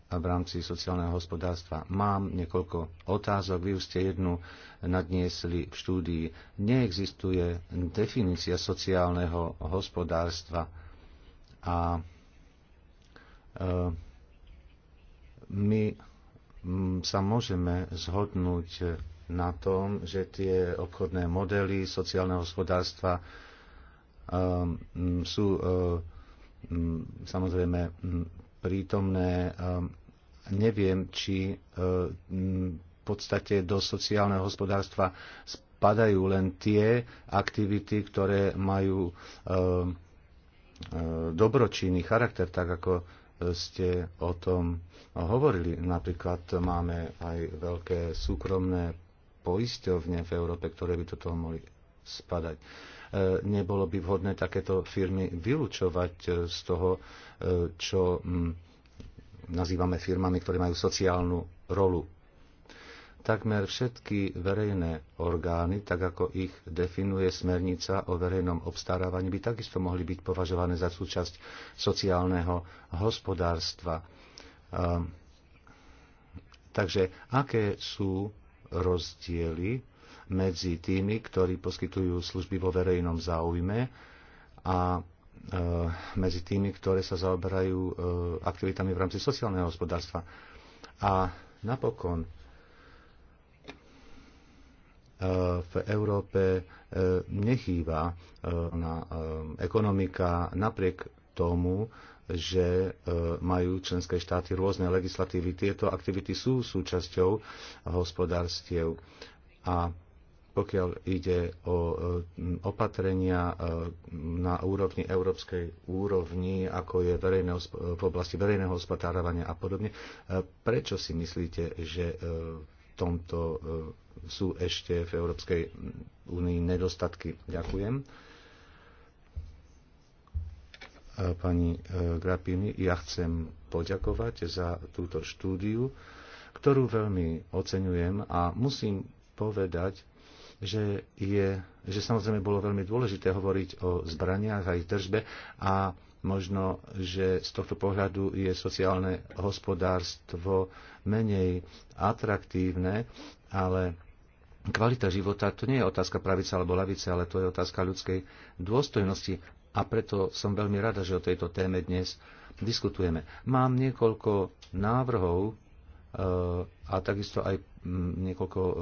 v rámci sociálneho hospodárstva. Mám niekoľko otázok, vy už ste jednu nadniesli v štúdii. Neexistuje definícia sociálneho hospodárstva a e, my sa môžeme zhodnúť na tom, že tie obchodné modely sociálneho hospodárstva e, sú e, samozrejme prítomné neviem, či e, v podstate do sociálneho hospodárstva spadajú len tie aktivity, ktoré majú e, e, dobročinný charakter, tak ako ste o tom hovorili. Napríklad máme aj veľké súkromné poisťovne v Európe, ktoré by toto mohli spadať. Nebolo by vhodné takéto firmy vylúčovať z toho, čo nazývame firmami, ktoré majú sociálnu rolu. Takmer všetky verejné orgány, tak ako ich definuje smernica o verejnom obstarávaní, by takisto mohli byť považované za súčasť sociálneho hospodárstva. Takže aké sú rozdiely medzi tými, ktorí poskytujú služby vo verejnom záujme a Eh, medzi tými, ktoré sa zaoberajú eh, aktivitami v rámci sociálneho hospodárstva. A napokon eh, v Európe nechýba na ekonomika napriek tomu, že majú členské štáty rôzne legislatívy. Tieto aktivity sú súčasťou hospodárstiev. A pokiaľ ide o e, opatrenia e, na úrovni európskej úrovni, ako je verejné, e, v oblasti verejného hospodárovania a podobne. Prečo si myslíte, že v tomto sú ešte v Európskej únii nedostatky? Ďakujem. Pani Grapini, ja chcem poďakovať za túto štúdiu, ktorú veľmi oceňujem a musím povedať, že, je, že samozrejme bolo veľmi dôležité hovoriť o zbraniach a ich držbe a možno, že z tohto pohľadu je sociálne hospodárstvo menej atraktívne, ale kvalita života to nie je otázka pravice alebo lavice, ale to je otázka ľudskej dôstojnosti a preto som veľmi rada, že o tejto téme dnes diskutujeme. Mám niekoľko návrhov e, a takisto aj mm, niekoľko e,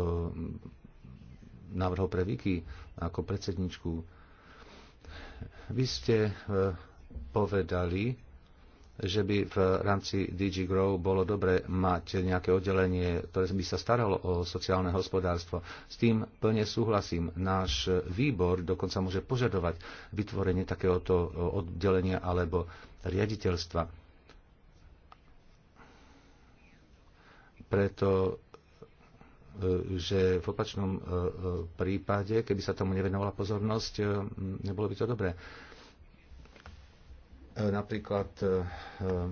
navrhol pre Viki ako predsedničku. Vy ste e, povedali, že by v rámci DG Grow bolo dobre mať nejaké oddelenie, ktoré by sa staralo o sociálne hospodárstvo. S tým plne súhlasím. Náš výbor dokonca môže požadovať vytvorenie takéhoto oddelenia alebo riaditeľstva. Preto E, že v opačnom e, e, prípade, keby sa tomu nevenovala pozornosť, nebolo by to dobré. Napríklad,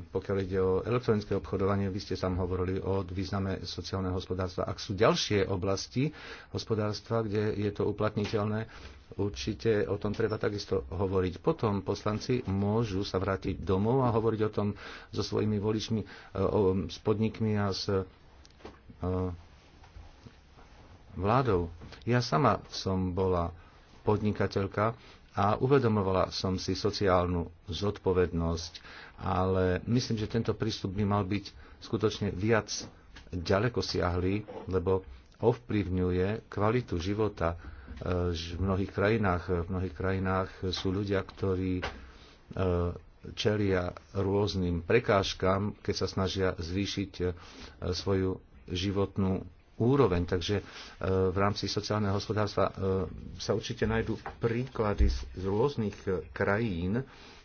pokiaľ ide o elektronické obchodovanie, vy ste sám hovorili o význame sociálneho hospodárstva. Ak sú ďalšie oblasti hospodárstva, kde je to uplatniteľné, určite o tom treba takisto hovoriť. Potom poslanci môžu sa vrátiť domov a hovoriť o tom so svojimi voličmi, s podnikmi a s vládou. Ja sama som bola podnikateľka a uvedomovala som si sociálnu zodpovednosť, ale myslím, že tento prístup by mal byť skutočne viac ďaleko siahlý, lebo ovplyvňuje kvalitu života. E, v mnohých krajinách, v mnohých krajinách sú ľudia, ktorí e, čelia rôznym prekážkam, keď sa snažia zvýšiť e, svoju životnú úroveň. Takže e, v rámci sociálneho hospodárstva e, sa určite nájdú príklady z rôznych e, krajín,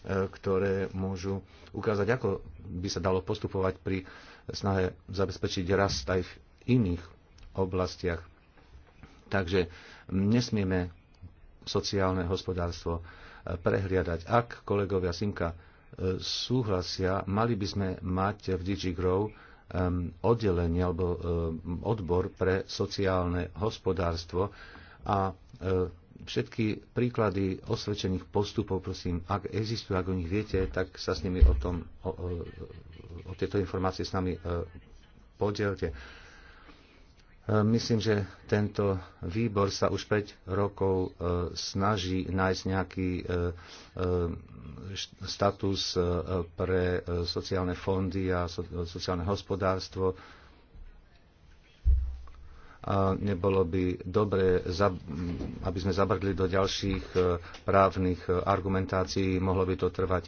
ktoré môžu ukázať, ako by sa dalo postupovať pri snahe zabezpečiť rast aj v iných oblastiach. Takže nesmieme sociálne hospodárstvo prehliadať. Ak kolegovia Simka súhlasia, mali by sme mať v DigiGrow Um, oddelenie alebo um, odbor pre sociálne hospodárstvo a uh, všetky príklady osvedčených postupov, prosím, ak existujú, ak o nich viete, tak sa s nimi o, tom, o, o, o tieto informácie s nami uh, podielte. E, myslím, že tento výbor sa už 5 rokov e, snaží nájsť nejaký e, status pre sociálne fondy a sociálne hospodárstvo. A nebolo by dobre, aby sme zabrli do ďalších právnych argumentácií, mohlo by to trvať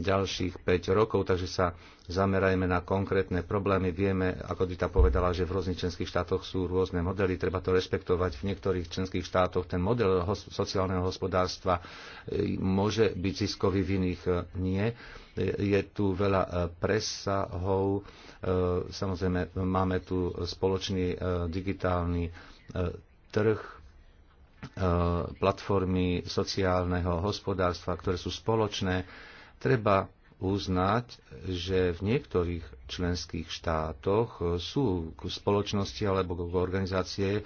ďalších 5 rokov, takže sa zamerajme na konkrétne problémy. Vieme, ako Dita povedala, že v rôznych členských štátoch sú rôzne modely, treba to rešpektovať. V niektorých členských štátoch ten model sociálneho hospodárstva e, môže byť ziskový, v iných e, nie. E, je tu veľa presahov, samozrejme máme tu spoločný digitálny trh, platformy sociálneho hospodárstva, ktoré sú spoločné Treba uznať, že v niektorých členských štátoch sú spoločnosti alebo organizácie, e,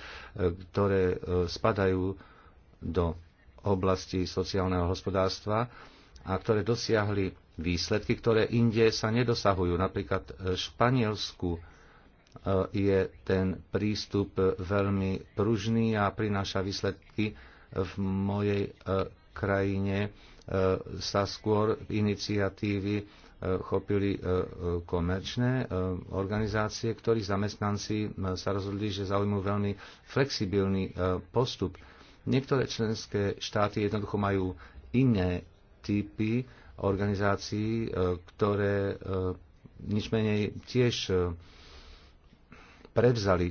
ktoré e, spadajú do oblasti sociálneho hospodárstva a ktoré dosiahli výsledky, ktoré inde sa nedosahujú. Napríklad v e, Španielsku je ten prístup veľmi pružný a prináša výsledky v mojej krajine E, sa skôr iniciatívy e, chopili e, komerčné organizácie, ktorých zamestnanci sa rozhodli, že zaujímujú veľmi flexibilný postup. Niektoré členské štáty jednoducho majú iné typy organizácií, ktoré nič menej tiež prevzali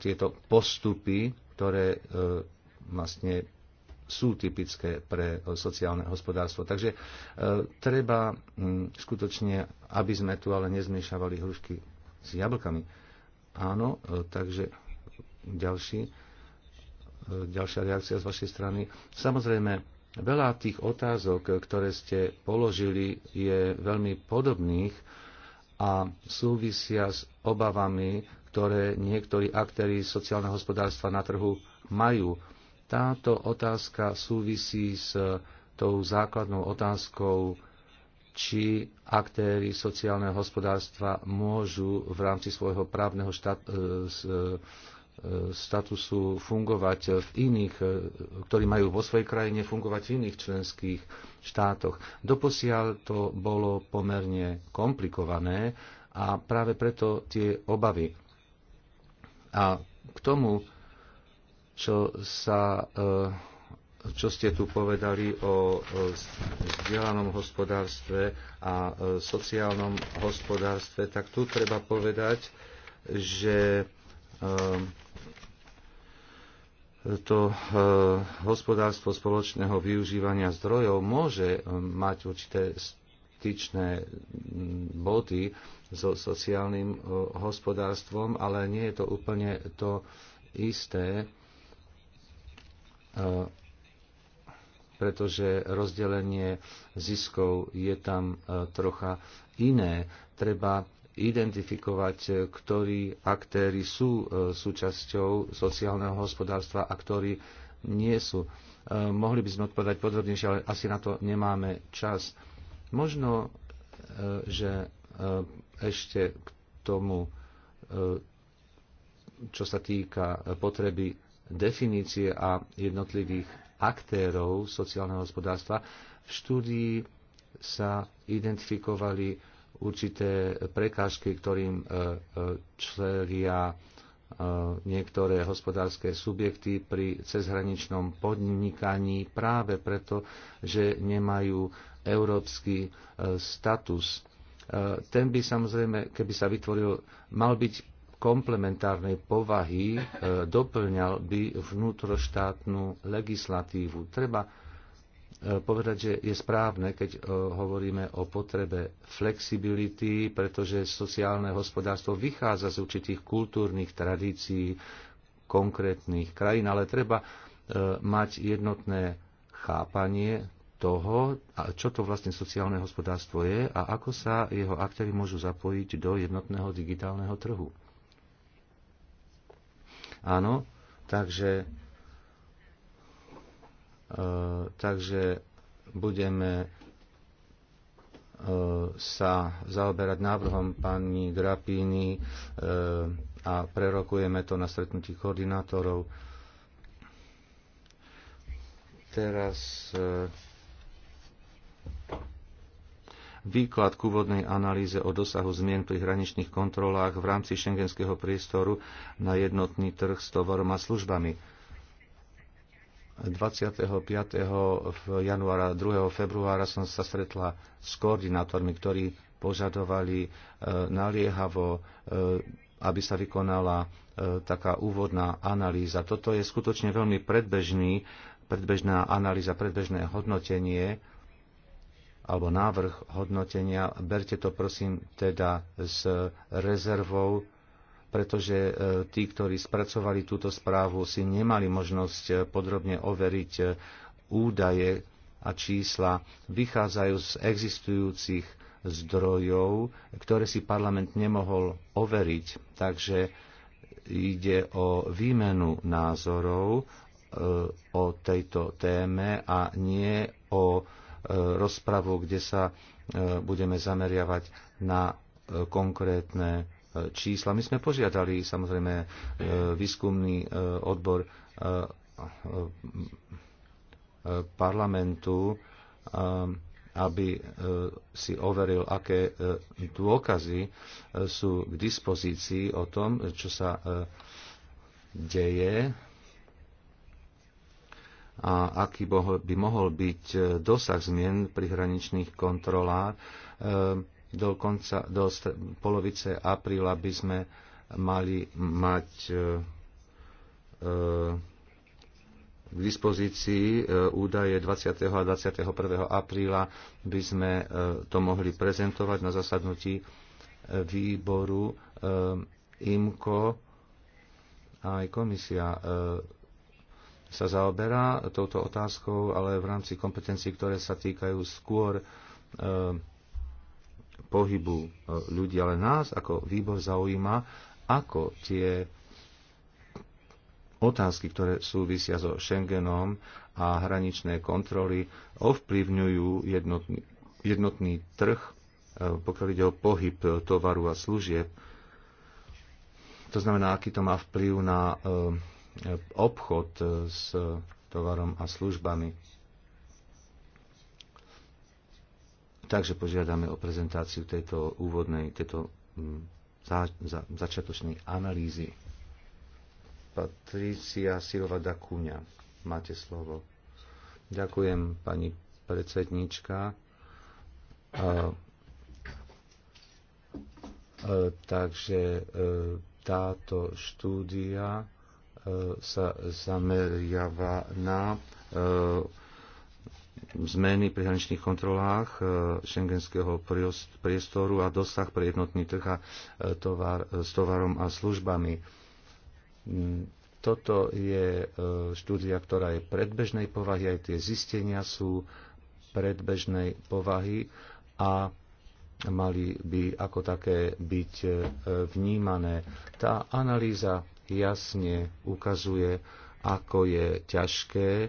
tieto postupy, ktoré vlastne sú typické pre e, sociálne hospodárstvo. Takže e, treba m, skutočne, aby sme tu ale nezmiešavali hrušky s jablkami. Áno, e, takže ďalší, e, ďalšia reakcia z vašej strany. Samozrejme, veľa tých otázok, e, ktoré ste položili, je veľmi podobných a súvisia s obavami, ktoré niektorí aktéry sociálneho hospodárstva na trhu majú táto otázka súvisí s e, tou základnou otázkou, či aktéry sociálneho hospodárstva môžu v rámci svojho právneho štát, e, e, statusu fungovať v iných, ktorí majú vo svojej krajine fungovať v iných členských štátoch. Doposiaľ to bolo pomerne komplikované a práve preto tie obavy. A k tomu čo, sa, eh, čo ste tu povedali o vzdelanom hospodárstve a eh, sociálnom hospodárstve, tak tu treba povedať, že eh, to hospodárstvo spoločného využívania zdrojov môže mať určité styčné mm, body so sociálnym hospodárstvom, ale nie je to úplne to isté Eh, pretože rozdelenie ziskov je tam eh, trocha iné. Treba identifikovať, eh, ktorí aktéry sú súčasťou sociálneho hospodárstva a ktorí nie sú. Mohli by sme odpovedať podrobnejšie, ale asi na to nemáme čas. Možno, že ešte k tomu, čo sa týka potreby definície a jednotlivých aktérov sociálneho hospodárstva. V štúdii sa identifikovali určité prekážky, ktorým e, e, čelia e, niektoré hospodárske subjekty pri cezhraničnom podnikaní práve preto, že nemajú európsky status. Ten by samozrejme, keby sa vytvoril, mal byť komplementárnej povahy e, doplňal by vnútroštátnu legislatívu. Treba e, povedať, že je správne, keď e, hovoríme o potrebe flexibility, pretože sociálne hospodárstvo vychádza z určitých kultúrnych tradícií konkrétnych krajín, ale treba mať jednotné chápanie toho, čo to vlastne sociálne hospodárstvo je a ako sa jeho aktéry môžu zapojiť do jednotného digitálneho trhu. Áno, takže, e, takže budeme e, sa zaoberať návrhom pani Grapíny e, a prerokujeme to na stretnutí koordinátorov. Teraz e, výklad k úvodnej analýze o dosahu zmien pri hraničných kontrolách v rámci šengenského priestoru na jednotný trh s tovarom a službami. 25. januára, 2. februára som sa stretla s koordinátormi, ktorí požadovali e, naliehavo, e, aby sa vykonala e, taká úvodná analýza. Toto je skutočne veľmi predbežný, predbežná analýza, predbežné hodnotenie alebo návrh hodnotenia, berte to prosím teda s rezervou, pretože e, tí, ktorí spracovali túto správu, si nemali možnosť e, podrobne overiť e, údaje a čísla, vychádzajú z existujúcich zdrojov, ktoré si parlament nemohol overiť. Takže ide o výmenu názorov o tejto téme a nie o rozpravu, kde sa e, budeme zameriavať na e, konkrétne e, čísla. My sme požiadali samozrejme výskumný odbor parlamentu, aby si overil, aké dôkazy sú k dispozícii o tom, čo sa deje a aký by mohol byť e, dosah zmien pri hraničných kontrolách. E, do, konca, do polovice apríla by sme mali mať e, k dispozícii údaje 20. a 21. apríla by sme to mohli prezentovať na zasadnutí výboru IMCO aj komisia sa zaoberá touto otázkou, ale v rámci kompetencií, ktoré sa týkajú skôr e, pohybu e, ľudí, ale nás ako výbor zaujíma, ako tie otázky, ktoré súvisia so Schengenom a hraničné kontroly, ovplyvňujú jednotný, jednotný trh, e, pokiaľ ide o pohyb tovaru a služieb. To znamená, aký to má vplyv na e, obchod e, s tovarom a službami. Takže požiadame o prezentáciu tejto úvodnej, tejto mm, za, za, začiatočnej analýzy. Patricia Silova Dakuňa, máte slovo. Ďakujem, pani predsednička. Uh, uh, takže uh, táto štúdia sa zameriava na e, zmeny pri hraničných kontrolách e, šengenského priestoru a dosah pre jednotný trh a e, tovar, s tovarom a službami. Mm, toto je štúdia, ktorá je predbežnej povahy, aj tie zistenia sú predbežnej povahy a mali by ako také byť vnímané. Tá analýza jasne ukazuje, ako je ťažké e,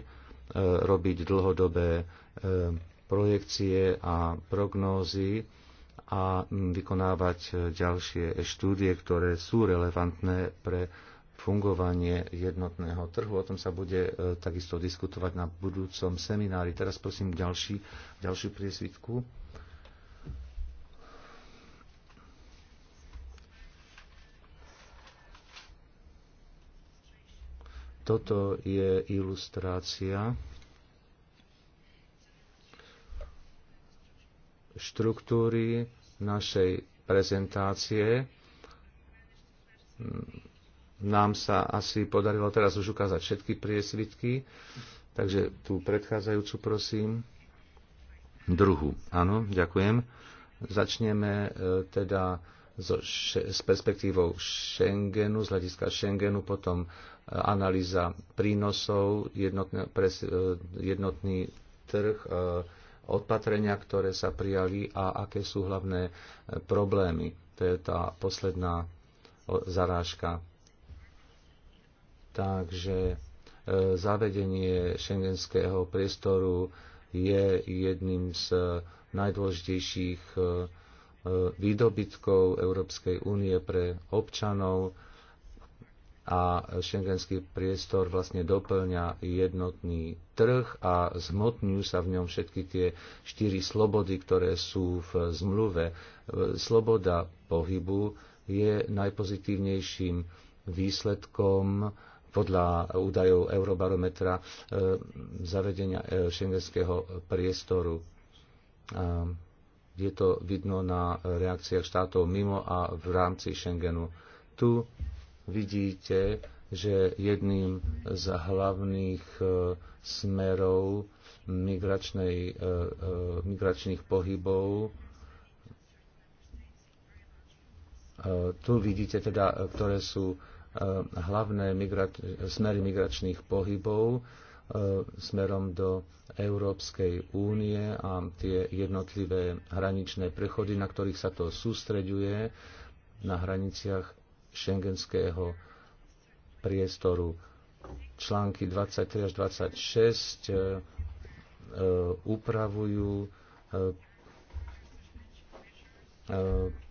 robiť dlhodobé e, projekcie a prognózy a vykonávať e, ďalšie štúdie, ktoré sú relevantné pre fungovanie jednotného trhu. O tom sa bude takisto diskutovať na budúcom seminári. Teraz prosím ďalší, ďalšiu priesvitku. Toto je ilustrácia štruktúry našej prezentácie. Nám sa asi podarilo teraz už ukázať všetky priesvitky, takže tú predchádzajúcu prosím. druhú. Áno, ďakujem. Začneme e, teda z z perspektívou Schengenu, z hľadiska Schengenu, potom e, analýza prínosov, jednotný, pres, e, jednotný trh, e, opatrenia, ktoré sa prijali a aké sú hlavné problémy. To je tá posledná zarážka. Takže zavedenie šengenského priestoru je jedným z najdôležitejších E, výdobytkov Európskej únie pre občanov a šengenský priestor vlastne doplňa jednotný trh a zmotňujú sa v ňom všetky tie štyri slobody, ktoré sú v zmluve. E, sloboda pohybu je najpozitívnejším výsledkom podľa údajov Eurobarometra e, zavedenia šengenského priestoru je to vidno na reakciách štátov mimo a v rámci Schengenu. Tu vidíte, že jedným z hlavných e, smerov migračnej, e, e, migračných pohybov tu vidíte teda, ktoré sú hlavné smery migračných pohybov E, smerom do Európskej únie a tie jednotlivé hraničné prechody, na ktorých sa to sústreďuje na hraniciach šengenského priestoru. Články 23 až 26 e, e, upravujú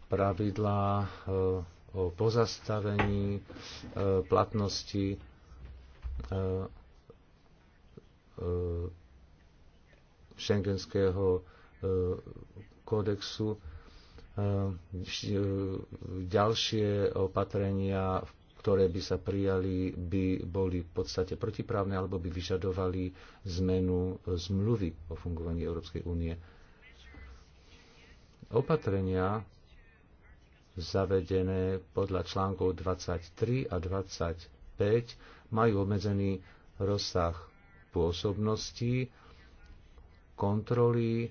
pravidlá o pozastavení platnosti E, šengenského e, kódexu. E, ďalšie opatrenia, ktoré by sa prijali, by boli v podstate protiprávne alebo by vyžadovali zmenu zmluvy o fungovaní Európskej únie. Opatrenia zavedené podľa článkov 23 a 25 majú obmedzený rozsah pôsobnosti kontroly e,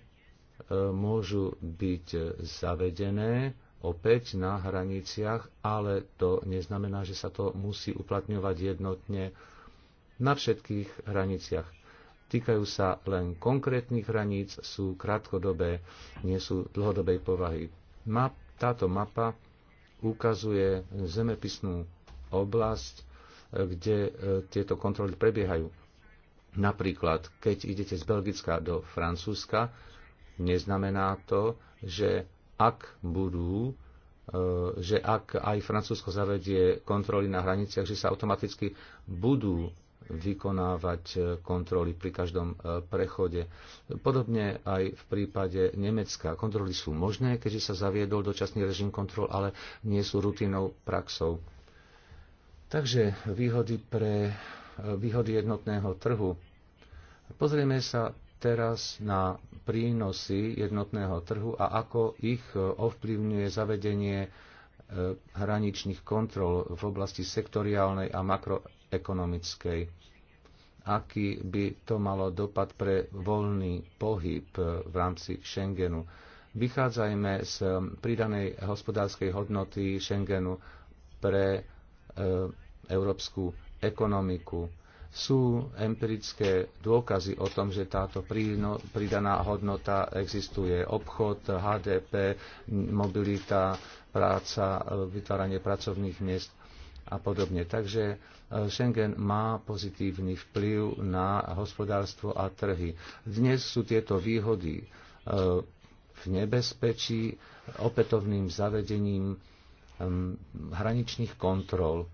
môžu byť zavedené opäť na hraniciach, ale to neznamená, že sa to musí uplatňovať jednotne na všetkých hraniciach. Týkajú sa len konkrétnych hraníc, sú krátkodobé, nie sú dlhodobej povahy. Map, táto mapa ukazuje zemepisnú oblasť, e, kde e, tieto kontroly prebiehajú. Napríklad, keď idete z Belgicka do Francúzska, neznamená to, že ak budú e, že ak aj Francúzsko zavedie kontroly na hraniciach, že sa automaticky budú vykonávať e, kontroly pri každom e, prechode. Podobne aj v prípade Nemecka. Kontroly sú možné, keďže sa zaviedol dočasný režim kontrol, ale nie sú rutinou praxou. Takže výhody pre výhody jednotného trhu. Pozrieme sa teraz na prínosy jednotného trhu a ako ich ovplyvňuje zavedenie e, hraničných kontrol v oblasti sektoriálnej a makroekonomickej. Aký by to malo dopad pre voľný pohyb e, v rámci Schengenu? Vychádzajme z e, pridanej hospodárskej hodnoty Schengenu pre Európsku ekonomiku. Sú empirické dôkazy o tom, že táto pridaná hodnota existuje. Obchod, HDP, mobilita, práca, vytváranie pracovných miest a podobne. Takže e, Schengen má pozitívny vplyv na hospodárstvo a trhy. Dnes sú tieto výhody e, v nebezpečí opätovným zavedením hraničných kontrol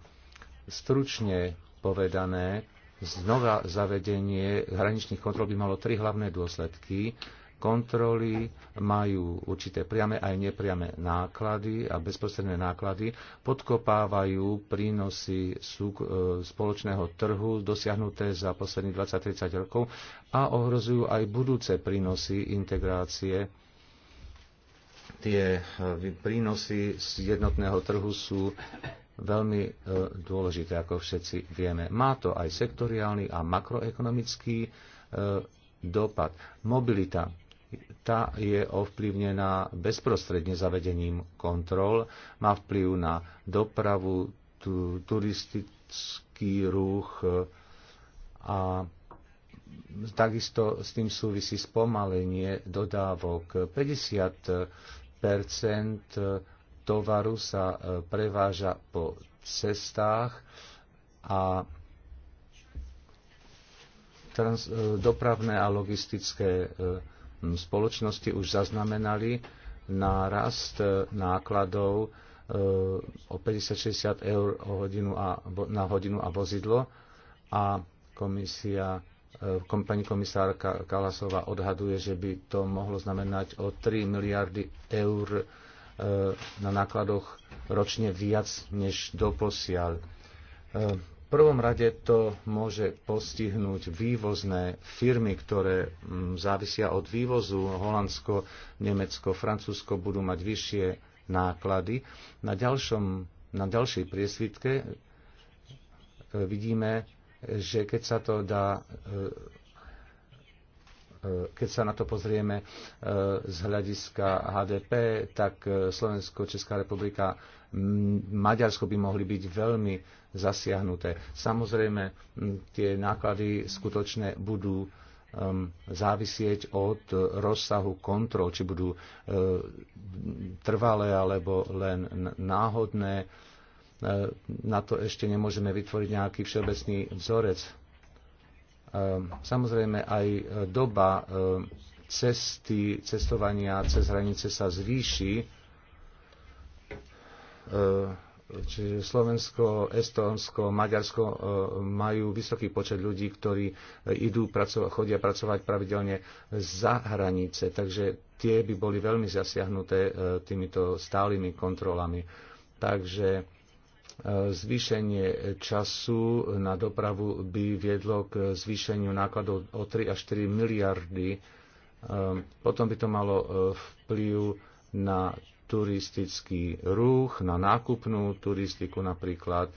Stručne povedané, znova zavedenie hraničných kontrol by malo tri hlavné dôsledky. Kontroly majú určité priame aj nepriame náklady a bezprostredné náklady podkopávajú prínosy e, spoločného trhu dosiahnuté za posledných 20-30 rokov a ohrozujú aj budúce prínosy integrácie tie e, prínosy z jednotného trhu sú veľmi e, dôležité, ako všetci vieme. Má to aj sektoriálny a makroekonomický e, dopad. Mobilita tá je ovplyvnená bezprostredne zavedením kontrol, má vplyv na dopravu, tu, turistický ruch e, a takisto s tým súvisí spomalenie dodávok. 50 tovaru sa e, preváža po cestách a trans, e, dopravné a logistické e, spoločnosti už zaznamenali nárast nákladov o 50-60 eur o hodinu a, na hodinu a vozidlo a komisia pani komisárka Kalasová odhaduje, že by to mohlo znamenať o 3 miliardy eur na nákladoch ročne viac než doposiaľ. E, v prvom rade to môže postihnúť vývozné firmy, ktoré mm, závisia od vývozu. Holandsko, Nemecko, Francúzsko budú mať vyššie náklady. Na, ďalšom, na ďalšej priesvitke e, vidíme, že keď sa to dá e, E, keď sa na to pozrieme e, z hľadiska HDP, tak e, Slovensko, Česká republika, Maďarsko by mohli byť veľmi zasiahnuté. Samozrejme, tie náklady skutočne budú závisieť od rozsahu kontrol, či budú trvalé alebo len náhodné. Na to ešte nemôžeme vytvoriť nejaký všeobecný vzorec Ehm, samozrejme aj e, doba e, cesty, cestovania cez hranice sa zvýši. Ehm, čiže Slovensko, Estónsko, Maďarsko e, majú vysoký počet ľudí, ktorí idú chodia pracovať pravidelne za hranice, takže tie by boli veľmi zasiahnuté týmito stálymi kontrolami. Takže Zvýšenie času na dopravu by viedlo k zvýšeniu nákladov o 3 až 4 miliardy. Ehm, potom by to malo e, vplyv na turistický ruch, na nákupnú turistiku napríklad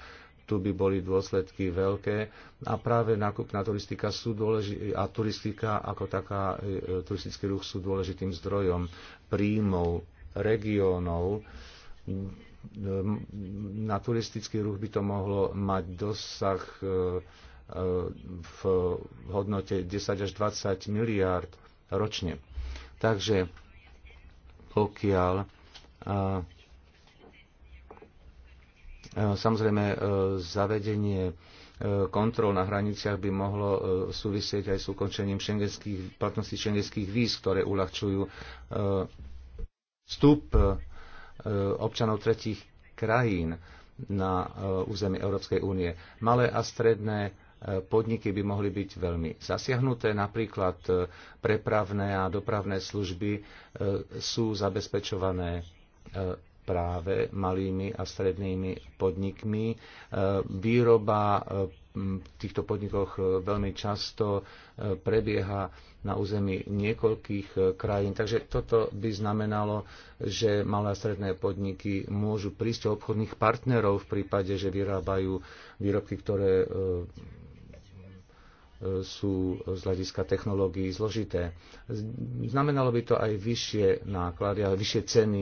tu by boli dôsledky veľké a práve nákupná turistika sú dôleži- a turistika ako taká, e, turistický ruch sú dôležitým zdrojom príjmov regiónov. Ehm, na turistický ruch by to mohlo mať dosah e, e, v hodnote 10 až 20 miliárd ročne. Takže pokiaľ e, samozrejme zavedenie kontrol na hraniciach by mohlo súvisieť aj s ukončením platnosti šengenských víz, ktoré uľahčujú vstup E, občanov tretích krajín na e, území Európskej únie. Malé a stredné e, podniky by mohli byť veľmi zasiahnuté. Napríklad prepravné a dopravné služby sú zabezpečované práve malými a strednými podnikmi. Výroba v týchto podnikoch e, veľmi často e, prebieha na území niekoľkých e, krajín. Takže toto by znamenalo, že malé a stredné podniky môžu prísť o obchodných partnerov v prípade, že vyrábajú výrobky, ktoré sú z hľadiska technológií zložité. Znamenalo by to aj vyššie náklady, ale vyššie ceny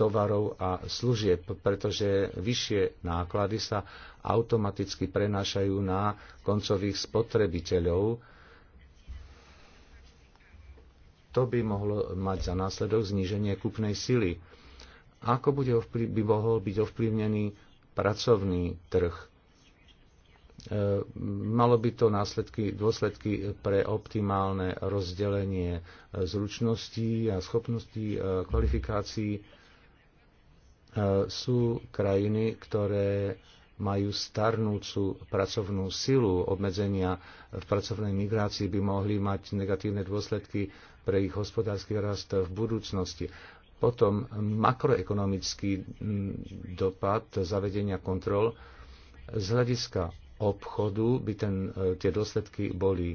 tovarov a služieb, pretože vyššie náklady sa automaticky prenášajú na koncových spotrebiteľov. To by mohlo mať za následok zníženie kupnej sily. Ako bude by mohol byť ovplyvnený pracovný trh? E, malo by to následky, dôsledky pre optimálne rozdelenie zručností a schopností, e, kvalifikácií E, sú krajiny, ktoré majú starnúcu pracovnú silu. Obmedzenia v pracovnej migrácii by mohli mať negatívne dôsledky pre ich hospodársky rast v budúcnosti. Potom makroekonomický dopad zavedenia kontrol z hľadiska obchodu by ten, e, tie dôsledky boli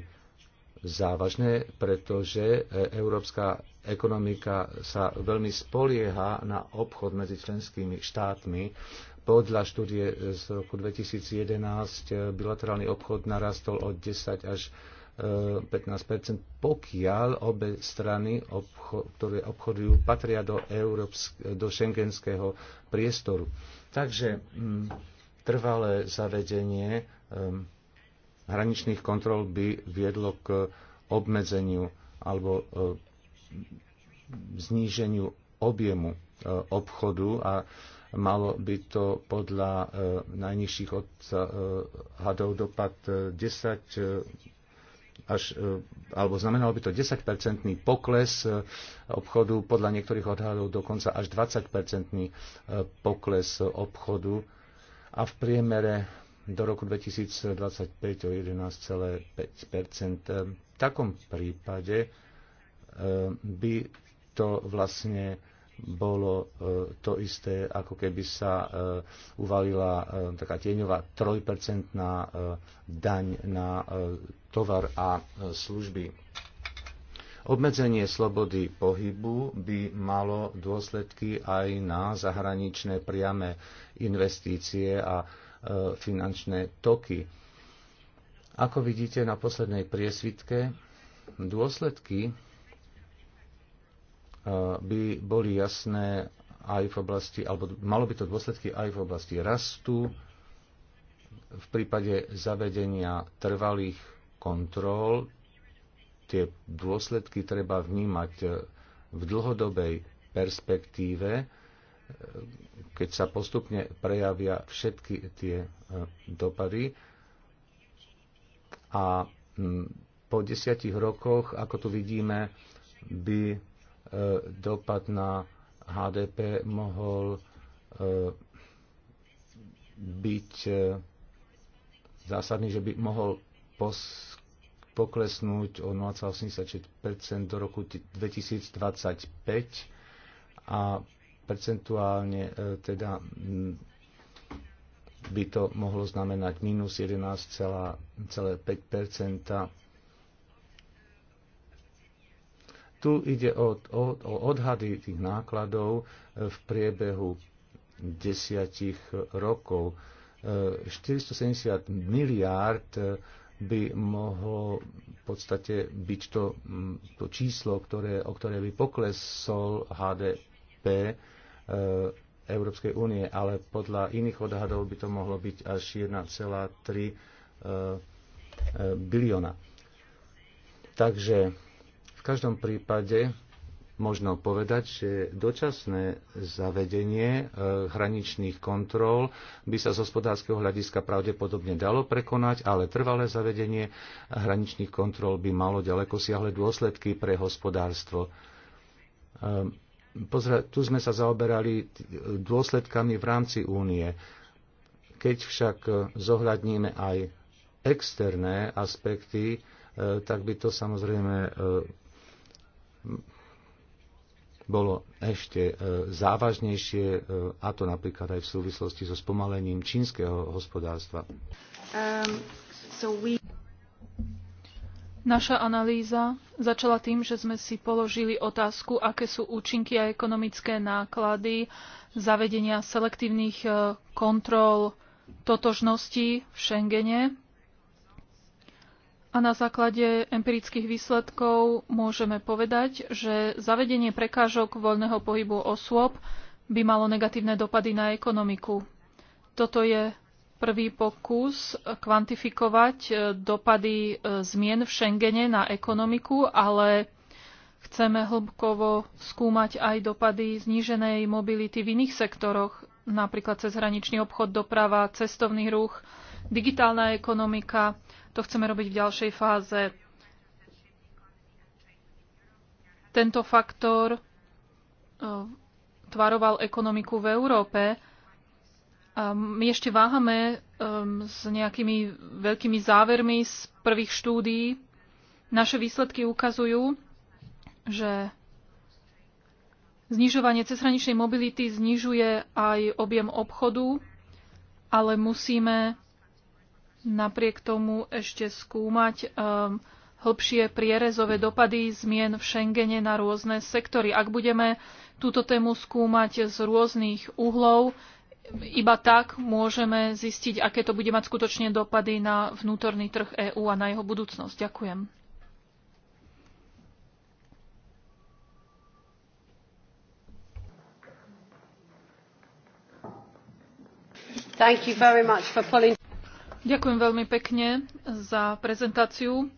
závažné, pretože e, európska ekonomika sa veľmi spolieha na obchod medzi členskými štátmi. Podľa štúdie z roku 2011 e, bilaterálny obchod narastol od 10 až 15 e, pokiaľ obe strany, ktoré obchodujú, patria do, európsk- do šengenského priestoru. Takže mm, trvalé zavedenie hraničných kontrol by viedlo k obmedzeniu alebo e, zníženiu objemu e, obchodu a malo by to podľa e, najnižších odhadov dopad 10 až, alebo znamenalo by to 10-percentný pokles obchodu, podľa niektorých odhadov dokonca až 20-percentný pokles obchodu a v priemere do roku 2025 o 11,5 V takom prípade e, by to vlastne bolo e, to isté, ako keby sa e, uvalila taká tieňová trojpercentná daň na tovar a služby. Obmedzenie slobody pohybu by malo dôsledky aj na zahraničné priame investície a E, finančné toky. Ako vidíte na poslednej priesvitke, dôsledky e, by boli jasné aj v oblasti, alebo malo by to dôsledky aj v oblasti rastu, v prípade zavedenia trvalých kontrol. Tie dôsledky treba vnímať v dlhodobej perspektíve keď sa postupne prejavia všetky tie e, dopady a po desiatich rokoch, ako tu vidíme, by e, dopad na HDP mohol e, byť zásadný, že by mohol poklesnúť o 0,86 do roku 2025 a percentuálne e, teda by to mohlo znamenať minus 11,5 Tu ide o, o, o odhady tých nákladov e, v priebehu desiatich rokov. 470 e, miliárd by mohlo v podstate byť to, to číslo, ktoré, o ktoré by poklesol HDP Eh, Európskej únie, ale podľa iných odhadov by to mohlo byť až 1,3 eh, eh, bilióna. Takže v každom prípade možno povedať, že dočasné zavedenie hraničných kontrol by sa z hospodárskeho hľadiska pravdepodobne dalo prekonať, ale trvalé zavedenie hraničných kontrol by malo ďaleko siahle dôsledky pre hospodárstvo. Ehm, pozra, tu sme sa zaoberali dôsledkami v rámci únie. Keď však e, zohľadníme aj externé aspekty, e, tak by to samozrejme e, bolo ešte závažnejšie, a to napríklad aj v súvislosti so spomalením čínskeho hospodárstva. Um, so we... Naša analýza začala tým, že sme si položili otázku, aké sú účinky a ekonomické náklady zavedenia selektívnych e, kontrol totožnosti v Schengene. A na základe empirických výsledkov môžeme povedať, že zavedenie prekážok voľného pohybu osôb by malo negatívne dopady na ekonomiku. Toto je prvý pokus kvantifikovať e, dopady e, zmien v Schengene na ekonomiku, ale chceme hĺbkovo skúmať aj dopady zníženej mobility v iných sektoroch, napríklad cezhraničný obchod, doprava, cestovný ruch, digitálna ekonomika. To chceme robiť v ďalšej fáze. Tento faktor e, tvaroval ekonomiku v Európe my ešte váhame um, s nejakými veľkými závermi z prvých štúdií. Naše výsledky ukazujú, že znižovanie cezhraničnej mobility znižuje aj objem obchodu, ale musíme napriek tomu ešte skúmať um, hĺbšie prierezové dopady zmien v Schengene na rôzne sektory. Ak budeme túto tému skúmať z rôznych uhlov, iba tak môžeme zistiť, aké to bude mať skutočne dopady na vnútorný trh EÚ a na jeho budúcnosť. Ďakujem. Ďakujem veľmi pekne za prezentáciu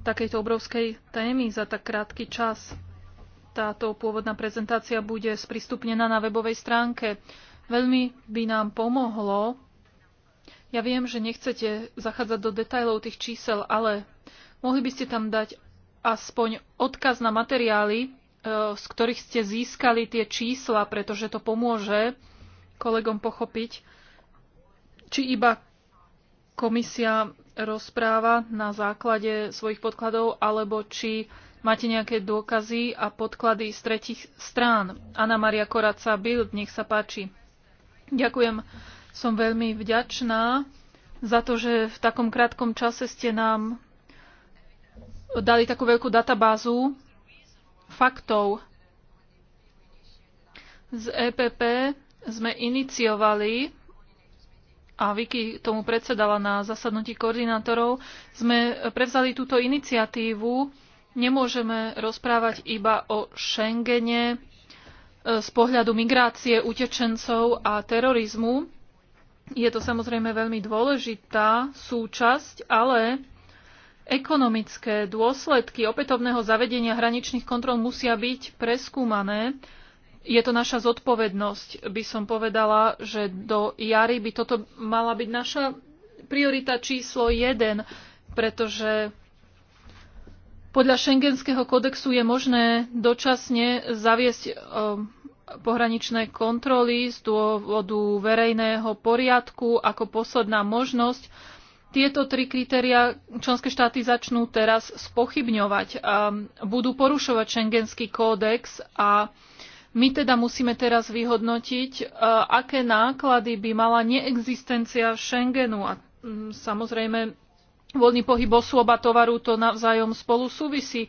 takejto obrovskej témy za tak krátky čas. Táto pôvodná prezentácia bude sprístupnená na webovej stránke Veľmi by nám pomohlo. Ja viem, že nechcete zachádzať do detajlov tých čísel, ale mohli by ste tam dať aspoň odkaz na materiály, e, z ktorých ste získali tie čísla, pretože to pomôže kolegom pochopiť, či iba komisia rozpráva na základe svojich podkladov, alebo či máte nejaké dôkazy a podklady z tretich strán. Anna Maria Koraca Bild, nech sa páči. Ďakujem. Som veľmi vďačná za to, že v takom krátkom čase ste nám dali takú veľkú databázu faktov. Z EPP sme iniciovali a Vicky tomu predsedala na zasadnutí koordinátorov, sme prevzali túto iniciatívu. Nemôžeme rozprávať iba o Schengene, z pohľadu migrácie, utečencov a terorizmu. Je to samozrejme veľmi dôležitá súčasť, ale ekonomické dôsledky opätovného zavedenia hraničných kontrol musia byť preskúmané. Je to naša zodpovednosť, by som povedala, že do jary by toto mala byť naša priorita číslo jeden, pretože podľa Schengenského kodexu je možné dočasne zaviesť e, pohraničné kontroly z dôvodu verejného poriadku ako posledná možnosť. Tieto tri kritéria členské štáty začnú teraz spochybňovať. A budú porušovať Schengenský kódex a my teda musíme teraz vyhodnotiť, e, aké náklady by mala neexistencia Schengenu. A mm, samozrejme, voľný pohyb osôb a tovaru to navzájom spolu súvisí.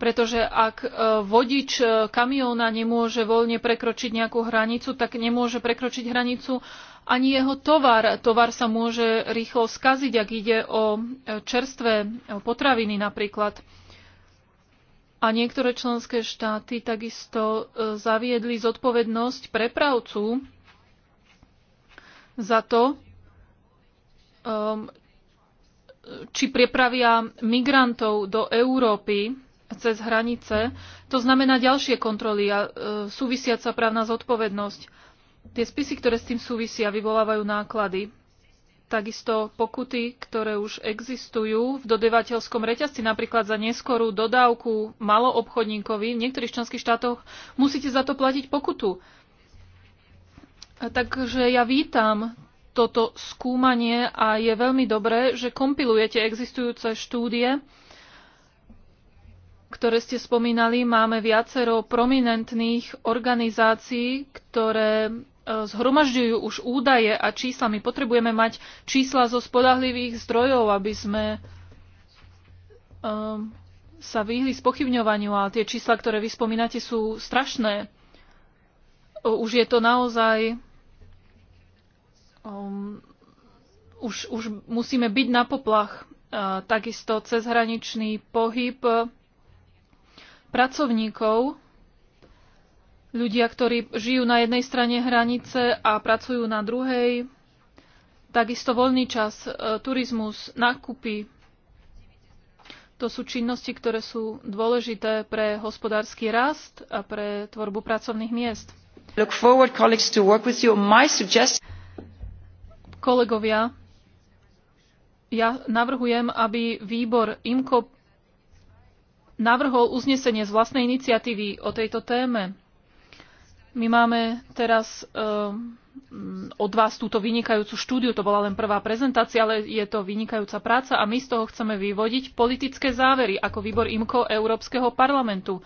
Pretože ak e, vodič e, kamióna nemôže voľne prekročiť nejakú hranicu, tak nemôže prekročiť hranicu ani jeho tovar. Tovar sa môže rýchlo skaziť, ak ide o e, čerstvé potraviny napríklad. A niektoré členské štáty takisto zaviedli zodpovednosť prepravcu za to, či prepravia migrantov do Európy cez hranice, to znamená ďalšie kontroly a e, súvisiaca právna zodpovednosť. Tie spisy, ktoré s tým súvisia, vyvolávajú náklady. Takisto pokuty, ktoré už existujú v dodevateľskom reťazci, napríklad za neskorú dodávku maloobchodníkovi, v niektorých členských štátoch musíte za to platiť pokutu. A takže ja vítam toto skúmanie a je veľmi dobré, že kompilujete existujúce štúdie, ktoré ste spomínali. Máme viacero prominentných organizácií, ktoré e, zhromažďujú už údaje a čísla. My potrebujeme mať čísla zo spodahlivých zdrojov, aby sme um, sa vyhli spochybňovaniu, ale tie čísla, ktoré vy spomínate, sú strašné. Už je to naozaj um, už, už musíme byť na poplach. Uh, takisto cezhraničný pohyb uh, pracovníkov, ľudia, ktorí žijú na jednej strane hranice a pracujú na druhej, takisto voľný čas, uh, turizmus, nákupy. To sú činnosti, ktoré sú dôležité pre hospodársky rast a pre tvorbu pracovných miest. Look forward, colleagues, to work with you. My suggestion Kolegovia, ja navrhujem, aby výbor IMCO navrhol uznesenie z vlastnej iniciatívy o tejto téme. My máme teraz ehm, od vás túto vynikajúcu štúdiu, to bola len prvá prezentácia, ale je to vynikajúca práca a my z toho chceme vyvodiť politické závery ako výbor IMKO Európskeho parlamentu.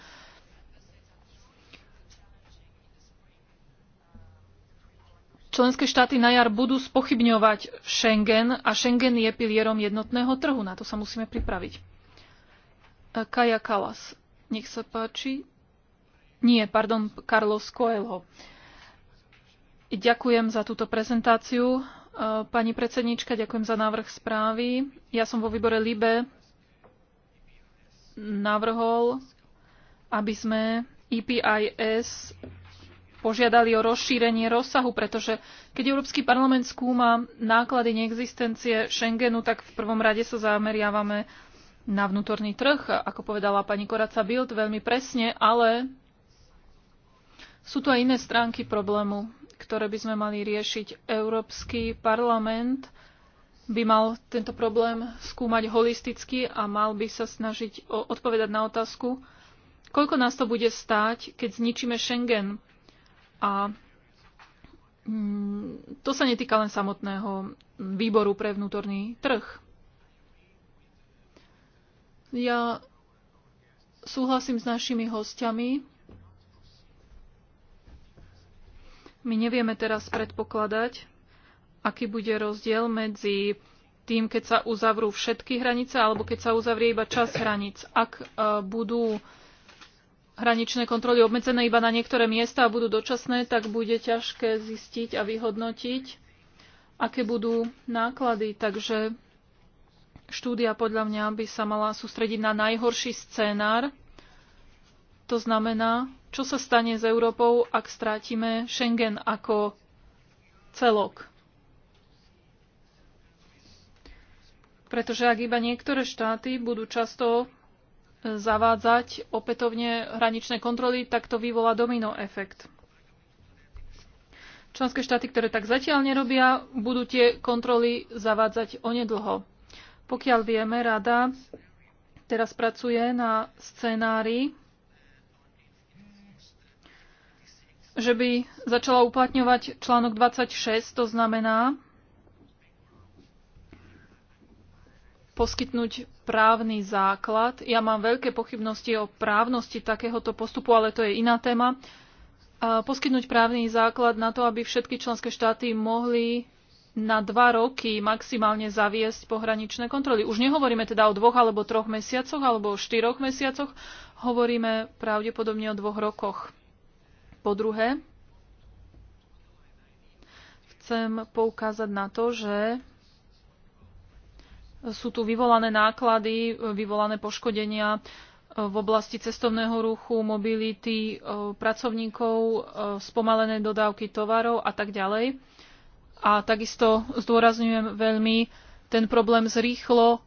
členské štáty na jar budú spochybňovať Schengen a Schengen je pilierom jednotného trhu. Na to sa musíme pripraviť. E, Kaja Kalas, nech sa páči. Nie, pardon, Carlos Coelho. Ďakujem za túto prezentáciu. E, Pani predsednička, ďakujem za návrh správy. Ja som vo výbore LIBE navrhol, aby sme EPIS požiadali o rozšírenie rozsahu, pretože keď Európsky parlament skúma náklady neexistencie Schengenu, tak v prvom rade sa zameriavame na vnútorný trh, ako povedala pani Koraca Bild veľmi presne, ale sú tu aj iné stránky problému, ktoré by sme mali riešiť. Európsky parlament by mal tento problém skúmať holisticky a mal by sa snažiť odpovedať na otázku, koľko nás to bude stáť, keď zničíme Schengen. A mm, to sa netýka len samotného výboru pre vnútorný trh. Ja súhlasím s našimi hostiami. My nevieme teraz predpokladať, aký bude rozdiel medzi tým, keď sa uzavrú všetky hranice alebo keď sa uzavrie iba čas hraníc. Ak e, budú hraničné kontroly obmedzené iba na niektoré miesta a budú dočasné, tak bude ťažké zistiť a vyhodnotiť, aké budú náklady. Takže štúdia podľa mňa by sa mala sústrediť na najhorší scénár. To znamená, čo sa stane s Európou, ak strátime Schengen ako celok. Pretože ak iba niektoré štáty budú často zavádzať opätovne hraničné kontroly, tak to vyvolá domino efekt. Členské štáty, ktoré tak zatiaľ nerobia, budú tie kontroly zavádzať onedlho. Pokiaľ vieme, rada teraz pracuje na scenári, že by začala uplatňovať článok 26, to znamená, poskytnúť právny základ. Ja mám veľké pochybnosti o právnosti takéhoto postupu, ale to je iná téma. Poskytnúť právny základ na to, aby všetky členské štáty mohli na dva roky maximálne zaviesť pohraničné kontroly. Už nehovoríme teda o dvoch alebo troch mesiacoch alebo o štyroch mesiacoch, hovoríme pravdepodobne o dvoch rokoch. Po druhé, chcem poukázať na to, že sú tu vyvolané náklady, vyvolané poškodenia e, v oblasti cestovného ruchu, mobility e, pracovníkov, e, spomalené dodávky tovarov a tak ďalej. A takisto zdôrazňujem veľmi ten problém s rýchlo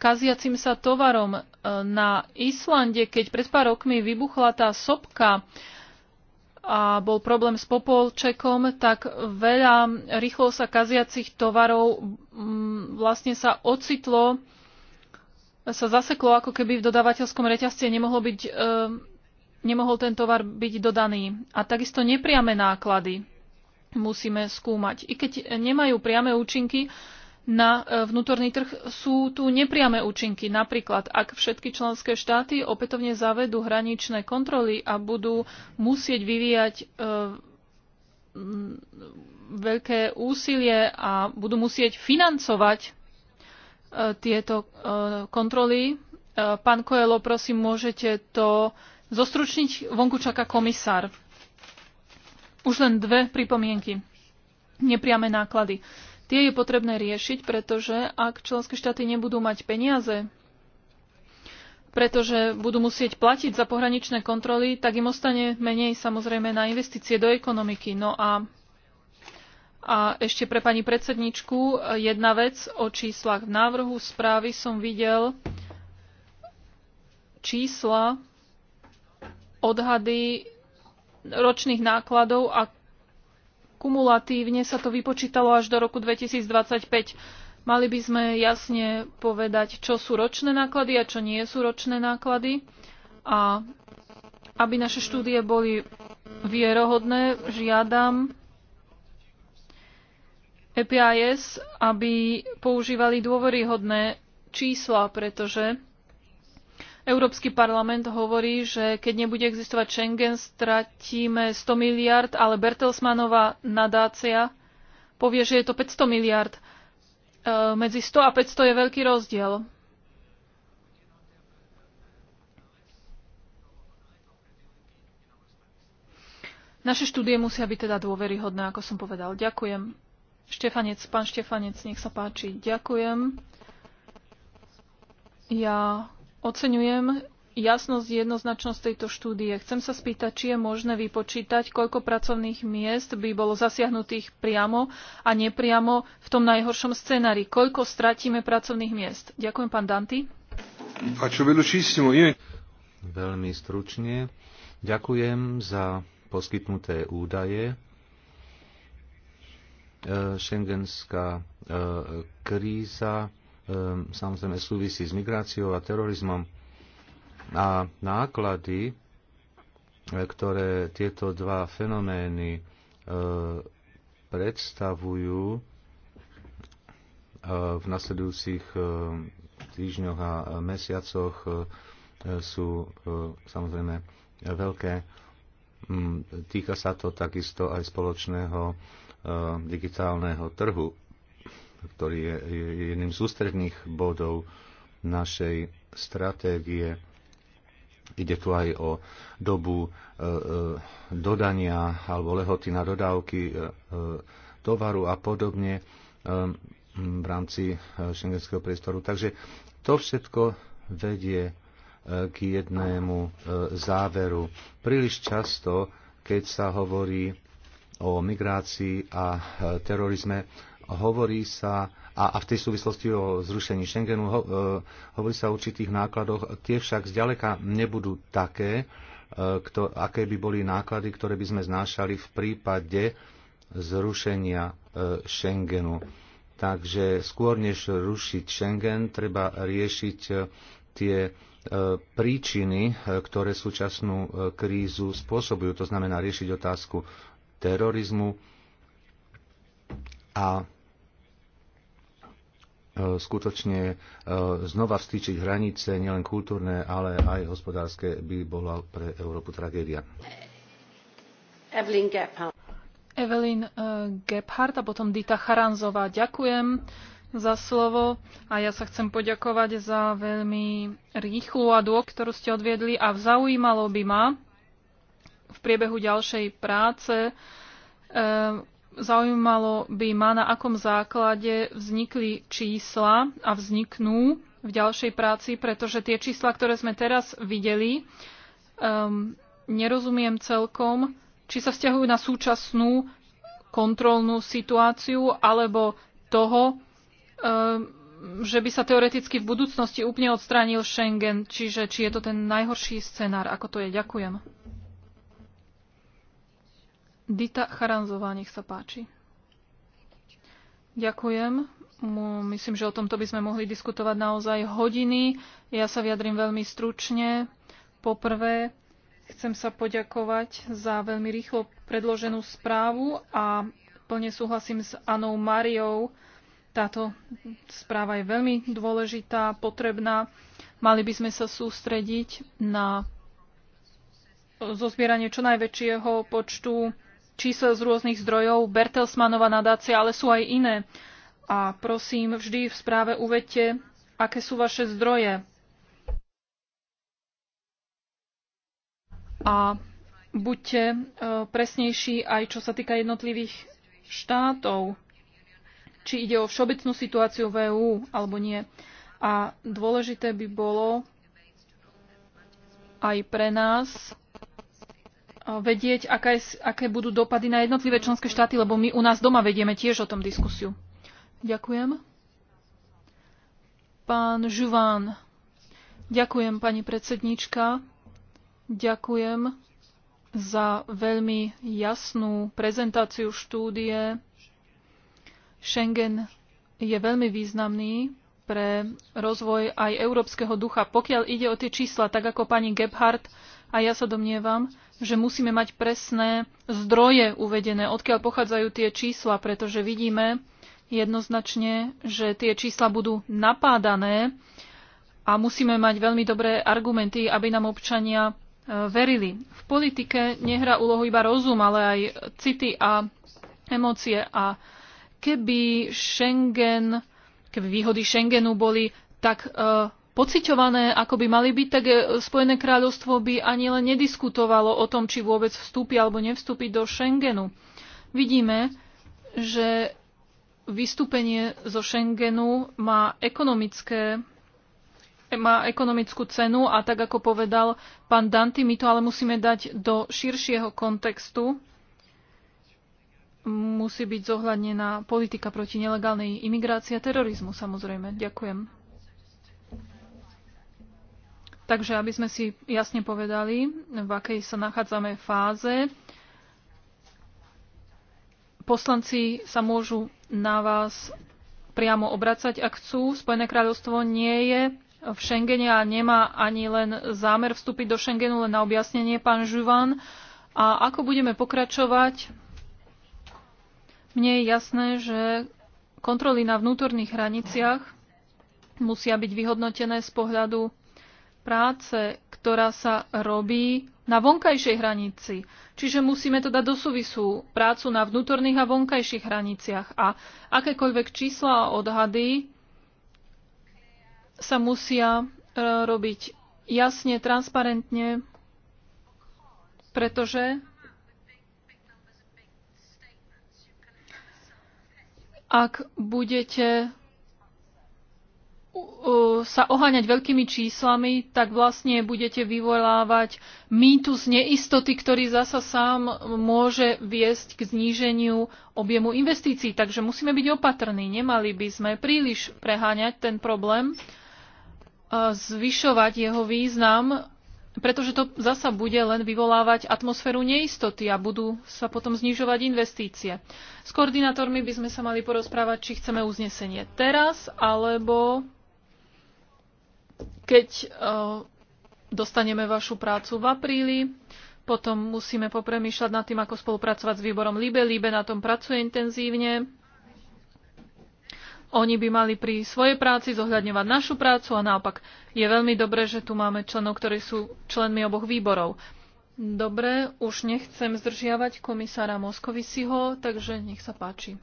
kaziacim sa tovarom. Na Islande, keď pred pár rokmi vybuchla tá sopka, a bol problém s popolčekom, tak veľa rýchlo sa kaziacich tovarov mm, vlastne sa ocitlo, sa zaseklo, ako keby v dodávateľskom reťazci nemohol, byť, e, nemohol ten tovar byť dodaný. A takisto nepriame náklady musíme skúmať. I keď nemajú priame účinky, na e, vnútorný trh sú tu nepriame účinky. Napríklad, ak všetky členské štáty opätovne zavedú hraničné kontroly a budú musieť vyvíjať e, veľké úsilie a budú musieť financovať e, tieto kontroly. Pán Koelo, prosím, môžete to zostručniť. Vonku čaká komisár. Už len dve pripomienky. Nepriame náklady. Uh, Tie je potrebné riešiť, pretože ak členské štáty nebudú mať peniaze, pretože budú musieť platiť za pohraničné kontroly, tak im ostane menej samozrejme na investície do ekonomiky. No a, a ešte pre pani predsedničku jedna vec o číslach. V návrhu správy som videl čísla, odhady ročných nákladov a kumulatívne sa to vypočítalo až do roku 2025. Mali by sme jasne povedať, čo sú ročné náklady a čo nie sú ročné náklady. A aby naše štúdie boli vierohodné, žiadam EPIS, aby používali dôveryhodné čísla, pretože Európsky parlament hovorí, že keď nebude existovať Schengen, stratíme 100 miliard, ale Bertelsmanová nadácia povie, že je to 500 miliard. E, medzi 100 a 500 je veľký rozdiel. Naše štúdie musia byť teda dôveryhodné, ako som povedal. Ďakujem. Štefanec, pán Štefanec, nech sa páči. Ďakujem. Ja Oceňujem jasnosť, a jednoznačnosť tejto štúdie. Chcem sa spýtať, či je možné vypočítať, koľko pracovných miest by bolo zasiahnutých priamo a nepriamo v tom najhoršom scenári. Koľko stratíme pracovných miest? Ďakujem, pán Danti. Veľmi stručne. Ďakujem za poskytnuté údaje. Schengenská e, e, kríza Ehm, samozrejme súvisí s migráciou a terorizmom. A náklady, e, ktoré tieto dva fenomény e, predstavujú e, v nasledujúcich týždňoch a mesiacoch, sú samozrejme veľké. Mm, týka sa to takisto aj spoločného digitálneho trhu ktorý je jedným z ústredných bodov našej stratégie. Ide tu aj o dobu e, e, dodania alebo lehoty na dodávky e, tovaru a podobne v rámci šengenského priestoru. Takže to všetko vedie k jednému záveru. Príliš často, keď sa hovorí o migrácii a terorizme, hovorí sa, a, a v tej súvislosti o zrušení Schengenu, ho, e, hovorí sa o určitých nákladoch, tie však zďaleka nebudú také, e, kto, aké by boli náklady, ktoré by sme znášali v prípade zrušenia e, Schengenu. Takže skôr než rušiť Schengen, treba riešiť e, tie e, príčiny, e, ktoré súčasnú krízu spôsobujú. To znamená riešiť otázku terorizmu, a E, skutočne e, znova vstýčiť hranice, nielen kultúrne, ale aj hospodárske, by bola pre Európu tragédia. Evelyn Gephardt. Evelyn e, Gebhardt a potom Dita Charanzová. Ďakujem za slovo a ja sa chcem poďakovať za veľmi rýchlu a dôk, ktorú ste odviedli a zaujímalo by ma v priebehu ďalšej práce, Zaujímalo by ma, na akom základe vznikli čísla a vzniknú v ďalšej práci, pretože tie čísla, ktoré sme teraz videli, um, nerozumiem celkom, či sa vzťahujú na súčasnú kontrolnú situáciu alebo toho, um, že by sa teoreticky v budúcnosti úplne odstránil Schengen. Čiže či je to ten najhorší scenár, ako to je. Ďakujem. Dita Charanzová, nech sa páči. Ďakujem. Myslím, že o tomto by sme mohli diskutovať naozaj hodiny. Ja sa vyjadrím veľmi stručne. Poprvé, chcem sa poďakovať za veľmi rýchlo predloženú správu a plne súhlasím s Anou Mariou. Táto správa je veľmi dôležitá, potrebná. Mali by sme sa sústrediť na zozbieranie čo najväčšieho počtu čísel z rôznych zdrojov, Bertelsmanova nadácia, ale sú aj iné. A prosím, vždy v správe uvedte, aké sú vaše zdroje. A buďte e, presnejší aj čo sa týka jednotlivých štátov, či ide o všeobecnú situáciu v EÚ alebo nie. A dôležité by bolo aj pre nás vedieť, aká je, aké budú dopady na jednotlivé členské štáty, lebo my u nás doma vedieme tiež o tom diskusiu. Ďakujem. Pán Žuván. Ďakujem, pani predsednička. Ďakujem za veľmi jasnú prezentáciu štúdie. Schengen je veľmi významný pre rozvoj aj európskeho ducha. Pokiaľ ide o tie čísla, tak ako pani Gebhardt, a ja sa domnievam, že musíme mať presné zdroje uvedené, odkiaľ pochádzajú tie čísla, pretože vidíme jednoznačne, že tie čísla budú napádané a musíme mať veľmi dobré argumenty, aby nám občania e, verili. V politike nehrá úlohu iba rozum, ale aj city a emócie. A keby Schengen, keby výhody Schengenu boli tak e, pociťované, ako by mali byť, tak e, Spojené kráľovstvo by ani len nediskutovalo o tom, či vôbec vstúpi alebo nevstúpi do Schengenu. Vidíme, že vystúpenie zo Schengenu má ekonomické má ekonomickú cenu a tak ako povedal pán Danty, my to ale musíme dať do širšieho kontextu. Musí byť zohľadnená politika proti nelegálnej imigrácii a terorizmu samozrejme. Ďakujem. Takže aby sme si jasne povedali, v akej sa nachádzame fáze, poslanci sa môžu na vás priamo obracať, ak chcú. Spojené kráľovstvo nie je v Schengene a nemá ani len zámer vstúpiť do Schengenu, len na objasnenie, pán Žuvan. A ako budeme pokračovať? Mne je jasné, že kontroly na vnútorných hraniciach musia byť vyhodnotené z pohľadu práce, ktorá sa robí na vonkajšej hranici. Čiže musíme to dať do súvisu prácu na vnútorných a vonkajších hraniciach. A akékoľvek čísla a odhady sa musia e, robiť jasne, transparentne, pretože ak budete sa oháňať veľkými číslami, tak vlastne budete vyvolávať mýtus neistoty, ktorý zasa sám môže viesť k zníženiu objemu investícií. Takže musíme byť opatrní. Nemali by sme príliš preháňať ten problém, e, zvyšovať jeho význam, pretože to zasa bude len vyvolávať atmosféru neistoty a budú sa potom znižovať investície. S koordinátormi by sme sa mali porozprávať, či chceme uznesenie teraz, alebo keď e, dostaneme vašu prácu v apríli, potom musíme popremýšľať nad tým, ako spolupracovať s výborom LIBE. LIBE na tom pracuje intenzívne. Oni by mali pri svojej práci zohľadňovať našu prácu a naopak je veľmi dobré, že tu máme členov, ktorí sú členmi oboch výborov. Dobre, už nechcem zdržiavať komisára Moskovisiho, takže nech sa páči.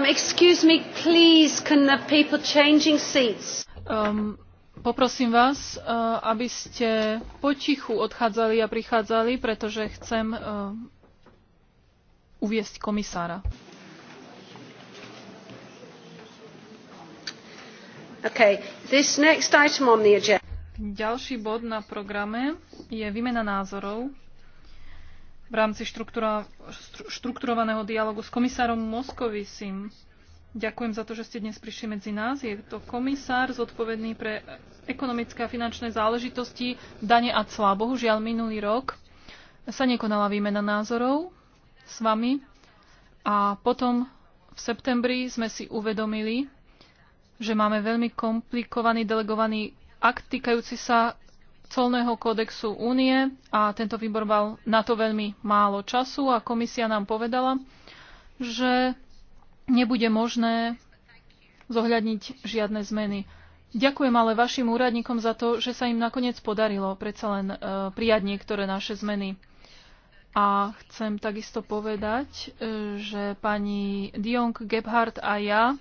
Um, excuse me, please, can the people changing seats? Um, poprosím vás, uh, aby ste potichu odchádzali a prichádzali, pretože chcem uh, uviesť komisára. Okay. This next item on the agenda. Ďalší bod na programe je výmena názorov v rámci štruktúra, štrukturovaného dialogu s komisárom Moskovisim. Ďakujem za to, že ste dnes prišli medzi nás. Je to komisár zodpovedný pre ekonomické a finančné záležitosti, dane a clá. Bohužiaľ, minulý rok sa nekonala výmena názorov s vami a potom v septembri sme si uvedomili, že máme veľmi komplikovaný delegovaný akt týkajúci sa colného kódexu únie a tento výbor mal na to veľmi málo času a komisia nám povedala, že nebude možné zohľadniť žiadne zmeny. Ďakujem ale vašim úradníkom za to, že sa im nakoniec podarilo predsa len e, prijať niektoré naše zmeny. A chcem takisto povedať, e, že pani Diong Gebhardt a ja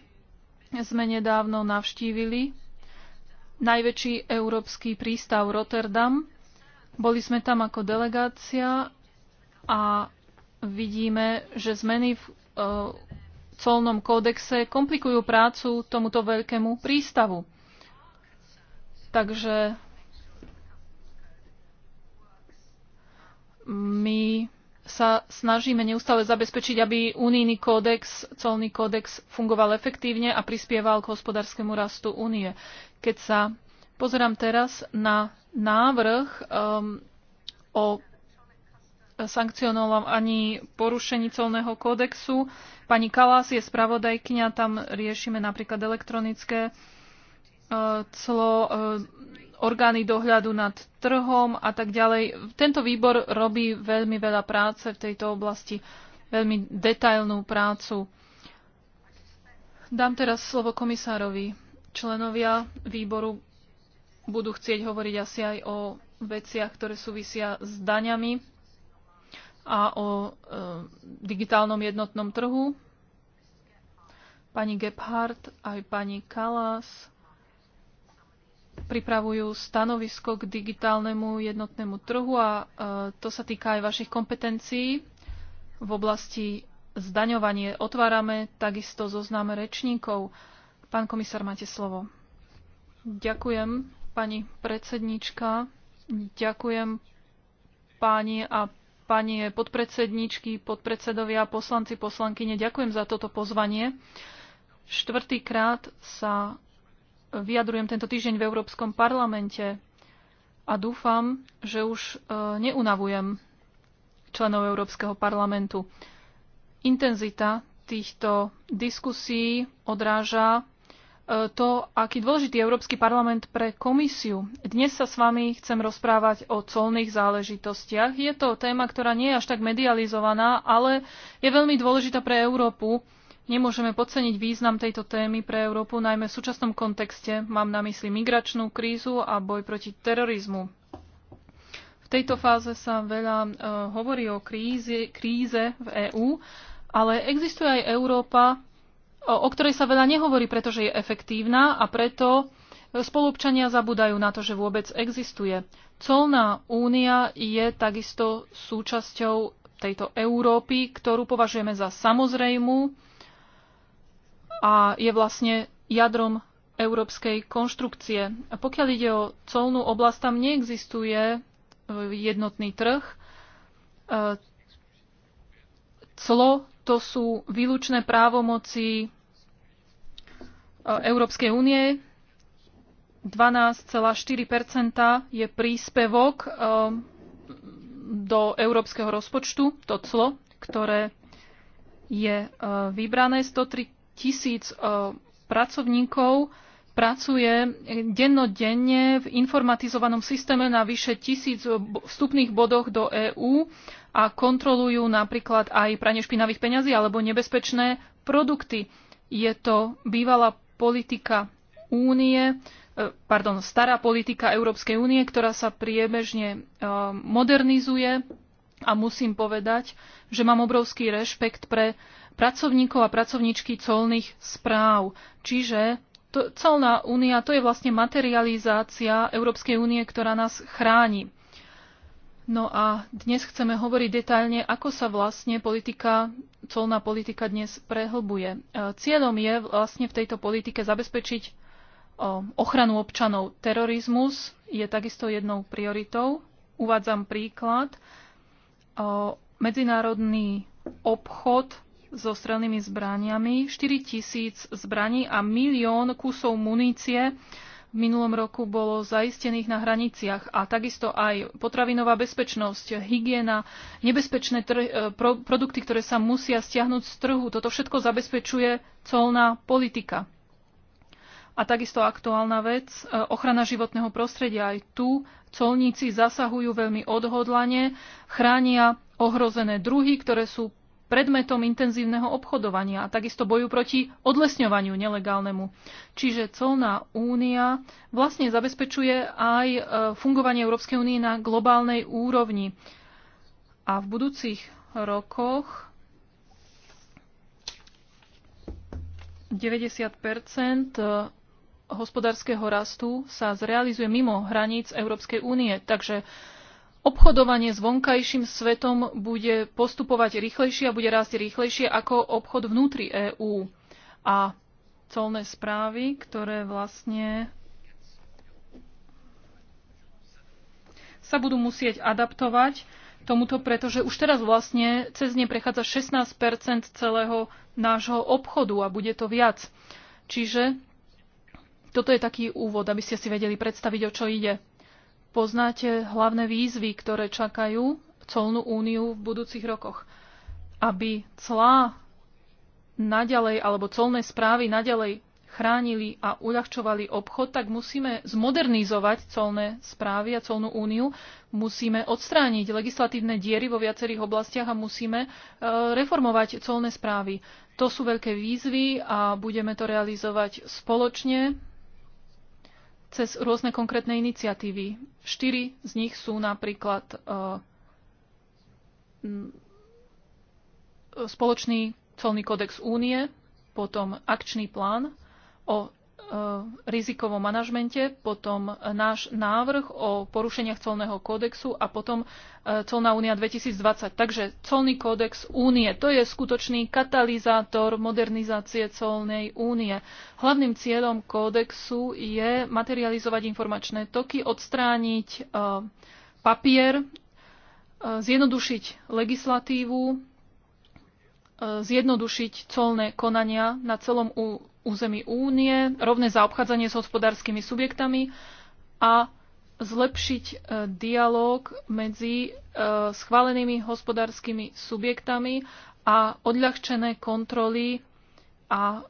sme nedávno navštívili najväčší európsky prístav Rotterdam. Boli sme tam ako delegácia a vidíme, že zmeny v e, colnom kódexe komplikujú prácu tomuto veľkému prístavu. Takže my sa snažíme neustále zabezpečiť, aby unijný kódex, colný kódex fungoval efektívne a prispieval k hospodárskému rastu únie. Keď sa pozerám teraz na návrh um, o ani porušení colného kódexu. Pani Kalás je spravodajkňa, tam riešime napríklad elektronické uh, clo, uh, orgány dohľadu nad trhom a tak ďalej. Tento výbor robí veľmi veľa práce v tejto oblasti, veľmi detailnú prácu. Dám teraz slovo komisárovi členovia výboru budú chcieť hovoriť asi aj o veciach, ktoré súvisia s daňami a o e, digitálnom jednotnom trhu. Pani Gebhardt aj pani Kalas pripravujú stanovisko k digitálnemu jednotnému trhu a e, to sa týka aj vašich kompetencií v oblasti zdaňovanie. Otvárame takisto zoznam rečníkov. E, Pán komisár, máte slovo. Ďakujem, pani predsedníčka. Ďakujem páni a pani podpredsedničky, podpredsedovia, poslanci, poslankyne. Ďakujem za toto pozvanie. Štvrtýkrát sa vyjadrujem tento týždeň v Európskom parlamente a dúfam, že už e, neunavujem členov Európskeho parlamentu. Intenzita týchto diskusí odráža E, to, aký dôležitý je Európsky parlament pre komisiu. Dnes sa s vami chcem rozprávať o colných záležitostiach. Je to téma, ktorá nie je až tak medializovaná, ale je veľmi dôležitá pre Európu. Nemôžeme podceniť význam tejto témy pre Európu, najmä v súčasnom kontexte. Mám na mysli migračnú krízu a boj proti terorizmu. V tejto fáze sa veľa uh, hovorí o kríze, kríze v EÚ, ale existuje aj Európa, o ktorej sa veľa nehovorí, pretože je efektívna a preto spolupčania zabudajú na to, že vôbec existuje. Colná únia je takisto súčasťou tejto Európy, ktorú považujeme za samozrejmú a je vlastne jadrom európskej konštrukcie. A pokiaľ ide o colnú oblasť, tam neexistuje e, jednotný trh. E, clo to sú výlučné právomoci e, Európskej únie. 12,4 je príspevok e, do európskeho rozpočtu, to clo, ktoré je e, vybrané. 103 tisíc pracovníkov pracuje dennodenne v informatizovanom systéme na vyše tisíc vstupných bodoch do EÚ a kontrolujú napríklad aj pranie špinavých peňazí alebo nebezpečné produkty. Je to bývalá politika únie, e, pardon, stará politika Európskej únie, ktorá sa priebežne e, modernizuje a musím povedať, že mám obrovský rešpekt pre pracovníkov a pracovničky colných správ. Čiže to, colná únia to je vlastne materializácia Európskej únie, ktorá nás chráni. No a dnes chceme hovoriť detailne, ako sa vlastne politika, colná politika dnes prehlbuje. E, cieľom je vlastne v tejto politike zabezpečiť e, ochranu občanov. Terorizmus je takisto jednou prioritou. Uvádzam príklad. E, medzinárodný obchod so strelnými zbraniami, 4 tisíc zbraní a milión kusov munície v minulom roku bolo zaistených na hraniciach a takisto aj potravinová bezpečnosť, hygiena, nebezpečné e, pro- produkty, ktoré sa musia stiahnuť z trhu. Toto všetko zabezpečuje colná politika. A takisto aktuálna vec, e, ochrana životného prostredia. Aj tu colníci zasahujú veľmi odhodlane, chránia ohrozené druhy, ktoré sú predmetom intenzívneho obchodovania a takisto boju proti odlesňovaniu nelegálnemu. Čiže colná únia vlastne zabezpečuje aj e, fungovanie Európskej únie na globálnej úrovni. A v budúcich rokoch 90 e, hospodárskeho rastu sa zrealizuje mimo hraníc Európskej únie. Takže obchodovanie s vonkajším svetom bude postupovať rýchlejšie a bude rásť rýchlejšie ako obchod vnútri EÚ. A colné správy, ktoré vlastne sa budú musieť adaptovať tomuto, pretože už teraz vlastne cez ne prechádza 16 celého nášho obchodu a bude to viac. Čiže toto je taký úvod, aby ste si vedeli predstaviť, o čo ide poznáte hlavné výzvy, ktoré čakajú colnú úniu v budúcich rokoch. Aby clá naďalej, alebo colné správy naďalej chránili a uľahčovali obchod, tak musíme zmodernizovať colné správy a colnú úniu, musíme odstrániť legislatívne diery vo viacerých oblastiach a musíme e, reformovať colné správy. To sú veľké výzvy a budeme to realizovať spoločne cez rôzne konkrétne iniciatívy. Štyri z nich sú napríklad e, spoločný colný kodex únie, potom akčný plán o rizikovom manažmente, potom náš návrh o porušeniach colného kódexu a potom e, Colná únia 2020. Takže colný kódex únie, to je skutočný katalizátor modernizácie colnej únie. Hlavným cieľom kódexu je materializovať informačné toky, odstrániť e, papier, e, zjednodušiť legislatívu, E, zjednodušiť colné konania na celom území únie, rovné zaobchádzanie s hospodárskymi subjektami a zlepšiť e, dialog medzi e, schválenými hospodárskymi subjektami a odľahčené kontroly a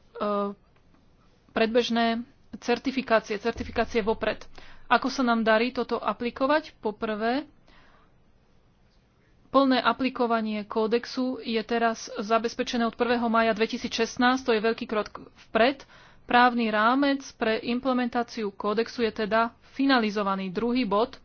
predbežné certifikácie, certifikácie vopred. Ako sa nám darí toto aplikovať? Poprvé, Plné aplikovanie kódexu je teraz zabezpečené od 1. maja 2016, to je veľký krok vpred. Právny rámec pre implementáciu kódexu je teda finalizovaný. Druhý bod.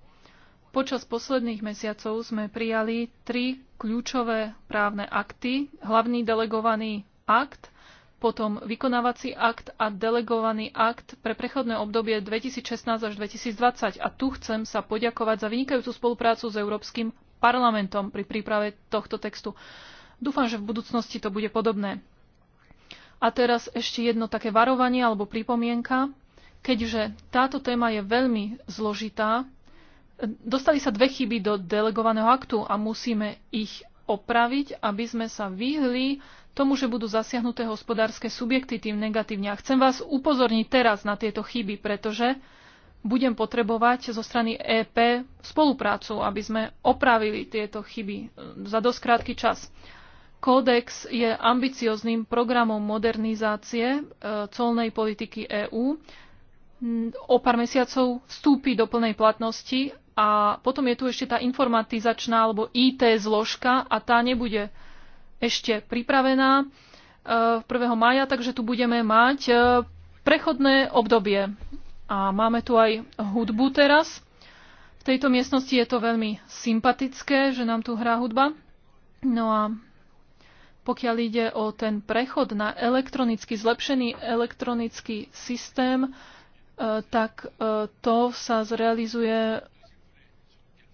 Počas posledných mesiacov sme prijali tri kľúčové právne akty. Hlavný delegovaný akt, potom vykonávací akt a delegovaný akt pre prechodné obdobie 2016 až 2020. A tu chcem sa poďakovať za vynikajúcu spoluprácu s Európskym parlamentom pri príprave tohto textu. Dúfam, že v budúcnosti to bude podobné. A teraz ešte jedno také varovanie alebo pripomienka. Keďže táto téma je veľmi zložitá, dostali sa dve chyby do delegovaného aktu a musíme ich opraviť, aby sme sa vyhli tomu, že budú zasiahnuté hospodárske subjekty tým negatívne. A chcem vás upozorniť teraz na tieto chyby, pretože budem potrebovať zo strany EP spoluprácu, aby sme opravili tieto chyby e, za dosť krátky čas. Kódex je ambiciozným programom modernizácie e, colnej politiky EÚ. O pár mesiacov vstúpi do plnej platnosti a potom je tu ešte tá informatizačná alebo IT zložka a tá nebude ešte pripravená 1. E, mája, takže tu budeme mať prechodné obdobie a máme tu aj hudbu teraz. V tejto miestnosti je to veľmi sympatické, že nám tu hrá hudba. No a pokiaľ ide o ten prechod na elektronicky zlepšený elektronický systém, e, tak e, to sa zrealizuje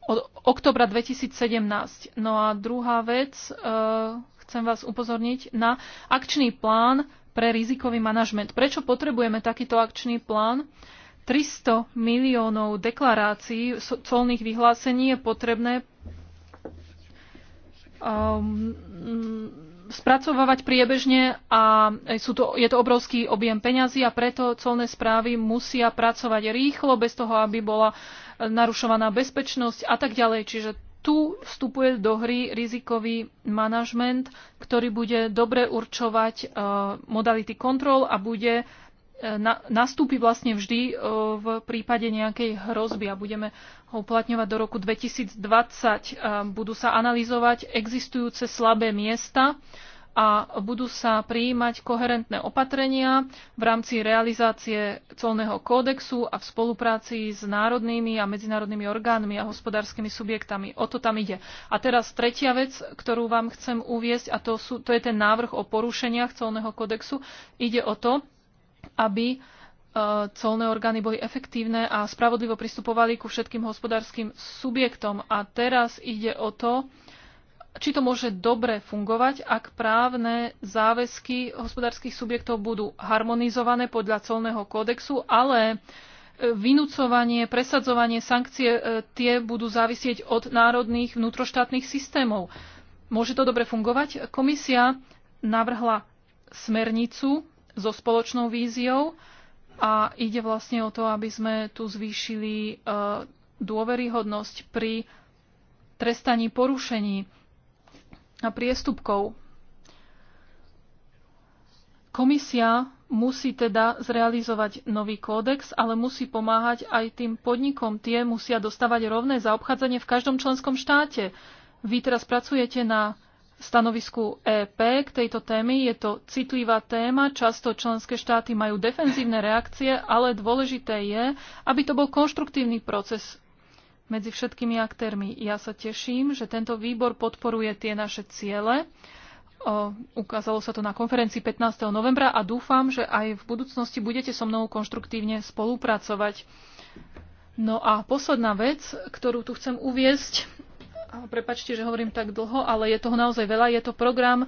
od oktobra 2017. No a druhá vec, e, chcem vás upozorniť na akčný plán pre rizikový manažment. Prečo potrebujeme takýto akčný plán? 300 miliónov deklarácií, colných vyhlásení je potrebné um, spracovávať priebežne a sú to, je to obrovský objem peňazí a preto colné správy musia pracovať rýchlo, bez toho, aby bola narušovaná bezpečnosť a tak ďalej. Čiže tu vstupuje do hry rizikový manažment, ktorý bude dobre určovať uh, modality kontrol a bude E, na, nastúpi vlastne vždy e, v prípade nejakej hrozby a budeme ho uplatňovať do roku 2020. E, budú sa analyzovať existujúce slabé miesta a budú sa prijímať koherentné opatrenia v rámci realizácie colného kódexu a v spolupráci s národnými a medzinárodnými orgánmi a hospodárskymi subjektami. O to tam ide. A teraz tretia vec, ktorú vám chcem uviesť, a to, sú, to je ten návrh o porušeniach colného kódexu. Ide o to, aby e, colné orgány boli efektívne a spravodlivo pristupovali ku všetkým hospodárskym subjektom. A teraz ide o to, či to môže dobre fungovať, ak právne záväzky hospodárskych subjektov budú harmonizované podľa colného kódexu, ale e, vynúcovanie, presadzovanie sankcie, e, tie budú závisieť od národných vnútroštátnych systémov. Môže to dobre fungovať? Komisia navrhla smernicu so spoločnou víziou a ide vlastne o to, aby sme tu zvýšili e, dôveryhodnosť pri trestaní porušení a priestupkov. Komisia musí teda zrealizovať nový kódex, ale musí pomáhať aj tým podnikom. Tie musia dostávať rovné zaobchádzanie v každom členskom štáte. Vy teraz pracujete na stanovisku EP k tejto témy. Je to citlivá téma, často členské štáty majú defenzívne reakcie, ale dôležité je, aby to bol konštruktívny proces medzi všetkými aktérmi. Ja sa teším, že tento výbor podporuje tie naše ciele. O, ukázalo sa to na konferencii 15. novembra a dúfam, že aj v budúcnosti budete so mnou konštruktívne spolupracovať. No a posledná vec, ktorú tu chcem uviesť, Prepačte, že hovorím tak dlho, ale je toho naozaj veľa. Je to program e,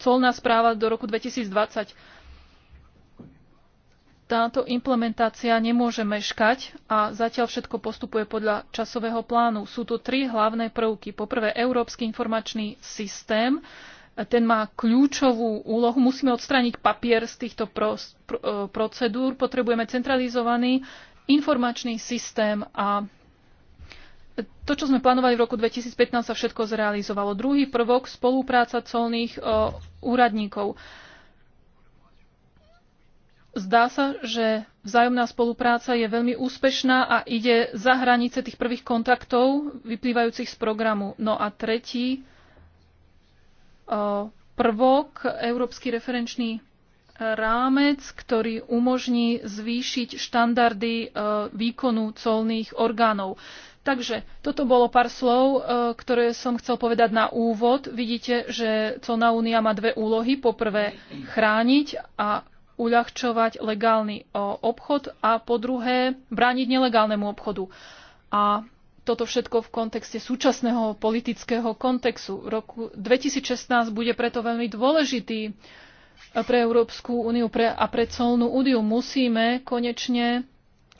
colná správa do roku 2020. Táto implementácia nemôže meškať a zatiaľ všetko postupuje podľa časového plánu. Sú tu tri hlavné prvky. Poprvé, Európsky informačný systém. Ten má kľúčovú úlohu. Musíme odstrániť papier z týchto e, procedúr. Potrebujeme centralizovaný informačný systém a to, čo sme plánovali v roku 2015, sa všetko zrealizovalo. Druhý prvok, spolupráca colných o, e, úradníkov. Zdá sa, že vzájomná spolupráca je veľmi úspešná a ide za hranice tých prvých kontaktov vyplývajúcich z programu. No a tretí o, e, prvok, Európsky referenčný e, rámec, ktorý umožní zvýšiť štandardy výkonu colných orgánov. Takže toto bolo pár slov, e, ktoré som chcel povedať na úvod. Vidíte, že colná únia má dve úlohy. Poprvé chrániť a uľahčovať legálny e, obchod a po druhé brániť nelegálnemu obchodu. A toto všetko v kontexte súčasného politického kontextu. V Roku 2016 bude preto veľmi dôležitý e, pre Európsku úniu a pre colnú úniu. Musíme konečne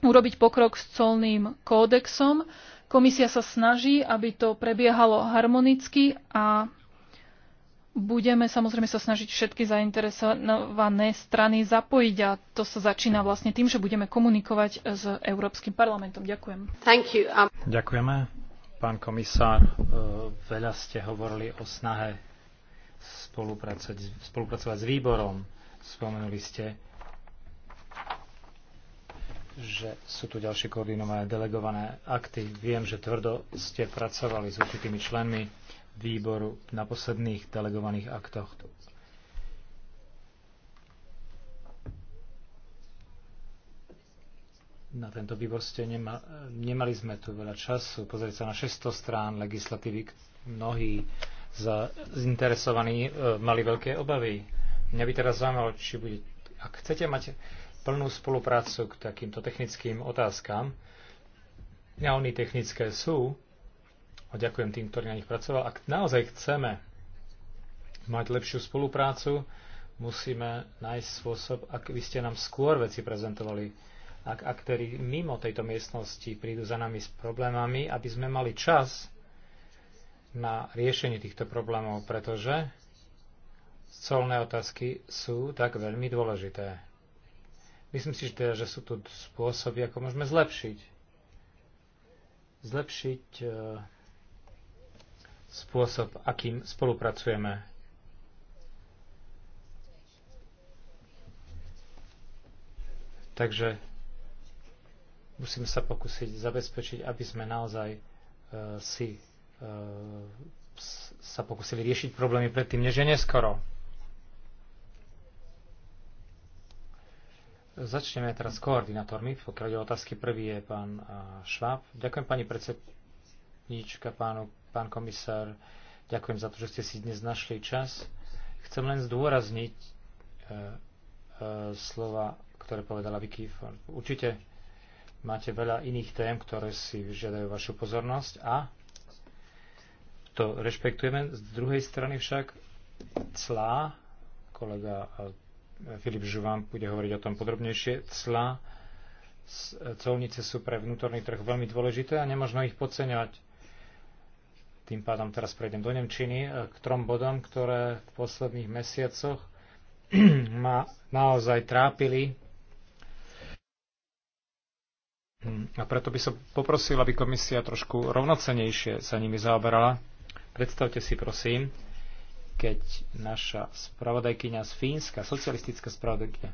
urobiť pokrok s colným kódexom Komisia sa snaží, aby to prebiehalo harmonicky a budeme samozrejme sa snažiť všetky zainteresované strany zapojiť a to sa začína vlastne tým, že budeme komunikovať s Európskym parlamentom. Ďakujem. Thank you. Um... Ďakujeme. Pán komisár, e, veľa ste hovorili o snahe spolupracovať, spolupracovať s výborom. Spomenuli ste že sú tu ďalšie koordinované delegované akty. Viem, že tvrdo ste pracovali s určitými členmi výboru na posledných delegovaných aktoch. Na tento výbor ste nema, nemali sme tu veľa času pozrieť sa na 600 strán legislatívy. Mnohí zainteresovaní e, mali veľké obavy. Mňa by teraz zaujímalo, či bude... Ak chcete mať plnú spoluprácu k takýmto technickým otázkam. A oni technické sú. A ďakujem tým, ktorí na nich pracoval. Ak naozaj chceme mať lepšiu spoluprácu, musíme nájsť spôsob, ak by ste nám skôr veci prezentovali, ak aktéry mimo tejto miestnosti prídu za nami s problémami, aby sme mali čas na riešenie týchto problémov, pretože colné otázky sú tak veľmi dôležité. Myslím si, že, teda, že sú tu spôsoby, ako môžeme zlepšiť. Zlepšiť uh, spôsob, akým spolupracujeme. Takže musíme sa pokúsiť zabezpečiť, aby sme naozaj uh, si uh, sa pokúsili riešiť problémy predtým, než je neskoro. Začneme teraz s koordinátormi, pokiaľ ide otázky. Prvý je pán Šváb. Ďakujem pani predsedníčka, pánu, pán komisár. Ďakujem za to, že ste si dnes našli čas. Chcem len zdôrazniť e, e, slova, ktoré povedala Vicky Určite máte veľa iných tém, ktoré si vyžiadajú vašu pozornosť a to rešpektujeme. Z druhej strany však clá, kolega Filip Žuvan bude hovoriť o tom podrobnejšie. Cla, colnice sú pre vnútorný trh veľmi dôležité a nemožno ich podceňovať. Tým pádom teraz prejdem do Nemčiny e, k trom bodom, ktoré v posledných mesiacoch ma naozaj trápili. A preto by som poprosil, aby komisia trošku rovnocenejšie sa nimi zaoberala. Predstavte si, prosím, keď naša spravodajkyňa z Fínska, socialistická spravodajkyňa,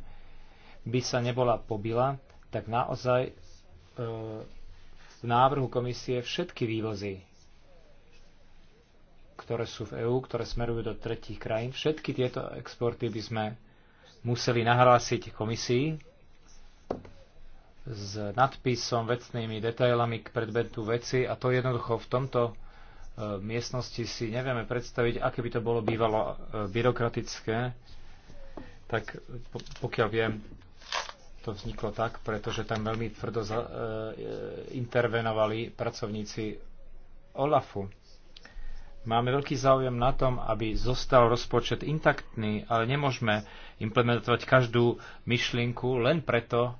by sa nebola pobila, tak naozaj e, v návrhu komisie všetky vývozy, ktoré sú v EÚ, ktoré smerujú do tretích krajín, všetky tieto exporty by sme museli nahlásiť komisii s nadpisom, vecnými detailami k predmetu veci a to jednoducho v tomto E, miestnosti si nevieme predstaviť, aké by to bolo bývalo e, byrokratické, tak pokiaľ viem, to vzniklo tak, pretože tam veľmi tvrdo za, e, e, intervenovali pracovníci OLAFu. Máme veľký záujem na tom, aby zostal rozpočet intaktný, ale nemôžeme implementovať každú myšlienku len preto,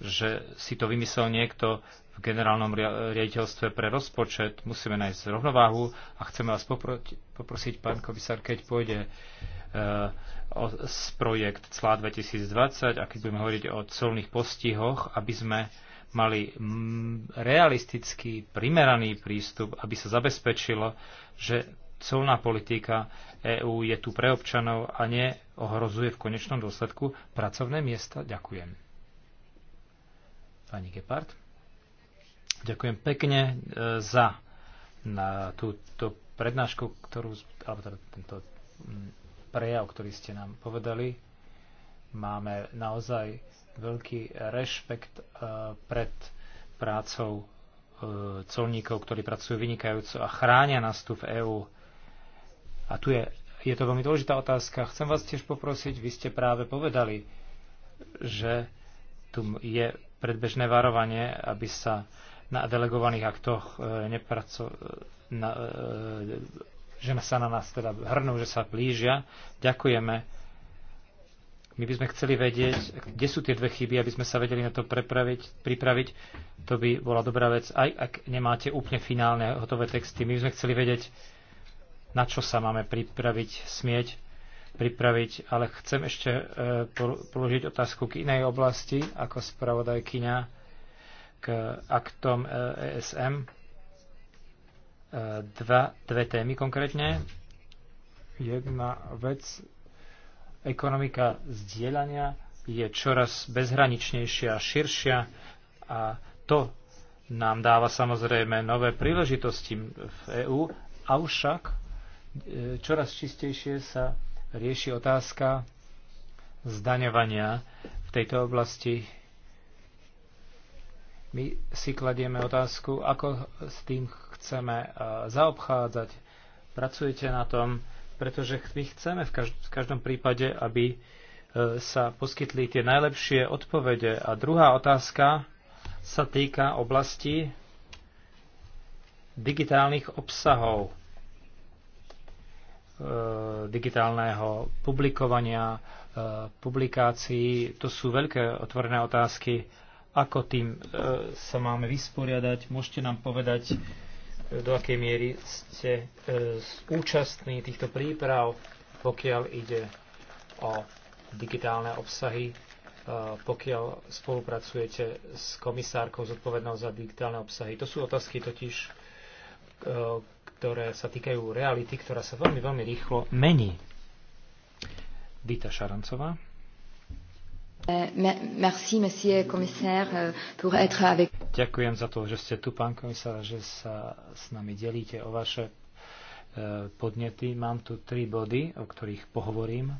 že si to vymyslel niekto v generálnom riaditeľstve pre rozpočet. Musíme nájsť rovnováhu a chceme vás poprosiť, pán komisár, keď pôjde e, o projekt CLA 2020 a keď budeme hovoriť o colných postihoch, aby sme mali realistický, primeraný prístup, aby sa zabezpečilo, že colná politika EÚ je tu pre občanov a neohrozuje v konečnom dôsledku pracovné miesta. Ďakujem. Pani Gepard. Ďakujem pekne e, za na túto prednášku, ktorú, alebo teda tento prejav, ktorý ste nám povedali. Máme naozaj veľký rešpekt e, pred prácou e, colníkov, ktorí pracujú vynikajúco a chránia nás tu v EÚ. A tu je, je to veľmi dôležitá otázka. Chcem vás tiež poprosiť, vy ste práve povedali, že tu je predbežné varovanie, aby sa na delegovaných aktoch e, nepraco, na, e, že sa na nás teda hrnú, že sa blížia. Ďakujeme. My by sme chceli vedieť, kde sú tie dve chyby, aby sme sa vedeli na to prepraviť, pripraviť. To by bola dobrá vec, aj ak nemáte úplne finálne hotové texty. My by sme chceli vedieť, na čo sa máme pripraviť, smieť pripraviť, ale chcem ešte e, položiť otázku k inej oblasti ako spravodajkyňa k aktom ESM. E e, dva, dve témy konkrétne. Jedna vec, ekonomika zdieľania je čoraz bezhraničnejšia a širšia a to nám dáva samozrejme nové príležitosti v EÚ, avšak e, čoraz čistejšie sa rieši otázka zdaňovania v tejto oblasti my si kladieme otázku, ako s tým chceme eh, zaobchádzať. Pracujete na tom, pretože my chceme v, každom prípade, aby eh, sa poskytli tie najlepšie odpovede. A druhá otázka sa týka oblasti digitálnych obsahov, eh, digitálneho publikovania, publikácií. To sú veľké otvorené otázky ako tým e, sa máme vysporiadať. Môžete nám povedať, e, do akej miery ste e, účastní týchto príprav, pokiaľ ide o digitálne obsahy, e, pokiaľ spolupracujete s komisárkou zodpovednou za digitálne obsahy. To sú otázky totiž, e, ktoré sa týkajú reality, ktorá sa veľmi, veľmi rýchlo mení. Dita Šarancová. Euh, euh, Ďakujem za to, že ste tu, pán komisár, že sa s nami delíte o vaše e, podnety. Mám tu tri body, o ktorých pohovorím.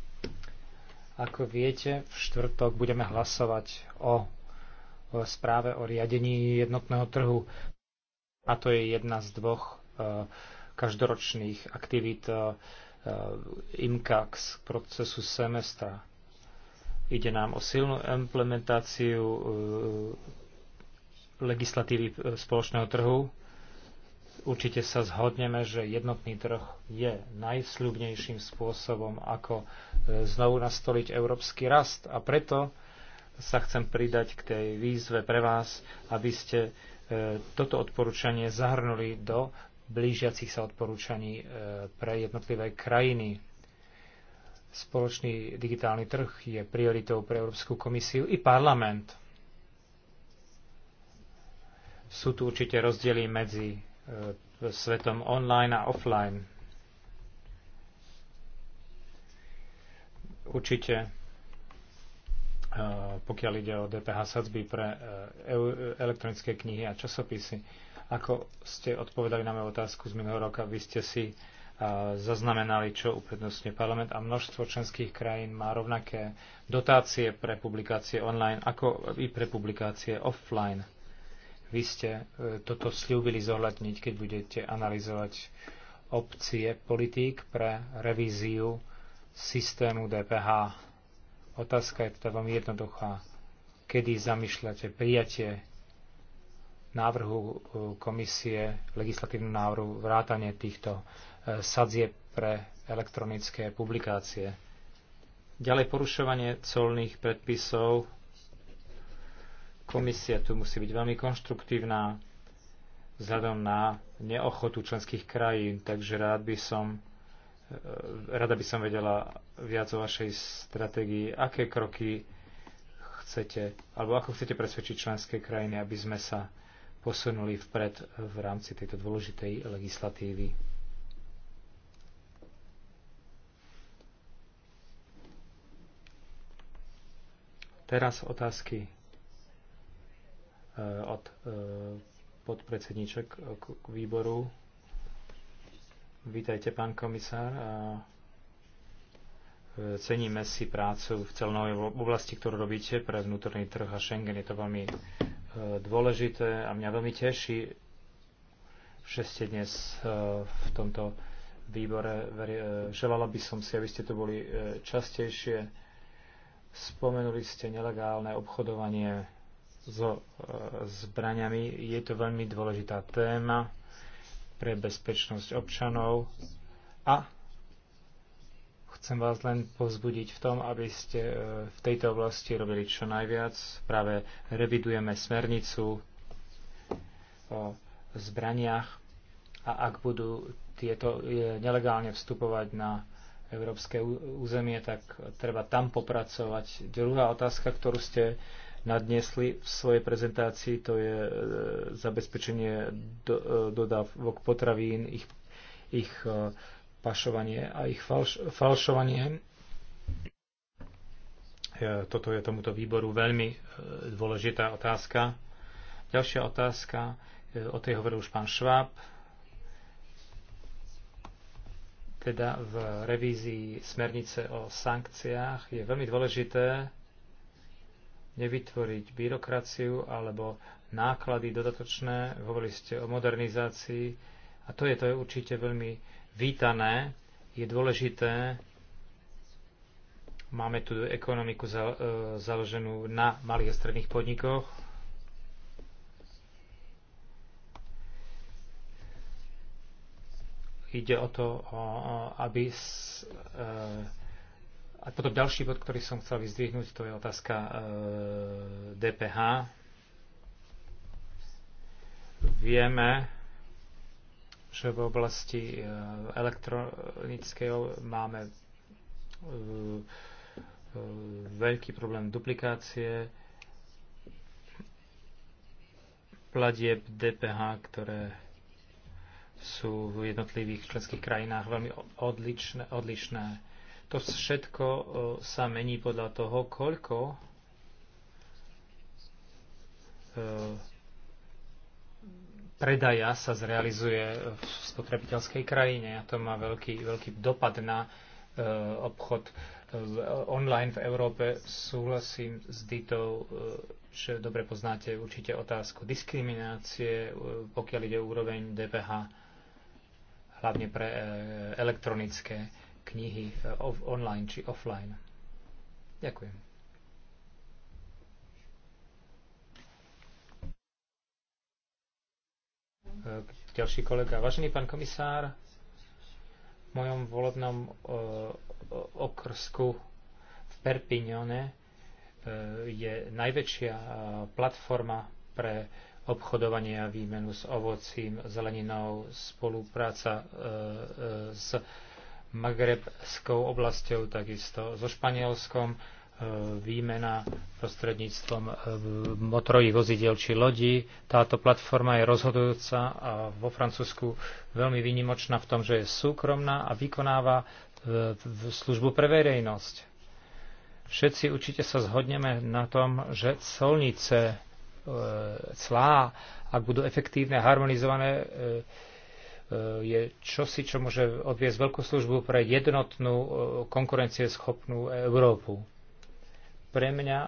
Ako viete, v štvrtok budeme hlasovať o správe o riadení jednotného trhu. A to je jedna z dvoch e, každoročných aktivít e, IMCA procesu semestra Ide nám o silnú implementáciu e, legislatívy e, spoločného trhu. Určite sa zhodneme, že jednotný trh je najsľubnejším spôsobom, ako e, znovu nastoliť európsky rast. A preto sa chcem pridať k tej výzve pre vás, aby ste toto odporúčanie zahrnuli do blížiacich sa odporúčaní pre jednotlivé krajiny Spoločný digitálny trh je prioritou pre Európsku komisiu i parlament. Sú tu určite rozdiely medzi e, svetom online a offline. Určite e, pokiaľ ide o DPH sadzby pre e, elektronické knihy a časopisy. Ako ste odpovedali na moju otázku z minulého roka, vy ste si zaznamenali, čo uprednostňuje parlament a množstvo členských krajín má rovnaké dotácie pre publikácie online ako i pre publikácie offline. Vy ste e, toto slúbili zohľadniť, keď budete analyzovať opcie politík pre revíziu systému DPH. Otázka je teda veľmi jednoduchá. Kedy zamýšľate prijatie návrhu e, komisie, legislatívnu návrhu, vrátanie týchto sadzie pre elektronické publikácie. Ďalej porušovanie colných predpisov. Komisia tu musí byť veľmi konštruktívna vzhľadom na neochotu členských krajín, takže rád by som e, rada by som vedela viac o vašej stratégii, aké kroky chcete, alebo ako chcete presvedčiť členské krajiny, aby sme sa posunuli vpred v rámci tejto dôležitej legislatívy. Teraz otázky e, od e, podpredsedníček k výboru. Vítajte, pán komisár. E, ceníme si prácu v celnej oblasti, ktorú robíte pre vnútorný trh a Schengen. Je to veľmi dôležité a mňa veľmi teší, že ste dnes v tomto výbore. Želala by som si, aby ste tu boli častejšie Spomenuli ste nelegálne obchodovanie so e, zbraniami. Je to veľmi dôležitá téma pre bezpečnosť občanov a chcem vás len pozbudiť v tom, aby ste e, v tejto oblasti robili čo najviac. Práve revidujeme smernicu o zbraniach a ak budú tieto e, nelegálne vstupovať na európske územie, tak treba tam popracovať. Druhá otázka, ktorú ste nadnesli v svojej prezentácii, to je e, zabezpečenie e, dodávok potravín, ich, ich e, pašovanie a ich falš, falšovanie. Toto je tomuto výboru veľmi dôležitá otázka. Ďalšia otázka, o tej hovoril už pán Šváb, teda v revízii smernice o sankciách je veľmi dôležité nevytvoriť byrokraciu alebo náklady dodatočné. Hovorili ste o modernizácii a to je, to je určite veľmi vítané. Je dôležité, máme tu ekonomiku za, e, založenú na malých a stredných podnikoch, ide o to, aby... S, e, a potom ďalší bod, ktorý som chcel vyzdvihnúť, to je otázka e, DPH. Vieme, že v oblasti e, elektronickej máme veľký problém duplikácie platieb DPH, ktoré sú v jednotlivých členských krajinách veľmi odličné. odlišné. To všetko e, sa mení podľa toho, koľko e, predaja sa zrealizuje v spotrebiteľskej krajine a to má veľký, veľký dopad na e, obchod online v Európe. Súhlasím s Ditou, že dobre poznáte určite otázku diskriminácie, pokiaľ ide o úroveň DPH hlavne pre e, elektronické knihy e, online či offline. Ďakujem. E, ďalší kolega. Vážený pán komisár, v mojom volebnom okrsku v Perpignone je najväčšia platforma pre obchodovanie a výmenu s ovocím, zeleninou, spolupráca e, e, s Magrebskou oblasťou, takisto so Španielskom, e, výmena prostredníctvom motorových vozidiel či lodí. Táto platforma je rozhodujúca a vo Francúzsku veľmi výnimočná v tom, že je súkromná a vykonáva službu pre verejnosť. Všetci určite sa zhodneme na tom, že colnice E, clá, ak budú efektívne, harmonizované, e, e, je čosi, čo môže odviesť veľkú službu pre jednotnú konkurencieschopnú Európu. Pre mňa,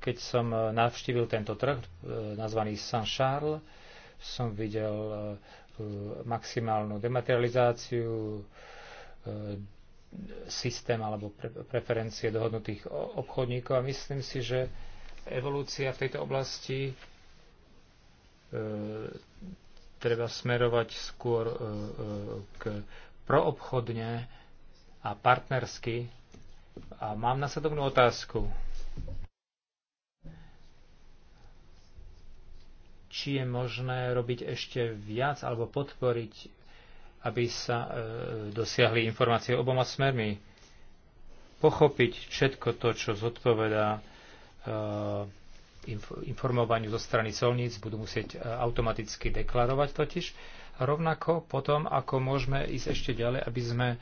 keď som navštívil tento trh, nazvaný Saint-Charles, som videl maximálnu dematerializáciu, systém alebo preferencie dohodnutých obchodníkov a myslím si, že evolúcia v tejto oblasti e, treba smerovať skôr e, e, k proobchodne a partnersky. A mám nasledovnú otázku. Či je možné robiť ešte viac alebo podporiť, aby sa e, dosiahli informácie oboma smermi? Pochopiť všetko to, čo zodpovedá Eh, informovaniu zo strany colníc budú musieť eh, automaticky deklarovať totiž. rovnako potom, ako môžeme ísť ešte ďalej, aby sme eh,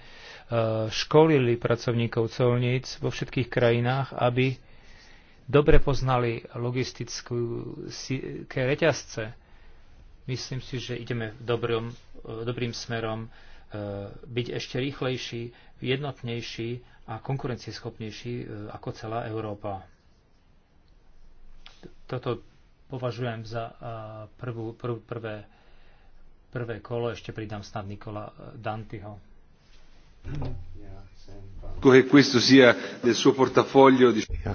školili pracovníkov colníc vo všetkých krajinách, aby dobre poznali logistické reťazce. Myslím si, že ideme dobrom, dobrým smerom byť ešte rýchlejší, jednotnejší a konkurencieschopnejší ako celá Európa. Toto považujem za prvú, prv, prvé, prvé kolo. Ešte pridám snad Nikola e, Dantyho. Ja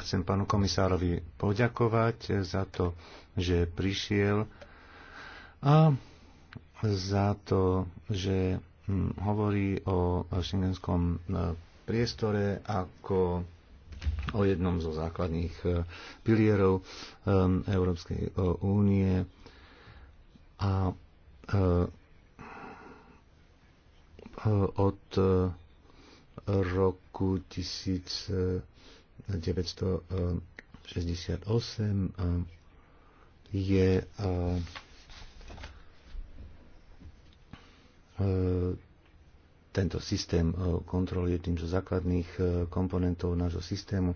chcem pánu komisárovi poďakovať za to, že prišiel a za to, že hm, hovorí o šengenskom e, priestore ako o jednom zo základných e, pilierov e, Európskej e, únie a od roku 1968 je tento systém e, kontroly je tým zo základných e, komponentov nášho systému,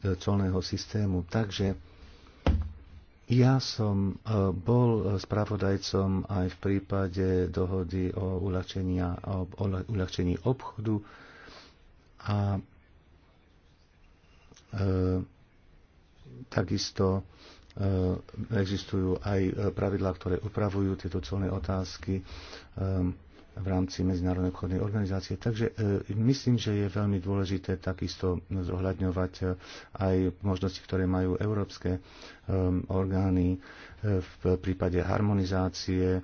e, colného systému. Takže ja som bol spravodajcom aj v prípade dohody o, o uľahčení obchodu a e, takisto E, existujú aj e, pravidlá, ktoré upravujú tieto colné otázky e, v rámci Medzinárodnej obchodnej organizácie. Takže myslím, že je veľmi dôležité takisto zohľadňovať aj možnosti, ktoré majú európske orgány v prípade harmonizácie,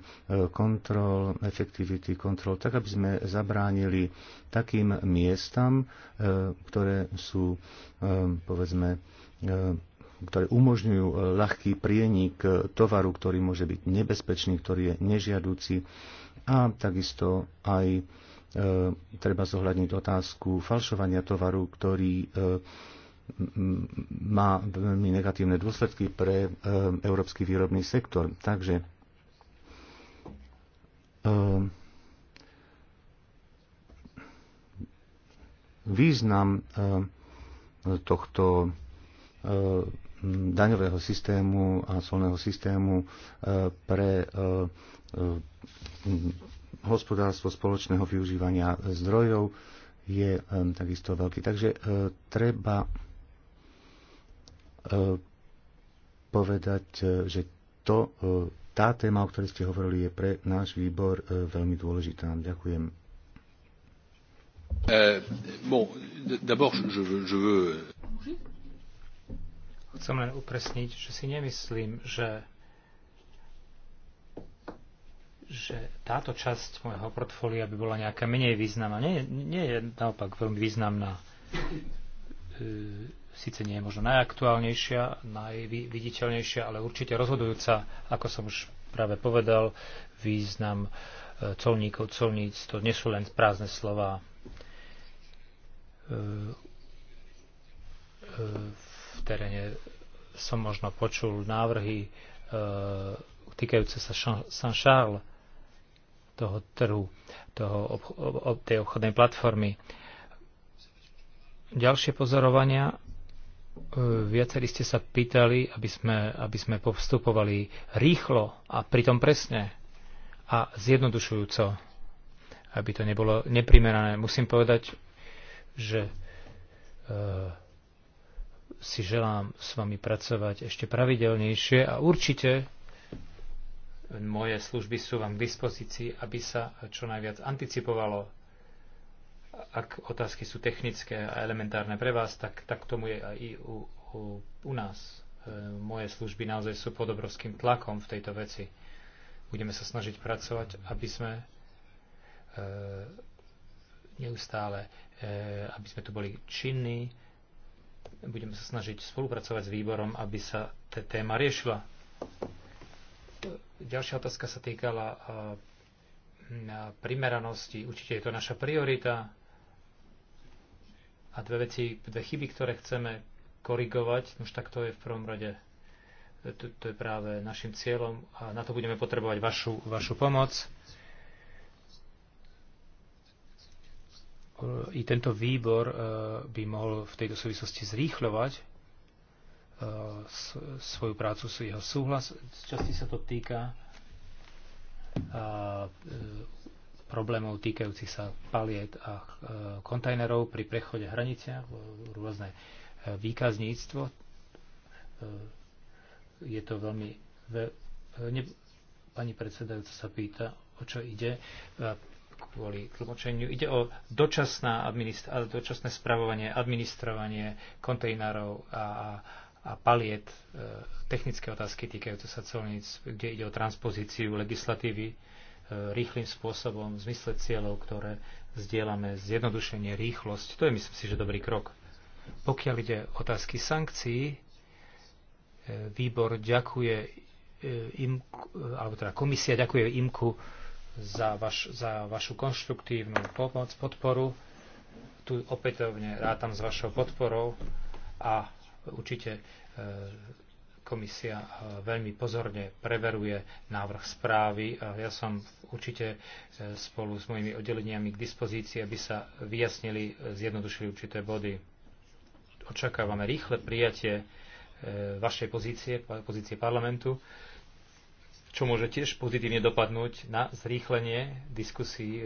kontrol, efektivity kontrol, tak aby sme zabránili takým miestam, ktoré sú povedzme ktoré umožňujú e, ľahký prienik e, tovaru, ktorý môže byť nebezpečný, ktorý je nežiadúci. a takisto aj e, treba zohľadniť otázku falšovania tovaru, ktorý e, má veľmi negatívne dôsledky pre e, európsky výrobný sektor. Takže e, význam e, tohto e, daňového systému a solného systému e, pre e, e, hospodárstvo spoločného využívania zdrojov je takisto veľký. Takže treba povedať, že to, tá téma, o ktorej ste hovorili, je pre náš výbor veľmi dôležitá. Ďakujem. Euh, bon, d'abord, je, je, je veux. Chcem len upresniť, že si nemyslím, že že táto časť môjho portfólia by bola nejaká menej významná. Nie, nie je naopak veľmi významná. E, Sice nie je možno najaktuálnejšia, najviditeľnejšia, ale určite rozhodujúca, ako som už práve povedal, význam e, colníkov, colníc, to nie sú len prázdne slova. V e, teréne som možno počul návrhy uh, týkajúce sa Saint-Charles, toho trhu, toho ob, ob, tej obchodnej platformy. Ďalšie pozorovania. Uh, viacerí ste sa pýtali, aby sme, aby sme postupovali rýchlo a pritom presne a zjednodušujúco, aby to nebolo neprimerané. Musím povedať, že Uh, si želám s vami pracovať ešte pravidelnejšie a určite moje služby sú vám k dispozícii, aby sa čo najviac anticipovalo. Ak otázky sú technické a elementárne pre vás, tak, tak tomu je aj u, u, u nás. E, moje služby naozaj sú pod obrovským tlakom v tejto veci. Budeme sa snažiť pracovať, aby sme e, neustále, e, aby sme tu boli činní, budeme sa snažiť spolupracovať s výborom, aby sa tá téma riešila. Ďalšia otázka sa týkala eh, primeranosti. Určite je to naša priorita. A dve veci, dve chyby, ktoré chceme korigovať, už tak to je v prvom rade eh, to, to je práve našim cieľom a na to budeme potrebovať vašu, vašu pomoc. i tento výbor e, by mohol v tejto súvislosti zrýchľovať e, svoju prácu, jeho súhlas. Z časti sa to týka e, problémov týkajúcich sa paliet a kontajnerov pri prechode hranice, rôzne výkazníctvo. Je to veľmi... Pani predsedajúca sa pýta, o čo ide kvôli tlmočeniu. Ide o dočasná dočasné spravovanie, administrovanie kontejnárov a, a paliet, e, technické otázky týkajúce sa celníc, kde ide o transpozíciu legislatívy e, rýchlým spôsobom v zmysle cieľov, ktoré zdieľame, zjednodušenie, rýchlosť. To je, myslím si, že dobrý krok. Pokiaľ ide otázky sankcií, e, výbor ďakuje e, im, alebo teda komisia ďakuje imku za, vaš, za vašu konštruktívnu pomoc, podporu. Tu opätovne rátam s vašou podporou a určite e, komisia e, veľmi pozorne preveruje návrh správy. a Ja som určite e, spolu s mojimi oddeleniami k dispozícii, aby sa vyjasnili, zjednodušili určité body. Očakávame rýchle prijatie vašej pozície, pozície parlamentu čo môže tiež pozitívne dopadnúť na zrýchlenie diskusí e,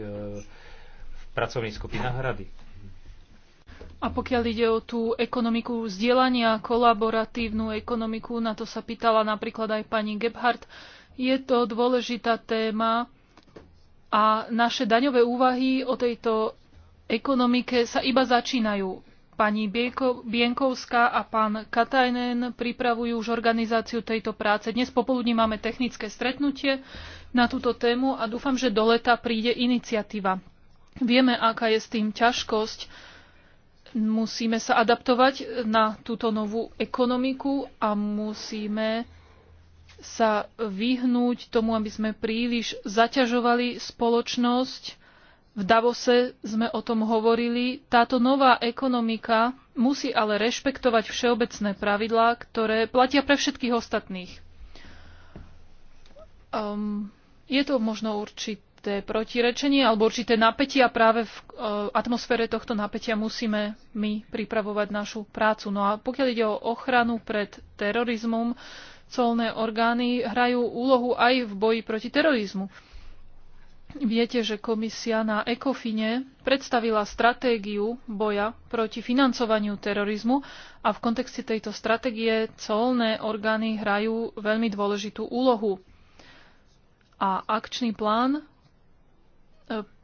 v pracovných skupinách rady. A pokiaľ ide o tú ekonomiku vzdielania, kolaboratívnu ekonomiku, na to sa pýtala napríklad aj pani Gebhardt, je to dôležitá téma a naše daňové úvahy o tejto ekonomike sa iba začínajú. Pani Bienkovská a pán Katajnen pripravujú už organizáciu tejto práce. Dnes popoludní máme technické stretnutie na túto tému a dúfam, že do leta príde iniciatíva. Vieme, aká je s tým ťažkosť. Musíme sa adaptovať na túto novú ekonomiku a musíme sa vyhnúť tomu, aby sme príliš zaťažovali spoločnosť v Davose sme o tom hovorili. Táto nová ekonomika musí ale rešpektovať všeobecné pravidlá, ktoré platia pre všetkých ostatných. Um, je to možno určité protirečenie alebo určité napätie a práve v uh, atmosfére tohto napätia musíme my pripravovať našu prácu. No a pokiaľ ide o ochranu pred terorizmom, colné orgány hrajú úlohu aj v boji proti terorizmu. Viete, že komisia na ECOFINE predstavila stratégiu boja proti financovaniu terorizmu a v kontexte tejto stratégie colné orgány hrajú veľmi dôležitú úlohu. A akčný plán e,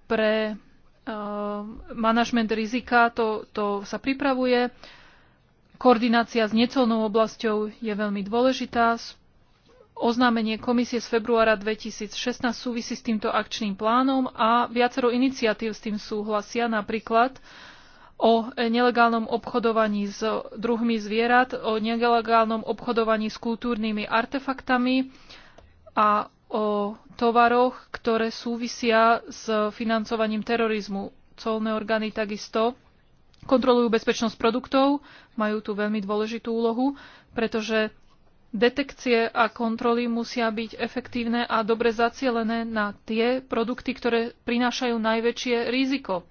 pre e, manažment rizika, to, to sa pripravuje. Koordinácia s necelnou oblasťou je veľmi dôležitá. Oznámenie komisie z februára 2016 súvisí s týmto akčným plánom a viacero iniciatív s tým súhlasia, napríklad o nelegálnom obchodovaní s druhmi zvierat, o nelegálnom obchodovaní s kultúrnymi artefaktami a o tovaroch, ktoré súvisia s financovaním terorizmu. Colné orgány takisto kontrolujú bezpečnosť produktov, majú tu veľmi dôležitú úlohu, pretože Detekcie a kontroly musia byť efektívne a dobre zacielené na tie produkty, ktoré prinášajú najväčšie riziko.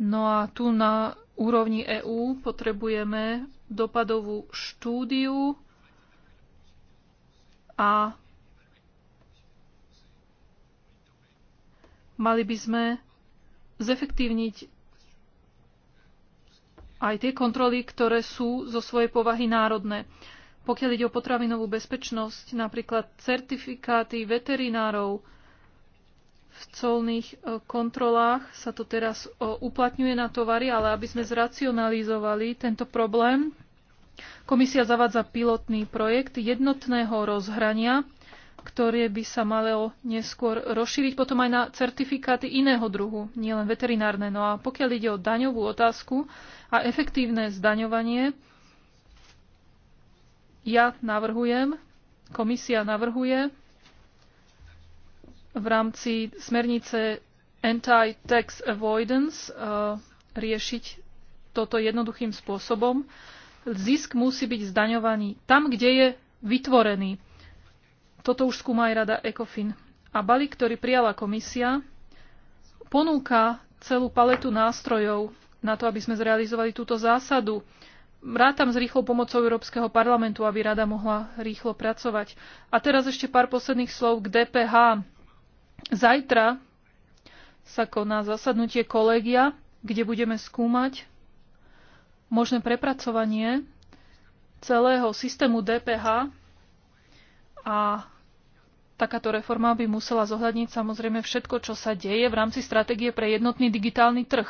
No a tu na úrovni EÚ potrebujeme dopadovú štúdiu a mali by sme zefektívniť aj tie kontroly, ktoré sú zo svojej povahy národné pokiaľ ide o potravinovú bezpečnosť, napríklad certifikáty veterinárov, v colných e, kontrolách sa to teraz e, uplatňuje na tovary, ale aby sme zracionalizovali tento problém, komisia zavádza pilotný projekt jednotného rozhrania, ktoré by sa malo neskôr rozšíriť potom aj na certifikáty iného druhu, nielen veterinárne. No a pokiaľ ide o daňovú otázku a efektívne zdaňovanie, ja navrhujem, komisia navrhuje v rámci smernice Anti-Tax Avoidance e, riešiť toto jednoduchým spôsobom. Zisk musí byť zdaňovaný tam, kde je vytvorený. Toto už skúma aj rada ECOFIN. A balík, ktorý prijala komisia, ponúka celú paletu nástrojov na to, aby sme zrealizovali túto zásadu. Rátam s rýchlou pomocou Európskeho parlamentu, aby rada mohla rýchlo pracovať. A teraz ešte pár posledných slov k DPH. Zajtra sa koná zasadnutie kolegia, kde budeme skúmať možné prepracovanie celého systému DPH a takáto reforma by musela zohľadniť samozrejme všetko, čo sa deje v rámci stratégie pre jednotný digitálny trh.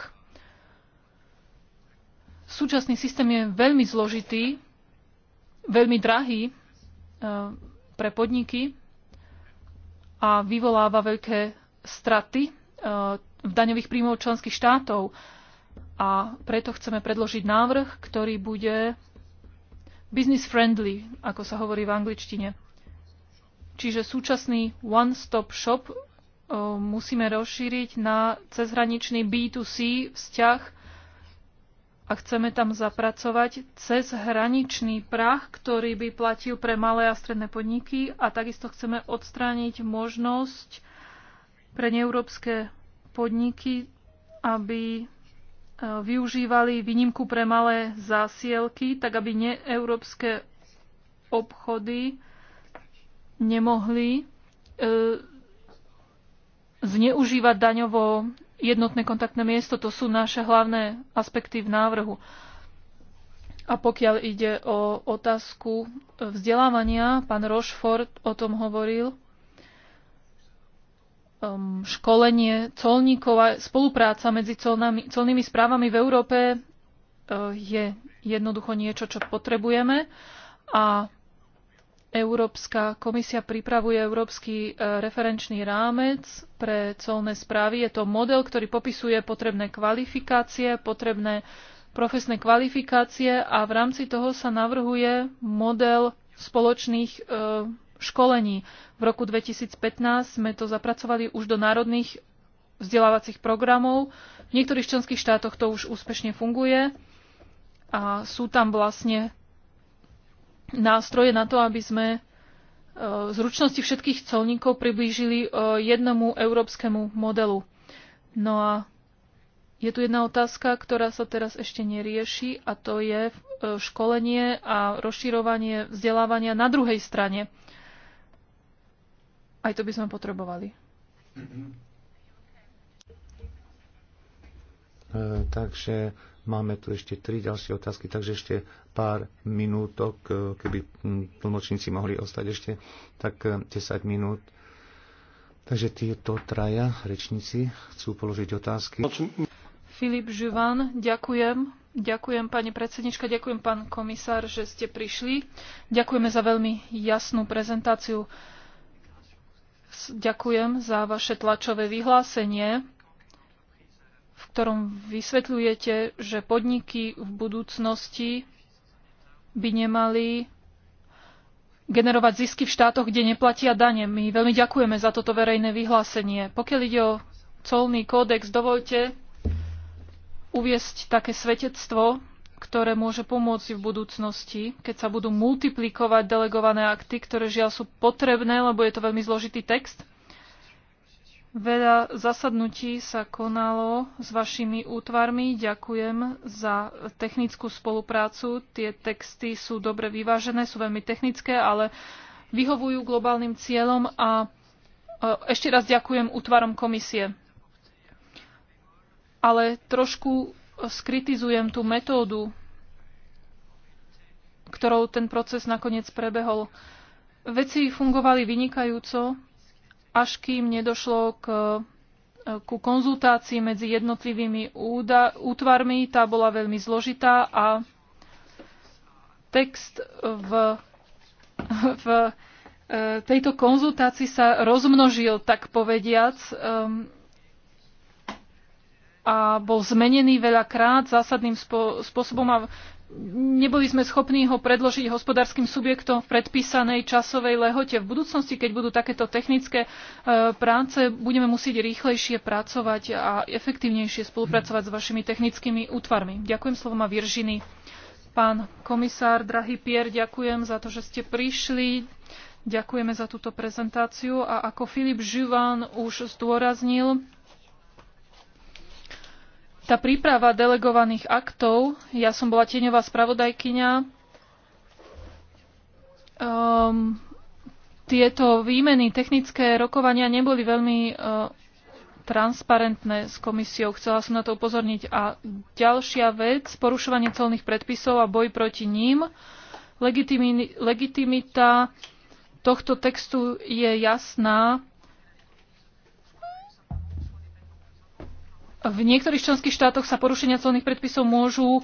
Súčasný systém je veľmi zložitý, veľmi drahý eh, pre podniky a vyvoláva veľké straty eh, v daňových príjmov členských štátov. A preto chceme predložiť návrh, ktorý bude business friendly, ako sa hovorí v angličtine. Čiže súčasný one-stop shop eh, musíme rozšíriť na cezhraničný B2C vzťah a chceme tam zapracovať cez hraničný prach, ktorý by platil pre malé a stredné podniky a takisto chceme odstrániť možnosť pre neeurópske podniky, aby e, využívali výnimku pre malé zásielky, tak aby neeurópske obchody nemohli e, zneužívať daňovo jednotné kontaktné miesto, to sú naše hlavné aspekty v návrhu. A pokiaľ ide o otázku vzdelávania, pán Rochefort o tom hovoril, um, školenie colníkov a spolupráca medzi colnami, colnými správami v Európe uh, je jednoducho niečo, čo potrebujeme a Európska komisia pripravuje Európsky e, referenčný rámec pre colné správy. Je to model, ktorý popisuje potrebné kvalifikácie, potrebné profesné kvalifikácie a v rámci toho sa navrhuje model spoločných e, školení. V roku 2015 sme to zapracovali už do národných vzdelávacích programov. V niektorých členských štátoch to už úspešne funguje a sú tam vlastne nástroje na to, aby sme e, zručnosti všetkých colníkov priblížili e, jednomu európskemu modelu. No a je tu jedna otázka, ktorá sa teraz ešte nerieši a to je e, školenie a rozširovanie vzdelávania na druhej strane. Aj to by sme potrebovali. Takže Máme tu ešte tri ďalšie otázky, takže ešte pár minútok, e, keby tlmočníci mohli ostať ešte tak 10 e, minút. Takže tieto traja rečníci chcú položiť otázky. Filip Živan, ďakujem. Ďakujem pani predsednička, ďakujem pán komisár, že ste prišli. Ďakujeme za veľmi jasnú prezentáciu. Ďakujem za vaše tlačové vyhlásenie v ktorom vysvetľujete, že podniky v budúcnosti by nemali generovať zisky v štátoch, kde neplatia dane. My veľmi ďakujeme za toto verejné vyhlásenie. Pokiaľ ide o colný kódex, dovolte uviesť také svetectvo, ktoré môže pomôcť v budúcnosti, keď sa budú multiplikovať delegované akty, ktoré žiaľ sú potrebné, lebo je to veľmi zložitý text. Veľa zasadnutí sa konalo s vašimi útvarmi. Ďakujem za technickú spoluprácu. Tie texty sú dobre vyvážené, sú veľmi technické, ale vyhovujú globálnym cieľom a e, ešte raz ďakujem útvarom komisie. Ale trošku skritizujem tú metódu, ktorou ten proces nakoniec prebehol. Veci fungovali vynikajúco, až kým nedošlo k, e, ku konzultácii medzi jednotlivými úda, útvarmi. Tá bola veľmi zložitá a text v, v e, tejto konzultácii sa rozmnožil, tak povediac, a bol zmenený veľakrát zásadným spôsobom a neboli sme schopní ho predložiť hospodárskym subjektom v predpísanej časovej lehote. V budúcnosti, keď budú takéto technické e, práce, budeme musieť rýchlejšie pracovať a efektívnejšie spolupracovať s vašimi technickými útvarmi. Ďakujem slovom a Viržiny. Pán komisár, drahý Pier, ďakujem za to, že ste prišli. Ďakujeme za túto prezentáciu a ako Filip Živan už zdôraznil, tá príprava delegovaných aktov, ja som bola tieňová spravodajkyňa, um, tieto výmeny, technické rokovania neboli veľmi uh, transparentné s komisiou. Chcela som na to upozorniť. A ďalšia vec, porušovanie celných predpisov a boj proti ním. Legitimi, legitimita tohto textu je jasná V niektorých členských štátoch sa porušenia colných predpisov môžu e,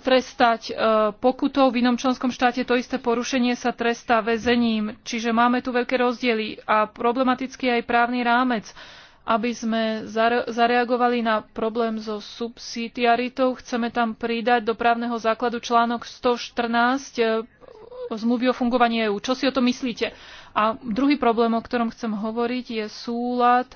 trestať e, pokutou, v inom členskom štáte to isté porušenie sa trestá väzením. Čiže máme tu veľké rozdiely a problematický aj právny rámec. Aby sme zareagovali na problém so subsidiaritou, chceme tam pridať do právneho základu článok 114 e, zmluvy o fungovaní EÚ. Čo si o to myslíte? A druhý problém, o ktorom chcem hovoriť, je súlad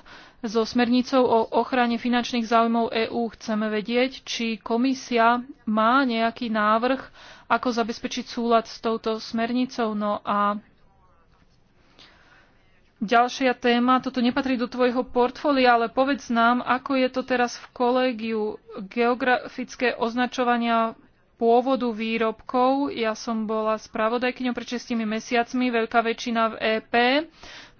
so smernicou o ochrane finančných záujmov EÚ. Chceme vedieť, či komisia má nejaký návrh, ako zabezpečiť súlad s touto smernicou. No a ďalšia téma, toto nepatrí do tvojho portfólia, ale povedz nám, ako je to teraz v kolégiu geografické označovania pôvodu výrobkov. Ja som bola spravodajkyňou pred šestimi mesiacmi, veľká väčšina v EP.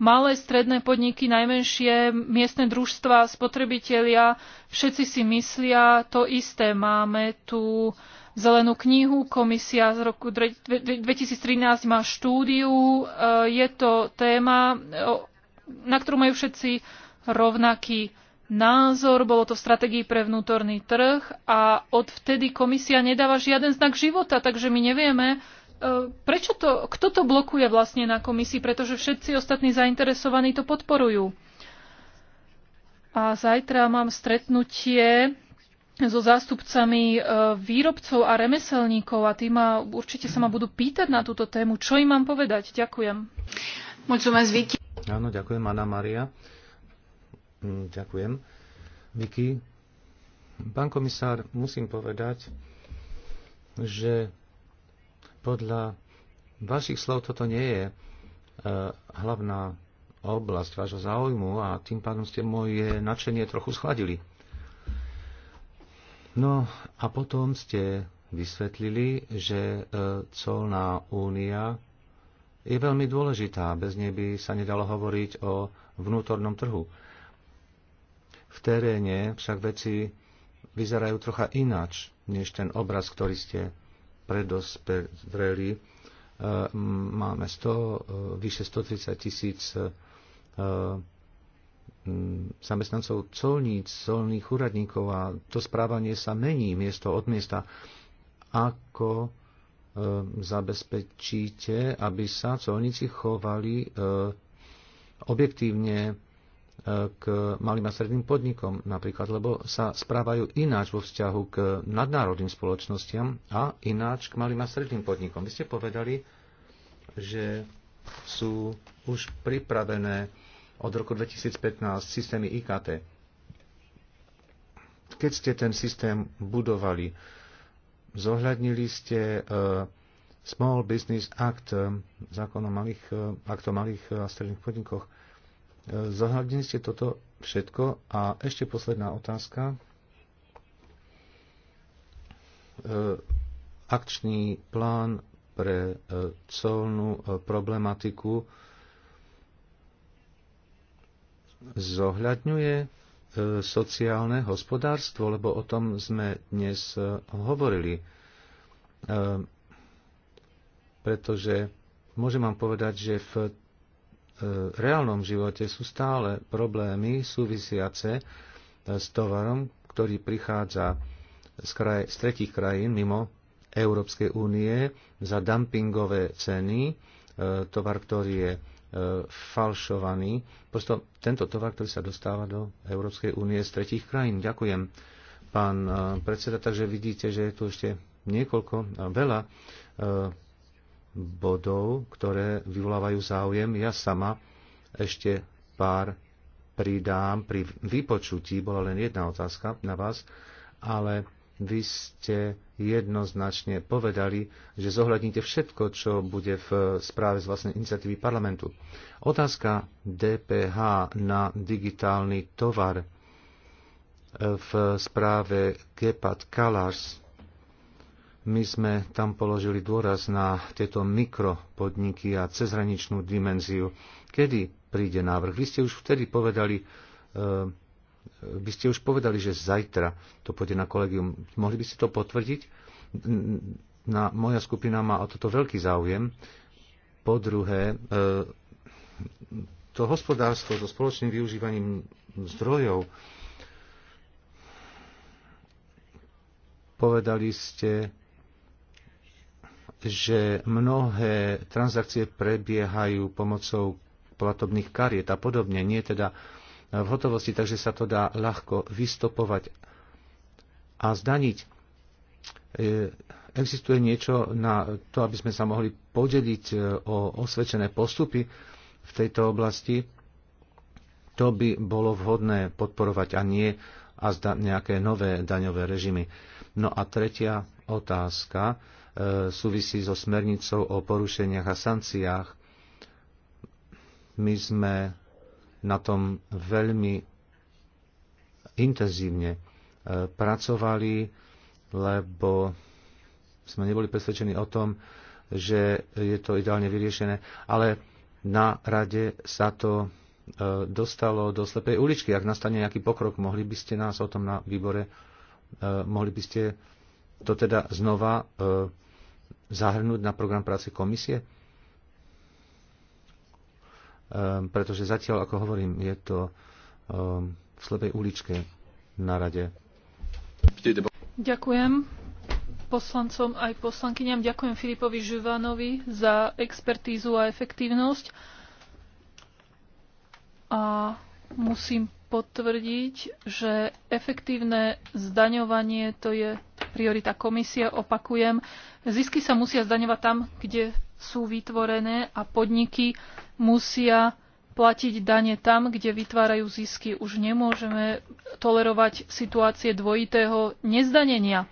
Malé, stredné podniky, najmenšie miestne družstva, spotrebitelia, všetci si myslia to isté. Máme tu zelenú knihu, komisia z roku 2013 má štúdiu. E, je to téma, na ktorú majú všetci rovnaký názor, bolo to v stratégii pre vnútorný trh a odvtedy komisia nedáva žiaden znak života, takže my nevieme, e, prečo to, kto to blokuje vlastne na komisii, pretože všetci ostatní zainteresovaní to podporujú. A zajtra mám stretnutie so zástupcami e, výrobcov a remeselníkov a tí ma, určite sa ma budú pýtať na túto tému, čo im mám povedať. Ďakujem. Áno, ďakujem, Anna Maria. Hm, ďakujem. Vicky, pán komisár, musím povedať, že podľa vašich slov toto nie je eh, hlavná oblasť vášho záujmu a tým pádom ste moje nadšenie trochu schladili. No a potom ste vysvetlili, že eh, colná únia je veľmi dôležitá. Bez nej by sa nedalo hovoriť o vnútornom trhu. V teréne však veci vyzerajú trocha ináč, než ten obraz, ktorý ste predospreli. E, máme 100, e, vyše 130 tisíc e, mm, zamestnancov colníc, colných úradníkov a to správanie sa mení miesto od miesta. Ako zabezpečíte, aby sa colníci chovali objektívne k malým a stredným podnikom napríklad, lebo sa správajú ináč vo vzťahu k nadnárodným spoločnostiam a ináč k malým a stredným podnikom. Vy ste povedali, že sú už pripravené od roku 2015 systémy IKT. Keď ste ten systém budovali, zohľadnili ste eh, Small Business Act, eh, zákon o malých, eh, akt o malých a stredných podnikoch, E, Zahľadili ste toto všetko a ešte posledná otázka. E, akčný plán pre e, colnú problematiku zohľadňuje sociálne hospodárstvo, lebo o tom sme dnes hovorili. Pretože môžem vám povedať, že v reálnom živote sú stále problémy súvisiace e, s tovarom, ktorý prichádza z, kraj, z tretich krajín mimo Európskej únie za dumpingové ceny, e, tovar, ktorý je e, falšovaný. Prosto tento tovar, ktorý sa dostáva do Európskej únie z tretich krajín. Ďakujem, pán predseda. Takže vidíte, že je tu ešte niekoľko, veľa bodov, ktoré vyvolávajú záujem. Ja sama ešte pár pridám. Pri vypočutí bola len jedna otázka na vás, ale vy ste jednoznačne povedali, že zohľadníte všetko, čo bude v správe z vlastnej iniciatívy parlamentu. Otázka DPH na digitálny tovar v správe Gepard Kalars. My sme tam položili dôraz na tieto mikropodniky a cezhraničnú dimenziu. Kedy príde návrh? Vy ste už vtedy povedali, eh, vy ste už povedali, že zajtra to pôjde na kolegium. Mohli by ste to potvrdiť? Na, moja skupina má o toto veľký záujem. Po druhé, eh, to hospodárstvo so spoločným využívaním zdrojov, povedali ste, že mnohé transakcie prebiehajú pomocou platobných kariet a podobne, nie teda v hotovosti, takže sa to dá ľahko vystopovať a zdaniť. E, existuje niečo na to, aby sme sa mohli podeliť e, o osvedčené postupy v tejto oblasti. To by bolo vhodné podporovať a nie a zda nejaké nové daňové režimy. No a tretia otázka E, súvisí so smernicou o porušeniach a sankciách. My sme na tom veľmi intenzívne e, pracovali, lebo sme neboli presvedčení o tom, že je to ideálne vyriešené, ale na rade sa to e, dostalo do slepej uličky. Ak nastane nejaký pokrok, mohli by ste nás o tom na výbore, mohli by ste to teda znova e, zahrnúť na program práce komisie? E, pretože zatiaľ, ako hovorím, je to e, v slepej uličke na rade. Ďakujem poslancom aj poslankyňam. Ďakujem Filipovi Živanovi za expertízu a efektívnosť. A musím potvrdiť, že efektívne zdaňovanie to je priorita komisie. Opakujem, zisky sa musia zdaňovať tam, kde sú vytvorené a podniky musia platiť dane tam, kde vytvárajú zisky. Už nemôžeme tolerovať situácie dvojitého nezdanenia.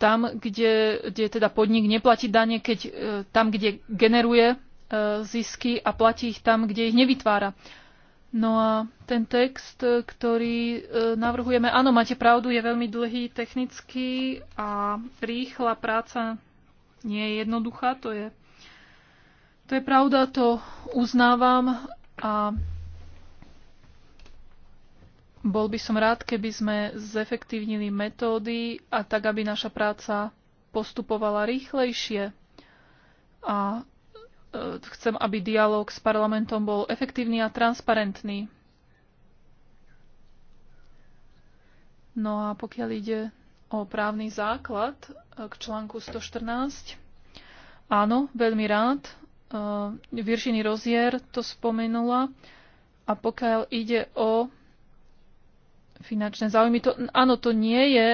Tam, kde, kde teda podnik neplatí dane, keď e, tam, kde generuje e, zisky a platí ich tam, kde ich nevytvára. No a ten text, e, ktorý e, navrhujeme, áno, máte pravdu, je veľmi dlhý, technický a rýchla práca nie je jednoduchá, to je, to je pravda, to uznávam a bol by som rád, keby sme zefektívnili metódy a tak, aby naša práca postupovala rýchlejšie a E, chcem, aby dialog s parlamentom bol efektívny a transparentný. No a pokiaľ ide o právny základ e, k článku 114, áno, veľmi rád. E, Virginie Rozier to spomenula. A pokiaľ ide o finančné záujmy, to, áno, to nie je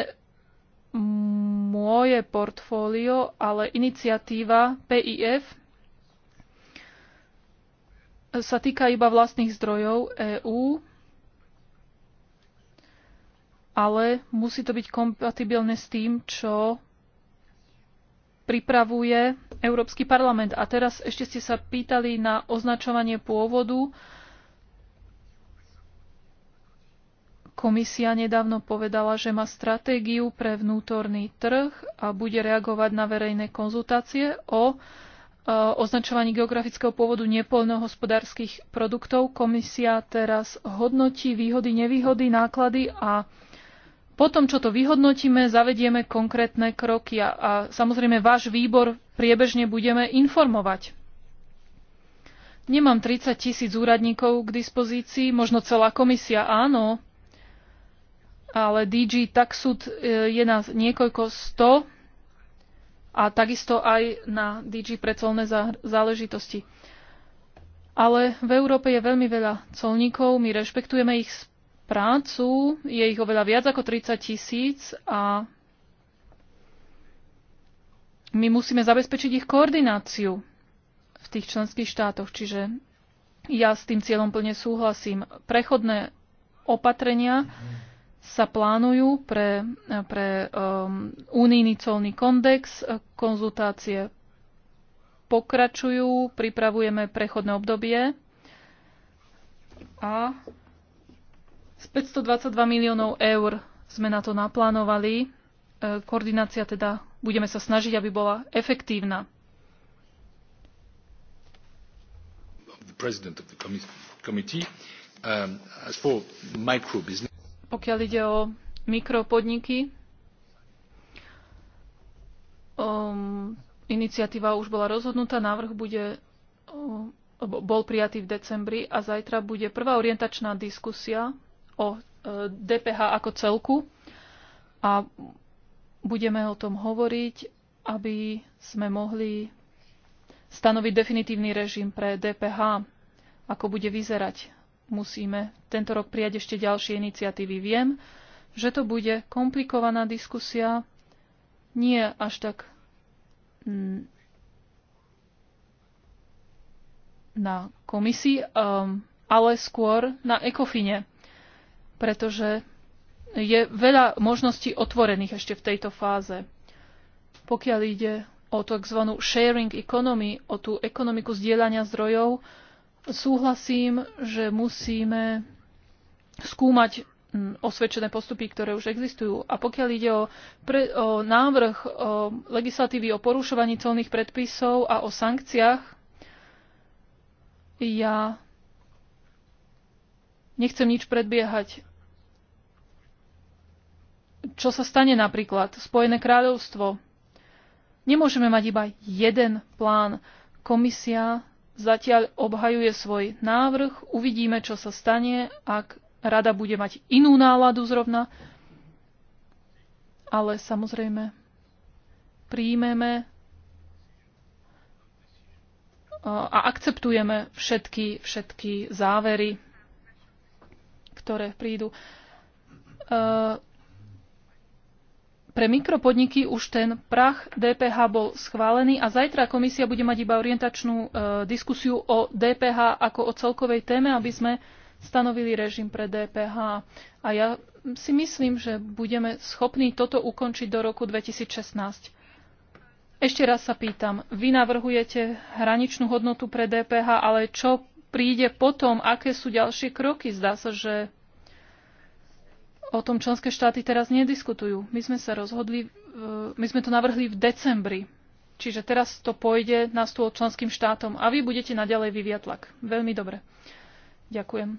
moje portfólio, ale iniciatíva PIF sa týka iba vlastných zdrojov EÚ, ale musí to byť kompatibilné s tým, čo pripravuje Európsky parlament. A teraz ešte ste sa pýtali na označovanie pôvodu. Komisia nedávno povedala, že má stratégiu pre vnútorný trh a bude reagovať na verejné konzultácie o E, označovaní geografického pôvodu nepoľnohospodárskych produktov. Komisia teraz hodnotí výhody, nevýhody, náklady a potom, čo to vyhodnotíme, zavedieme konkrétne kroky a, a samozrejme váš výbor priebežne budeme informovať. Nemám 30 tisíc úradníkov k dispozícii, možno celá komisia áno, ale DG Taxud e, je nás niekoľko sto a takisto aj na DG pre colné záležitosti. Ale v Európe je veľmi veľa colníkov, my rešpektujeme ich prácu, je ich oveľa viac ako 30 tisíc a my musíme zabezpečiť ich koordináciu v tých členských štátoch. Čiže ja s tým cieľom plne súhlasím. Prechodné opatrenia. Mm-hmm sa plánujú pre, pre um, unijný colný kondex. Konzultácie pokračujú, pripravujeme prechodné obdobie a z 522 miliónov eur sme na to naplánovali. E, koordinácia teda budeme sa snažiť, aby bola efektívna. president of the committee. Um, as for pokiaľ ide o mikropodniky, um, iniciatíva už bola rozhodnutá, návrh bude, um, bol prijatý v decembri a zajtra bude prvá orientačná diskusia o e, DPH ako celku a budeme o tom hovoriť, aby sme mohli stanoviť definitívny režim pre DPH, ako bude vyzerať musíme tento rok prijať ešte ďalšie iniciatívy. Viem, že to bude komplikovaná diskusia, nie až tak na komisii, ehm, ale skôr na ekofine, pretože je veľa možností otvorených ešte v tejto fáze. Pokiaľ ide o tzv. sharing economy, o tú ekonomiku zdieľania zdrojov, Súhlasím, že musíme skúmať osvedčené postupy, ktoré už existujú. A pokiaľ ide o, pre, o návrh o legislatívy o porušovaní colných predpisov a o sankciách, ja nechcem nič predbiehať. Čo sa stane napríklad? Spojené kráľovstvo. Nemôžeme mať iba jeden plán. Komisia zatiaľ obhajuje svoj návrh. Uvidíme, čo sa stane, ak rada bude mať inú náladu zrovna. Ale samozrejme, príjmeme a akceptujeme všetky, všetky závery, ktoré prídu. E, pre mikropodniky už ten prach DPH bol schválený a zajtra komisia bude mať iba orientačnú e, diskusiu o DPH ako o celkovej téme, aby sme stanovili režim pre DPH. A ja si myslím, že budeme schopní toto ukončiť do roku 2016. Ešte raz sa pýtam, vy navrhujete hraničnú hodnotu pre DPH, ale čo príde potom, aké sú ďalšie kroky? Zdá sa, že O tom členské štáty teraz nediskutujú. My sme sa rozhodli, e, my sme to navrhli v decembri. Čiže teraz to pôjde na stôl členským štátom a vy budete naďalej vyviatlak. Veľmi dobre. Ďakujem.